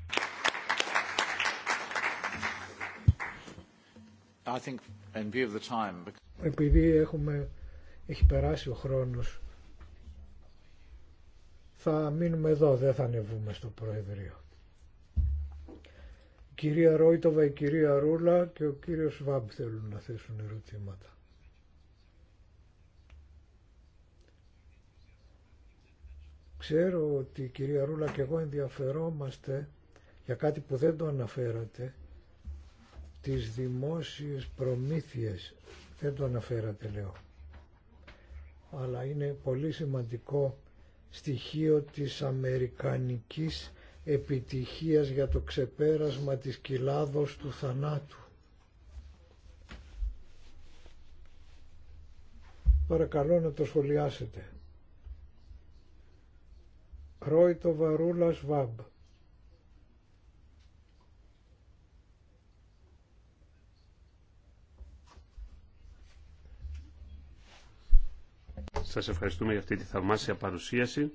Επειδή έχουμε, έχει περάσει ο χρόνος θα μείνουμε εδώ, δεν θα ανεβούμε στο Προεδρείο. Η κυρία Ρόιτοβα, η κυρία Ρούλα και ο κύριος Βάμπ θέλουν να θέσουν ερωτήματα. Ξέρω ότι η κυρία Ρούλα και εγώ ενδιαφερόμαστε για κάτι που δεν το αναφέρατε, τις δημόσιες προμήθειες. Δεν το αναφέρατε λέω. Αλλά είναι πολύ σημαντικό στοιχείο της αμερικανικής επιτυχίας για το ξεπέρασμα της κοιλάδος του θανάτου. Παρακαλώ να το σχολιάσετε. Ρόιτο Βαρούλας Βάμπ. Σας ευχαριστούμε για αυτή τη θαυμάσια παρουσίαση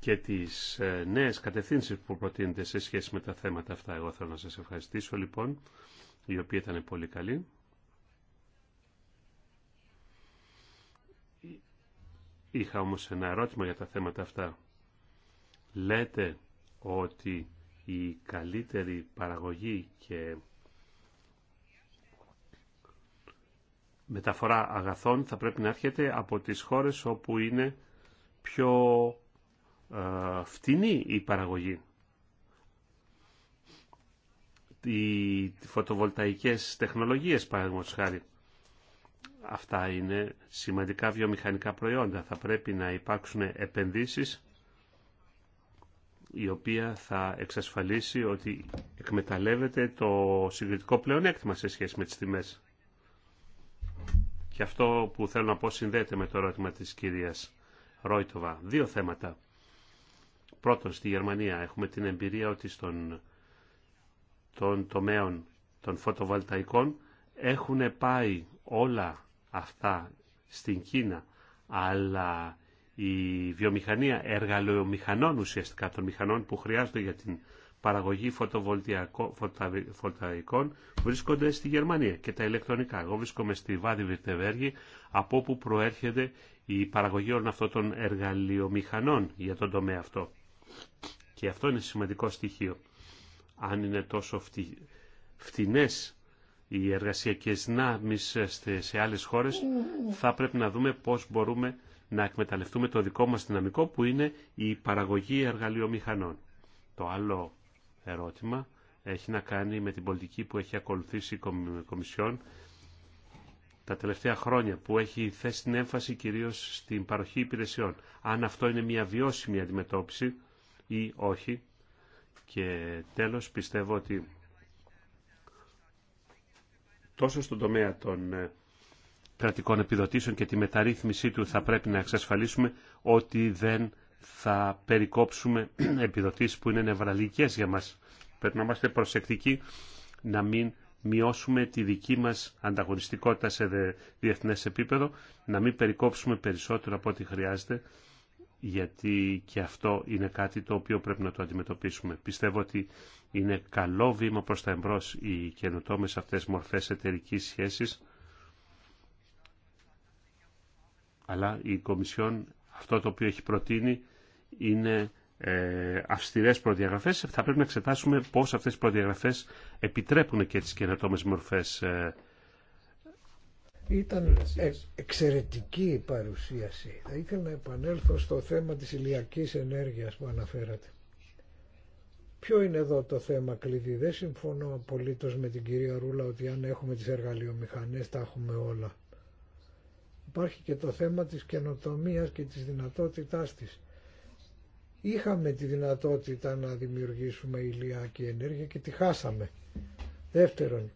και τις ε, νέες κατευθύνσεις που προτείνετε σε σχέση με τα θέματα αυτά. Εγώ θέλω να σας ευχαριστήσω λοιπόν, η οποία ήταν πολύ καλή. Είχα όμως ένα ερώτημα για τα θέματα αυτά. Λέτε ότι η καλύτερη παραγωγή και μεταφορά αγαθών θα πρέπει να έρχεται από τις χώρες όπου είναι πιο ε, φτηνή η παραγωγή. Οι φωτοβολταϊκές τεχνολογίες παραδείγματος χάρη. Αυτά είναι σημαντικά βιομηχανικά προϊόντα. Θα πρέπει να υπάρξουν επενδύσεις η οποία θα εξασφαλίσει ότι εκμεταλλεύεται το συγκριτικό πλεονέκτημα σε σχέση με τις τιμές. Και αυτό που θέλω να πω συνδέεται με το ερώτημα της κυρίας Ρόιτοβα. Δύο θέματα. Πρώτον, στη Γερμανία έχουμε την εμπειρία ότι στον των τομέων των φωτοβολταϊκών έχουν πάει όλα αυτά στην Κίνα, αλλά η βιομηχανία εργαλειομηχανών ουσιαστικά, των μηχανών που χρειάζονται για την παραγωγή φωτοβολταϊκών βρίσκονται στη Γερμανία και τα ηλεκτρονικά. Εγώ βρίσκομαι στη Βάδη Βιρτεβέργη από όπου προέρχεται η παραγωγή όλων αυτών των εργαλειομηχανών για τον τομέα αυτό. Και αυτό είναι σημαντικό στοιχείο. Αν είναι τόσο φτι... φτηνές οι εργασιακές δυνάμεις σε άλλες χώρες, θα πρέπει να δούμε πώς μπορούμε να εκμεταλλευτούμε το δικό μας δυναμικό που είναι η παραγωγή εργαλειομηχανών. Το άλλο ερώτημα έχει να κάνει με την πολιτική που έχει ακολουθήσει η Κομισιόν τα τελευταία χρόνια που έχει θέσει την έμφαση κυρίως στην παροχή υπηρεσιών. Αν αυτό είναι μια βιώσιμη αντιμετώπιση ή όχι. Και τέλος πιστεύω ότι τόσο στον τομέα των ε, κρατικών επιδοτήσεων και τη μεταρρύθμιση του θα πρέπει να εξασφαλίσουμε ότι δεν θα περικόψουμε *clears throat* επιδοτήσεις που είναι νευραλικές για μας. Πρέπει να είμαστε προσεκτικοί να μην μειώσουμε τη δική μας ανταγωνιστικότητα σε διεθνές επίπεδο, να μην περικόψουμε περισσότερο από ό,τι χρειάζεται, γιατί και αυτό είναι κάτι το οποίο πρέπει να το αντιμετωπίσουμε. Πιστεύω ότι είναι καλό βήμα προς τα εμπρός οι καινοτόμες αυτές μορφές εταιρική σχέσης, αλλά η Κομισιόν αυτό το οποίο έχει προτείνει είναι ε, αυστηρές προδιαγραφές. Θα πρέπει να εξετάσουμε πώς αυτές οι προδιαγραφές επιτρέπουν και τις καινοτόμες μορφές ε, ήταν ε, εξαιρετική η παρουσίαση. Θα ήθελα να επανέλθω στο θέμα της ηλιακής ενέργειας που αναφέρατε. Ποιο είναι εδώ το θέμα κλειδί. Δεν συμφωνώ απολύτως με την κυρία Ρούλα ότι αν έχουμε τις εργαλειομηχανές τα έχουμε όλα. Υπάρχει και το θέμα της καινοτομίας και της δυνατότητάς της. Είχαμε τη δυνατότητα να δημιουργήσουμε ηλιακή ενέργεια και τη χάσαμε. Δεύτερον,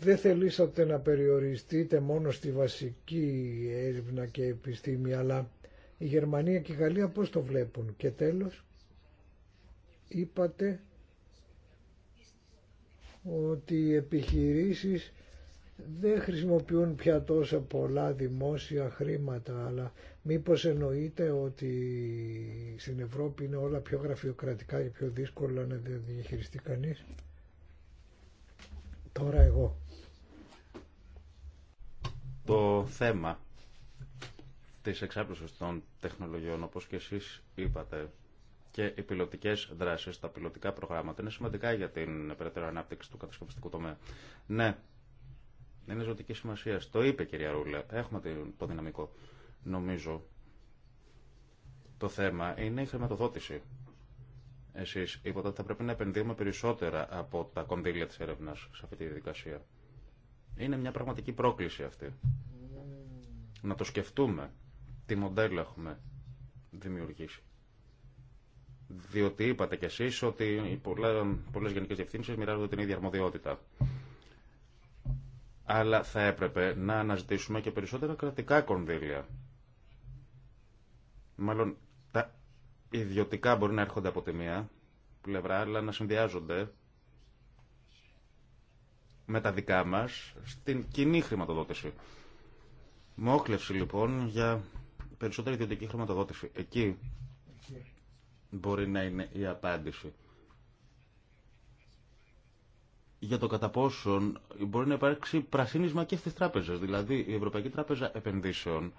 δεν θελήσατε να περιοριστείτε μόνο στη βασική έρευνα και επιστήμη, αλλά η Γερμανία και η Γαλλία πώς το βλέπουν. Και τέλος, είπατε ότι οι επιχειρήσεις δεν χρησιμοποιούν πια τόσα πολλά δημόσια χρήματα, αλλά μήπως εννοείται ότι στην Ευρώπη είναι όλα πιο γραφειοκρατικά και πιο δύσκολα να διαχειριστεί κανείς. Τώρα εγώ. Το θέμα της εξάπλωσης των τεχνολογιών, όπως και εσείς είπατε, και οι πιλωτικέ δράσει, τα πιλωτικά προγράμματα είναι σημαντικά για την περαιτέρω ανάπτυξη του κατασκευαστικού τομέα. Ναι, είναι ζωτική σημασία. Το είπε η κυρία Ρούλε. Έχουμε το δυναμικό. Νομίζω το θέμα είναι η χρηματοδότηση. Εσεί είπατε ότι θα πρέπει να επενδύουμε περισσότερα από τα κονδύλια τη έρευνα σε αυτή τη διαδικασία. Είναι μια πραγματική πρόκληση αυτή. Να το σκεφτούμε τι μοντέλο έχουμε δημιουργήσει. Διότι είπατε κι εσείς ότι οι πολλές γενικές διευθύνσεις μοιράζονται την ίδια αρμοδιότητα. Αλλά θα έπρεπε να αναζητήσουμε και περισσότερα κρατικά κονδύλια. Μάλλον τα ιδιωτικά μπορεί να έρχονται από τη μία πλευρά, αλλά να συνδυάζονται με τα δικά μας στην κοινή χρηματοδότηση. Μόχλευση λοιπόν για περισσότερη ιδιωτική χρηματοδότηση. Εκεί μπορεί να είναι η απάντηση. Για το κατά πόσον μπορεί να υπάρξει πρασίνισμα και στις τράπεζες. Δηλαδή η Ευρωπαϊκή Τράπεζα Επενδύσεων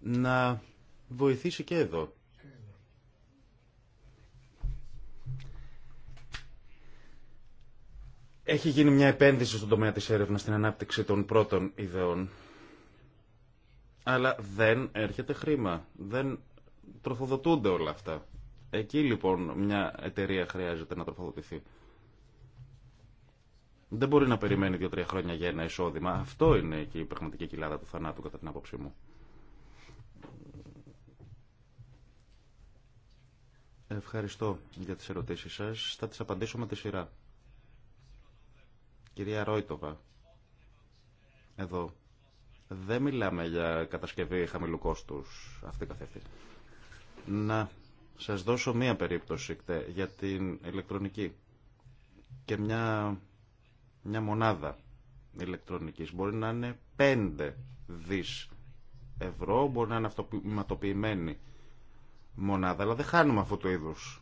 να βοηθήσει και εδώ. Έχει γίνει μια επένδυση στον τομέα της έρευνας στην ανάπτυξη των πρώτων ιδεών. Αλλά δεν έρχεται χρήμα. Δεν τροφοδοτούνται όλα αυτά. Εκεί λοιπόν μια εταιρεία χρειάζεται να τροφοδοτηθεί. Δεν μπορεί να περιμένει δύο-τρία χρόνια για ένα εισόδημα. Αυτό είναι και η πραγματική κοιλάδα του θανάτου κατά την άποψή μου. Ευχαριστώ για τις ερωτήσεις σας. Θα τις απαντήσω με τη σειρά. Κυρία Ρόιτοβα, εδώ. Δεν μιλάμε για κατασκευή χαμηλού κόστους αυτή καθεύθυνση να σας δώσω μία περίπτωση για την ηλεκτρονική και μια, μια μονάδα ηλεκτρονικής. Μπορεί να είναι 5 δις ευρώ, μπορεί να είναι αυτοματοποιημένη μονάδα, αλλά δεν χάνουμε αυτού του είδους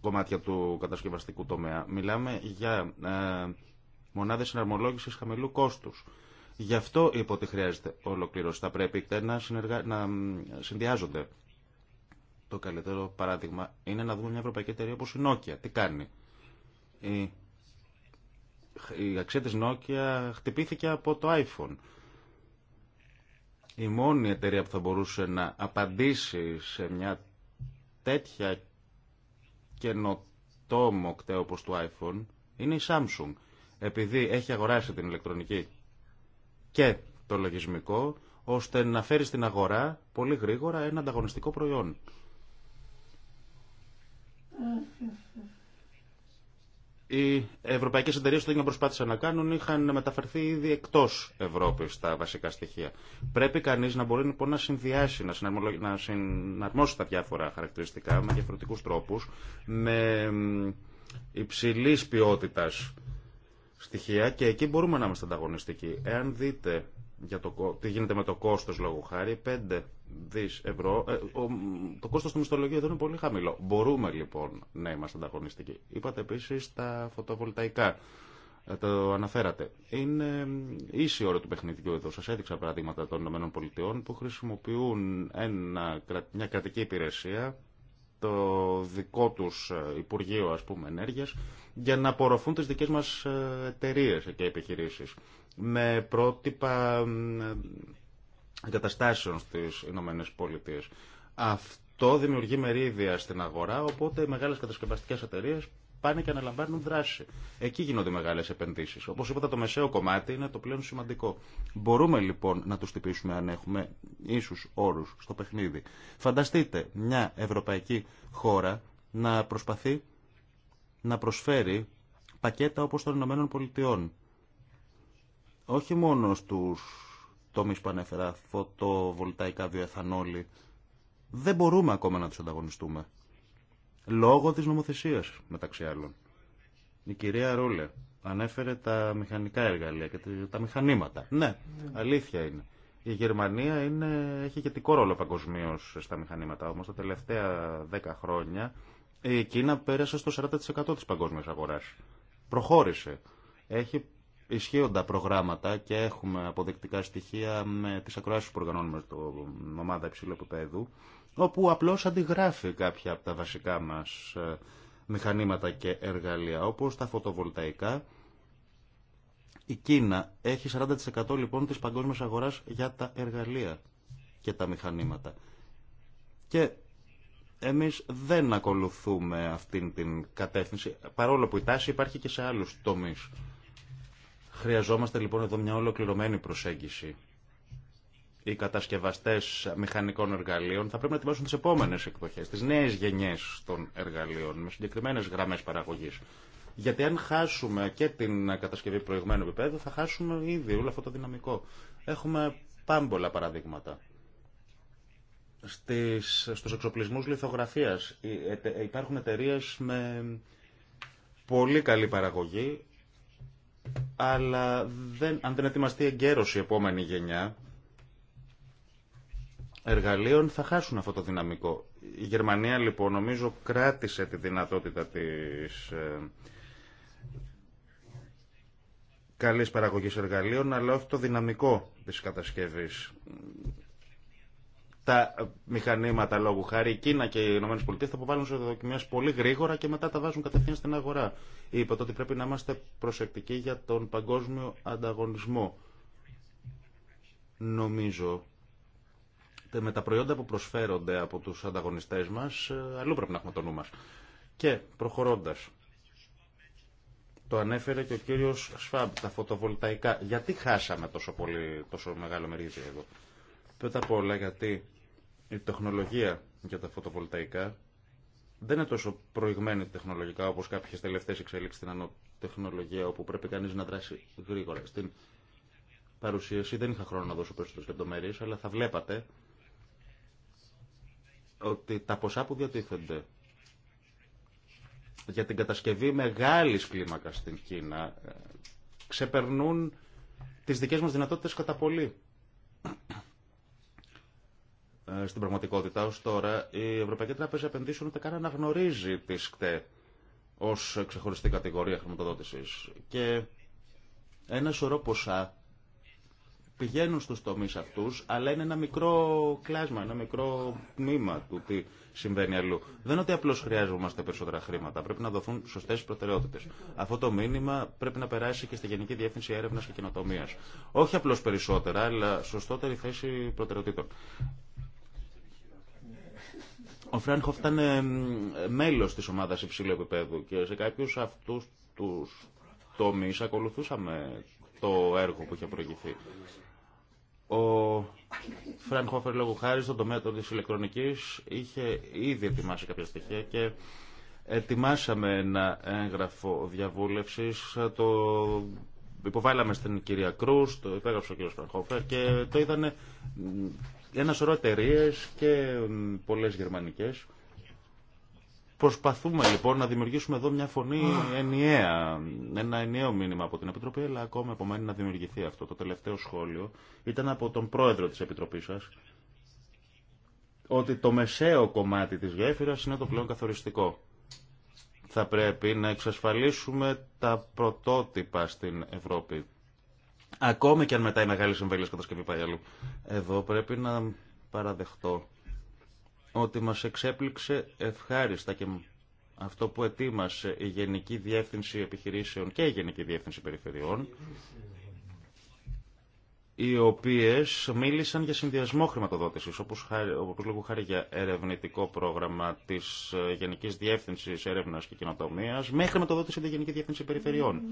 κομμάτια του κατασκευαστικού τομέα. Μιλάμε για ε, μονάδες συναρμολόγησης χαμηλού κόστους. Γι' αυτό είπα ότι χρειάζεται ολοκλήρωση. Θα πρέπει να, συνεργα... να συνδυάζονται. Το καλύτερο παράδειγμα είναι να δούμε μια ευρωπαϊκή εταιρεία όπως η Nokia. Τι κάνει. Η, η αξία της Nokia χτυπήθηκε από το iPhone. Η μόνη εταιρεία που θα μπορούσε να απαντήσει σε μια τέτοια καινοτόμο κτέο του iPhone είναι η Samsung. Επειδή έχει αγοράσει την ηλεκτρονική και το λογισμικό, ώστε να φέρει στην αγορά πολύ γρήγορα ένα ανταγωνιστικό προϊόν. Οι ευρωπαϊκέ εταιρείε, το ίδιο προσπάθησαν να κάνουν, είχαν μεταφερθεί ήδη εκτό Ευρώπη τα βασικά στοιχεία. Πρέπει κανεί να μπορεί λοιπόν, να συνδυάσει, να, να συναρμόσει τα διάφορα χαρακτηριστικά με διαφορετικού τρόπου, με υψηλή ποιότητα στοιχεία και εκεί μπορούμε να είμαστε ανταγωνιστικοί. Εάν δείτε για το, τι γίνεται με το κόστος λόγου χάρη, 5 δις ευρώ, ε, το κόστος του μισθολογίου εδώ είναι πολύ χαμηλό. Μπορούμε λοιπόν να είμαστε ανταγωνιστικοί. Είπατε επίση τα φωτοβολταϊκά. Ε, το αναφέρατε. Είναι ίση ώρα του παιχνιδιού εδώ. Σας έδειξα παραδείγματα των ΗΠΑ που χρησιμοποιούν ένα, μια κρατική υπηρεσία το δικό τους ε, Υπουργείο ας πούμε, Ενέργειας για να απορροφούν τις δικές μας ε, εταιρείε και επιχειρήσεις με πρότυπα εγκαταστάσεων στις Ηνωμένε Πολιτείες. Αυτό δημιουργεί μερίδια στην αγορά, οπότε οι μεγάλες κατασκευαστικές εταιρείε πάνε και αναλαμβάνουν δράση. Εκεί γίνονται μεγάλε επενδύσει. Όπω είπατε, το μεσαίο κομμάτι είναι το πλέον σημαντικό. Μπορούμε λοιπόν να του τυπήσουμε αν έχουμε ίσου όρου στο παιχνίδι. Φανταστείτε μια ευρωπαϊκή χώρα να προσπαθεί να προσφέρει πακέτα όπως των Ηνωμένων Πολιτειών. Όχι μόνο στους τομεί που ανέφερα, φωτοβολταϊκά, βιοεθανόλη. Δεν μπορούμε ακόμα να του ανταγωνιστούμε λόγω της νομοθεσίας μεταξύ άλλων. Η κυρία Ρούλε ανέφερε τα μηχανικά εργαλεία και τα μηχανήματα. Ναι, αλήθεια είναι. Η Γερμανία είναι, έχει ηγετικό ρόλο παγκοσμίω στα μηχανήματα, όμως τα τελευταία 10 χρόνια η Κίνα πέρασε στο 40% της παγκόσμιας αγοράς. Προχώρησε. Έχει ισχύοντα προγράμματα και έχουμε αποδεικτικά στοιχεία με τις ακροάσεις που οργανώνουμε στο ομάδα υψηλού επίπεδου όπου απλώς αντιγράφει κάποια από τα βασικά μας ε, μηχανήματα και εργαλεία, όπως τα φωτοβολταϊκά. Η Κίνα έχει 40% λοιπόν της παγκόσμιας αγοράς για τα εργαλεία και τα μηχανήματα. Και εμείς δεν ακολουθούμε αυτήν την κατεύθυνση, παρόλο που η τάση υπάρχει και σε άλλους τομείς. Χρειαζόμαστε λοιπόν εδώ μια ολοκληρωμένη προσέγγιση οι κατασκευαστές μηχανικών εργαλείων θα πρέπει να ετοιμάσουν τι επόμενες εκδοχέ, τις νέες γενιές των εργαλείων με συγκεκριμένες γραμμές παραγωγής. Γιατί αν χάσουμε και την κατασκευή προηγμένου επίπεδου θα χάσουμε ήδη όλο αυτό το δυναμικό. Έχουμε πάμπολα παραδείγματα στις, στους εξοπλισμούς λιθογραφίας. Υπάρχουν εταιρείε με πολύ καλή παραγωγή, αλλά δεν, αν δεν ετοιμαστεί εγκαίρως η επόμενη γενιά, εργαλείων θα χάσουν αυτό το δυναμικό. Η Γερμανία λοιπόν νομίζω κράτησε τη δυνατότητα της ε, καλής παραγωγής εργαλείων αλλά όχι το δυναμικό της κατασκευής. Τα μηχανήματα λόγου χάρη η Κίνα και οι Ηνωμένε θα αποβάλουν σε δοκιμίε πολύ γρήγορα και μετά τα βάζουν κατευθείαν στην αγορά. Είπατε ότι πρέπει να είμαστε προσεκτικοί για τον παγκόσμιο ανταγωνισμό. Νομίζω με τα προϊόντα που προσφέρονται από τους ανταγωνιστές μας, ε, αλλού πρέπει να έχουμε το νου μας. Και προχωρώντας, το ανέφερε και ο κύριος Σφάμπ, τα φωτοβολταϊκά. Γιατί χάσαμε τόσο, πολύ, τόσο μεγάλο μερίδιο εδώ. Πρώτα απ' όλα γιατί η τεχνολογία για τα φωτοβολταϊκά δεν είναι τόσο προηγμένη τεχνολογικά όπως κάποιες τελευταίες εξελίξεις στην ανωτεχνολογία όπου πρέπει κανείς να δράσει γρήγορα. Στην παρουσίαση δεν είχα χρόνο να δώσω περισσότερες λεπτομέρειες αλλά θα βλέπατε ότι τα ποσά που διατίθενται για την κατασκευή μεγάλης κλίμακας στην Κίνα ε, ξεπερνούν τις δικές μας δυνατότητες κατά πολύ. Ε, στην πραγματικότητα, ως τώρα, η Ευρωπαϊκή Τράπεζα Επενδύσεων ούτε καν αναγνωρίζει τη ΣΚΤΕ ως ξεχωριστή κατηγορία χρηματοδότησης. Και ένα σωρό ποσά πηγαίνουν στους τομείς αυτούς, αλλά είναι ένα μικρό κλάσμα, ένα μικρό τμήμα του τι συμβαίνει αλλού. Δεν ότι απλώς χρειάζομαστε περισσότερα χρήματα, πρέπει να δοθούν σωστές προτεραιότητες. Αυτό το μήνυμα πρέπει να περάσει και στη Γενική Διεύθυνση Έρευνας και Κοινοτομίας. Όχι απλώς περισσότερα, αλλά σωστότερη θέση προτεραιοτήτων. Ο Φράνχοφ ήταν ε, μέλος της ομάδας υψηλού επίπεδου και σε κάποιους αυτούς τους τομείς ακολουθούσαμε το έργο που είχε προηγηθεί. Ο Φρανχόφερ λόγω χάρη στον τομέα τη ηλεκτρονική, είχε ήδη ετοιμάσει κάποια στοιχεία και ετοιμάσαμε ένα έγγραφο διαβούλευση. Το υποβάλαμε στην κυρία Κρούς, το υπέγραψε ο κύριος Φρανχόφερ και το είδανε ένα σωρό εταιρείε και πολλές γερμανικές Προσπαθούμε λοιπόν να δημιουργήσουμε εδώ μια φωνή ενιαία, ένα ενιαίο μήνυμα από την Επιτροπή, αλλά ακόμα απομένει να δημιουργηθεί αυτό. Το τελευταίο σχόλιο ήταν από τον πρόεδρο της Επιτροπής σας, ότι το μεσαίο κομμάτι της γέφυρας είναι το πλέον καθοριστικό. Θα πρέπει να εξασφαλίσουμε τα πρωτότυπα στην Ευρώπη. Ακόμη και αν μετά η μεγάλη συμβέλεια κατασκευή πάει αλλού. Εδώ πρέπει να παραδεχτώ ότι μας εξέπληξε ευχάριστα και αυτό που ετοίμασε η Γενική Διεύθυνση Επιχειρήσεων και η Γενική Διεύθυνση Περιφερειών, οι οποίες μίλησαν για συνδυασμό χρηματοδότησης, όπως, όπως λέγω χάρη για ερευνητικό πρόγραμμα της ε, Γενικής Διεύθυνσης Έρευνας και Κοινοτομίας, με χρηματοδότηση τη Γενική Διεύθυνση Περιφερειών.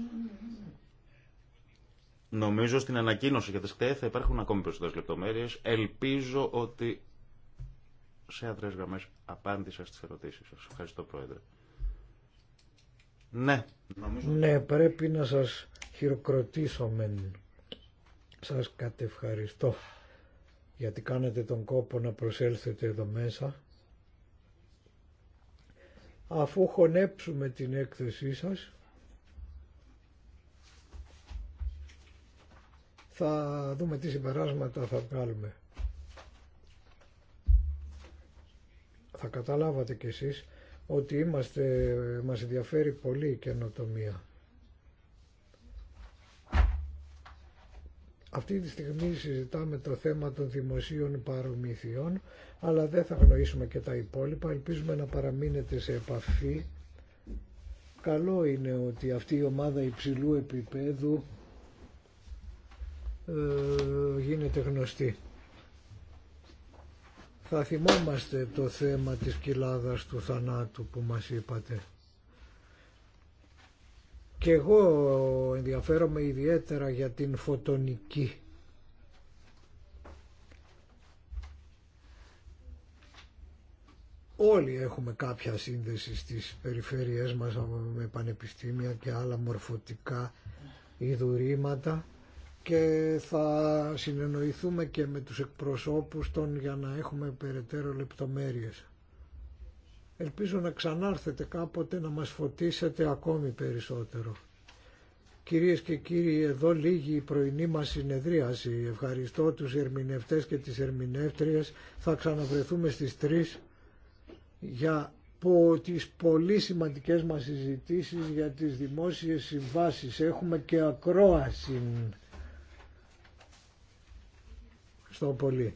Νομίζω στην ανακοίνωση για τις ΚΤΕ θα υπάρχουν ακόμη περισσότερες λεπτομέρειες. Ελπίζω ότι σε αδρές γραμμές απάντησα στις ερωτήσεις σας. Ευχαριστώ Πρόεδρε. Ναι. Νομίζω... Ναι, πρέπει να σας χειροκροτήσω μεν. Σας κατευχαριστώ γιατί κάνετε τον κόπο να προσέλθετε εδώ μέσα. Αφού χωνέψουμε την έκθεσή σας, θα δούμε τι συμπεράσματα θα βγάλουμε. θα καταλάβατε κι εσείς ότι είμαστε, μας ενδιαφέρει πολύ η καινοτομία. Αυτή τη στιγμή συζητάμε το θέμα των δημοσίων παρομήθειών, αλλά δεν θα γνωρίσουμε και τα υπόλοιπα. Ελπίζουμε να παραμείνετε σε επαφή. Καλό είναι ότι αυτή η ομάδα υψηλού επίπεδου ε, γίνεται γνωστή. Θα θυμόμαστε το θέμα της κοιλάδας του θανάτου που μας είπατε. Και εγώ ενδιαφέρομαι ιδιαίτερα για την φωτονική. Όλοι έχουμε κάποια σύνδεση στις περιφέρειές μας με πανεπιστήμια και άλλα μορφωτικά ιδουρήματα και θα συνεννοηθούμε και με τους εκπροσώπους των για να έχουμε περαιτέρω λεπτομέρειες. Ελπίζω να ξανάρθετε κάποτε να μας φωτίσετε ακόμη περισσότερο. Κυρίες και κύριοι, εδώ λίγη η πρωινή μας συνεδρίαση. Ευχαριστώ τους ερμηνευτές και τις ερμηνεύτριες. Θα ξαναβρεθούμε στις 3 για τις πολύ σημαντικές μας συζητήσεις για τις δημόσιες συμβάσεις. Έχουμε και ακρόαση. Ευχαριστώ πολύ.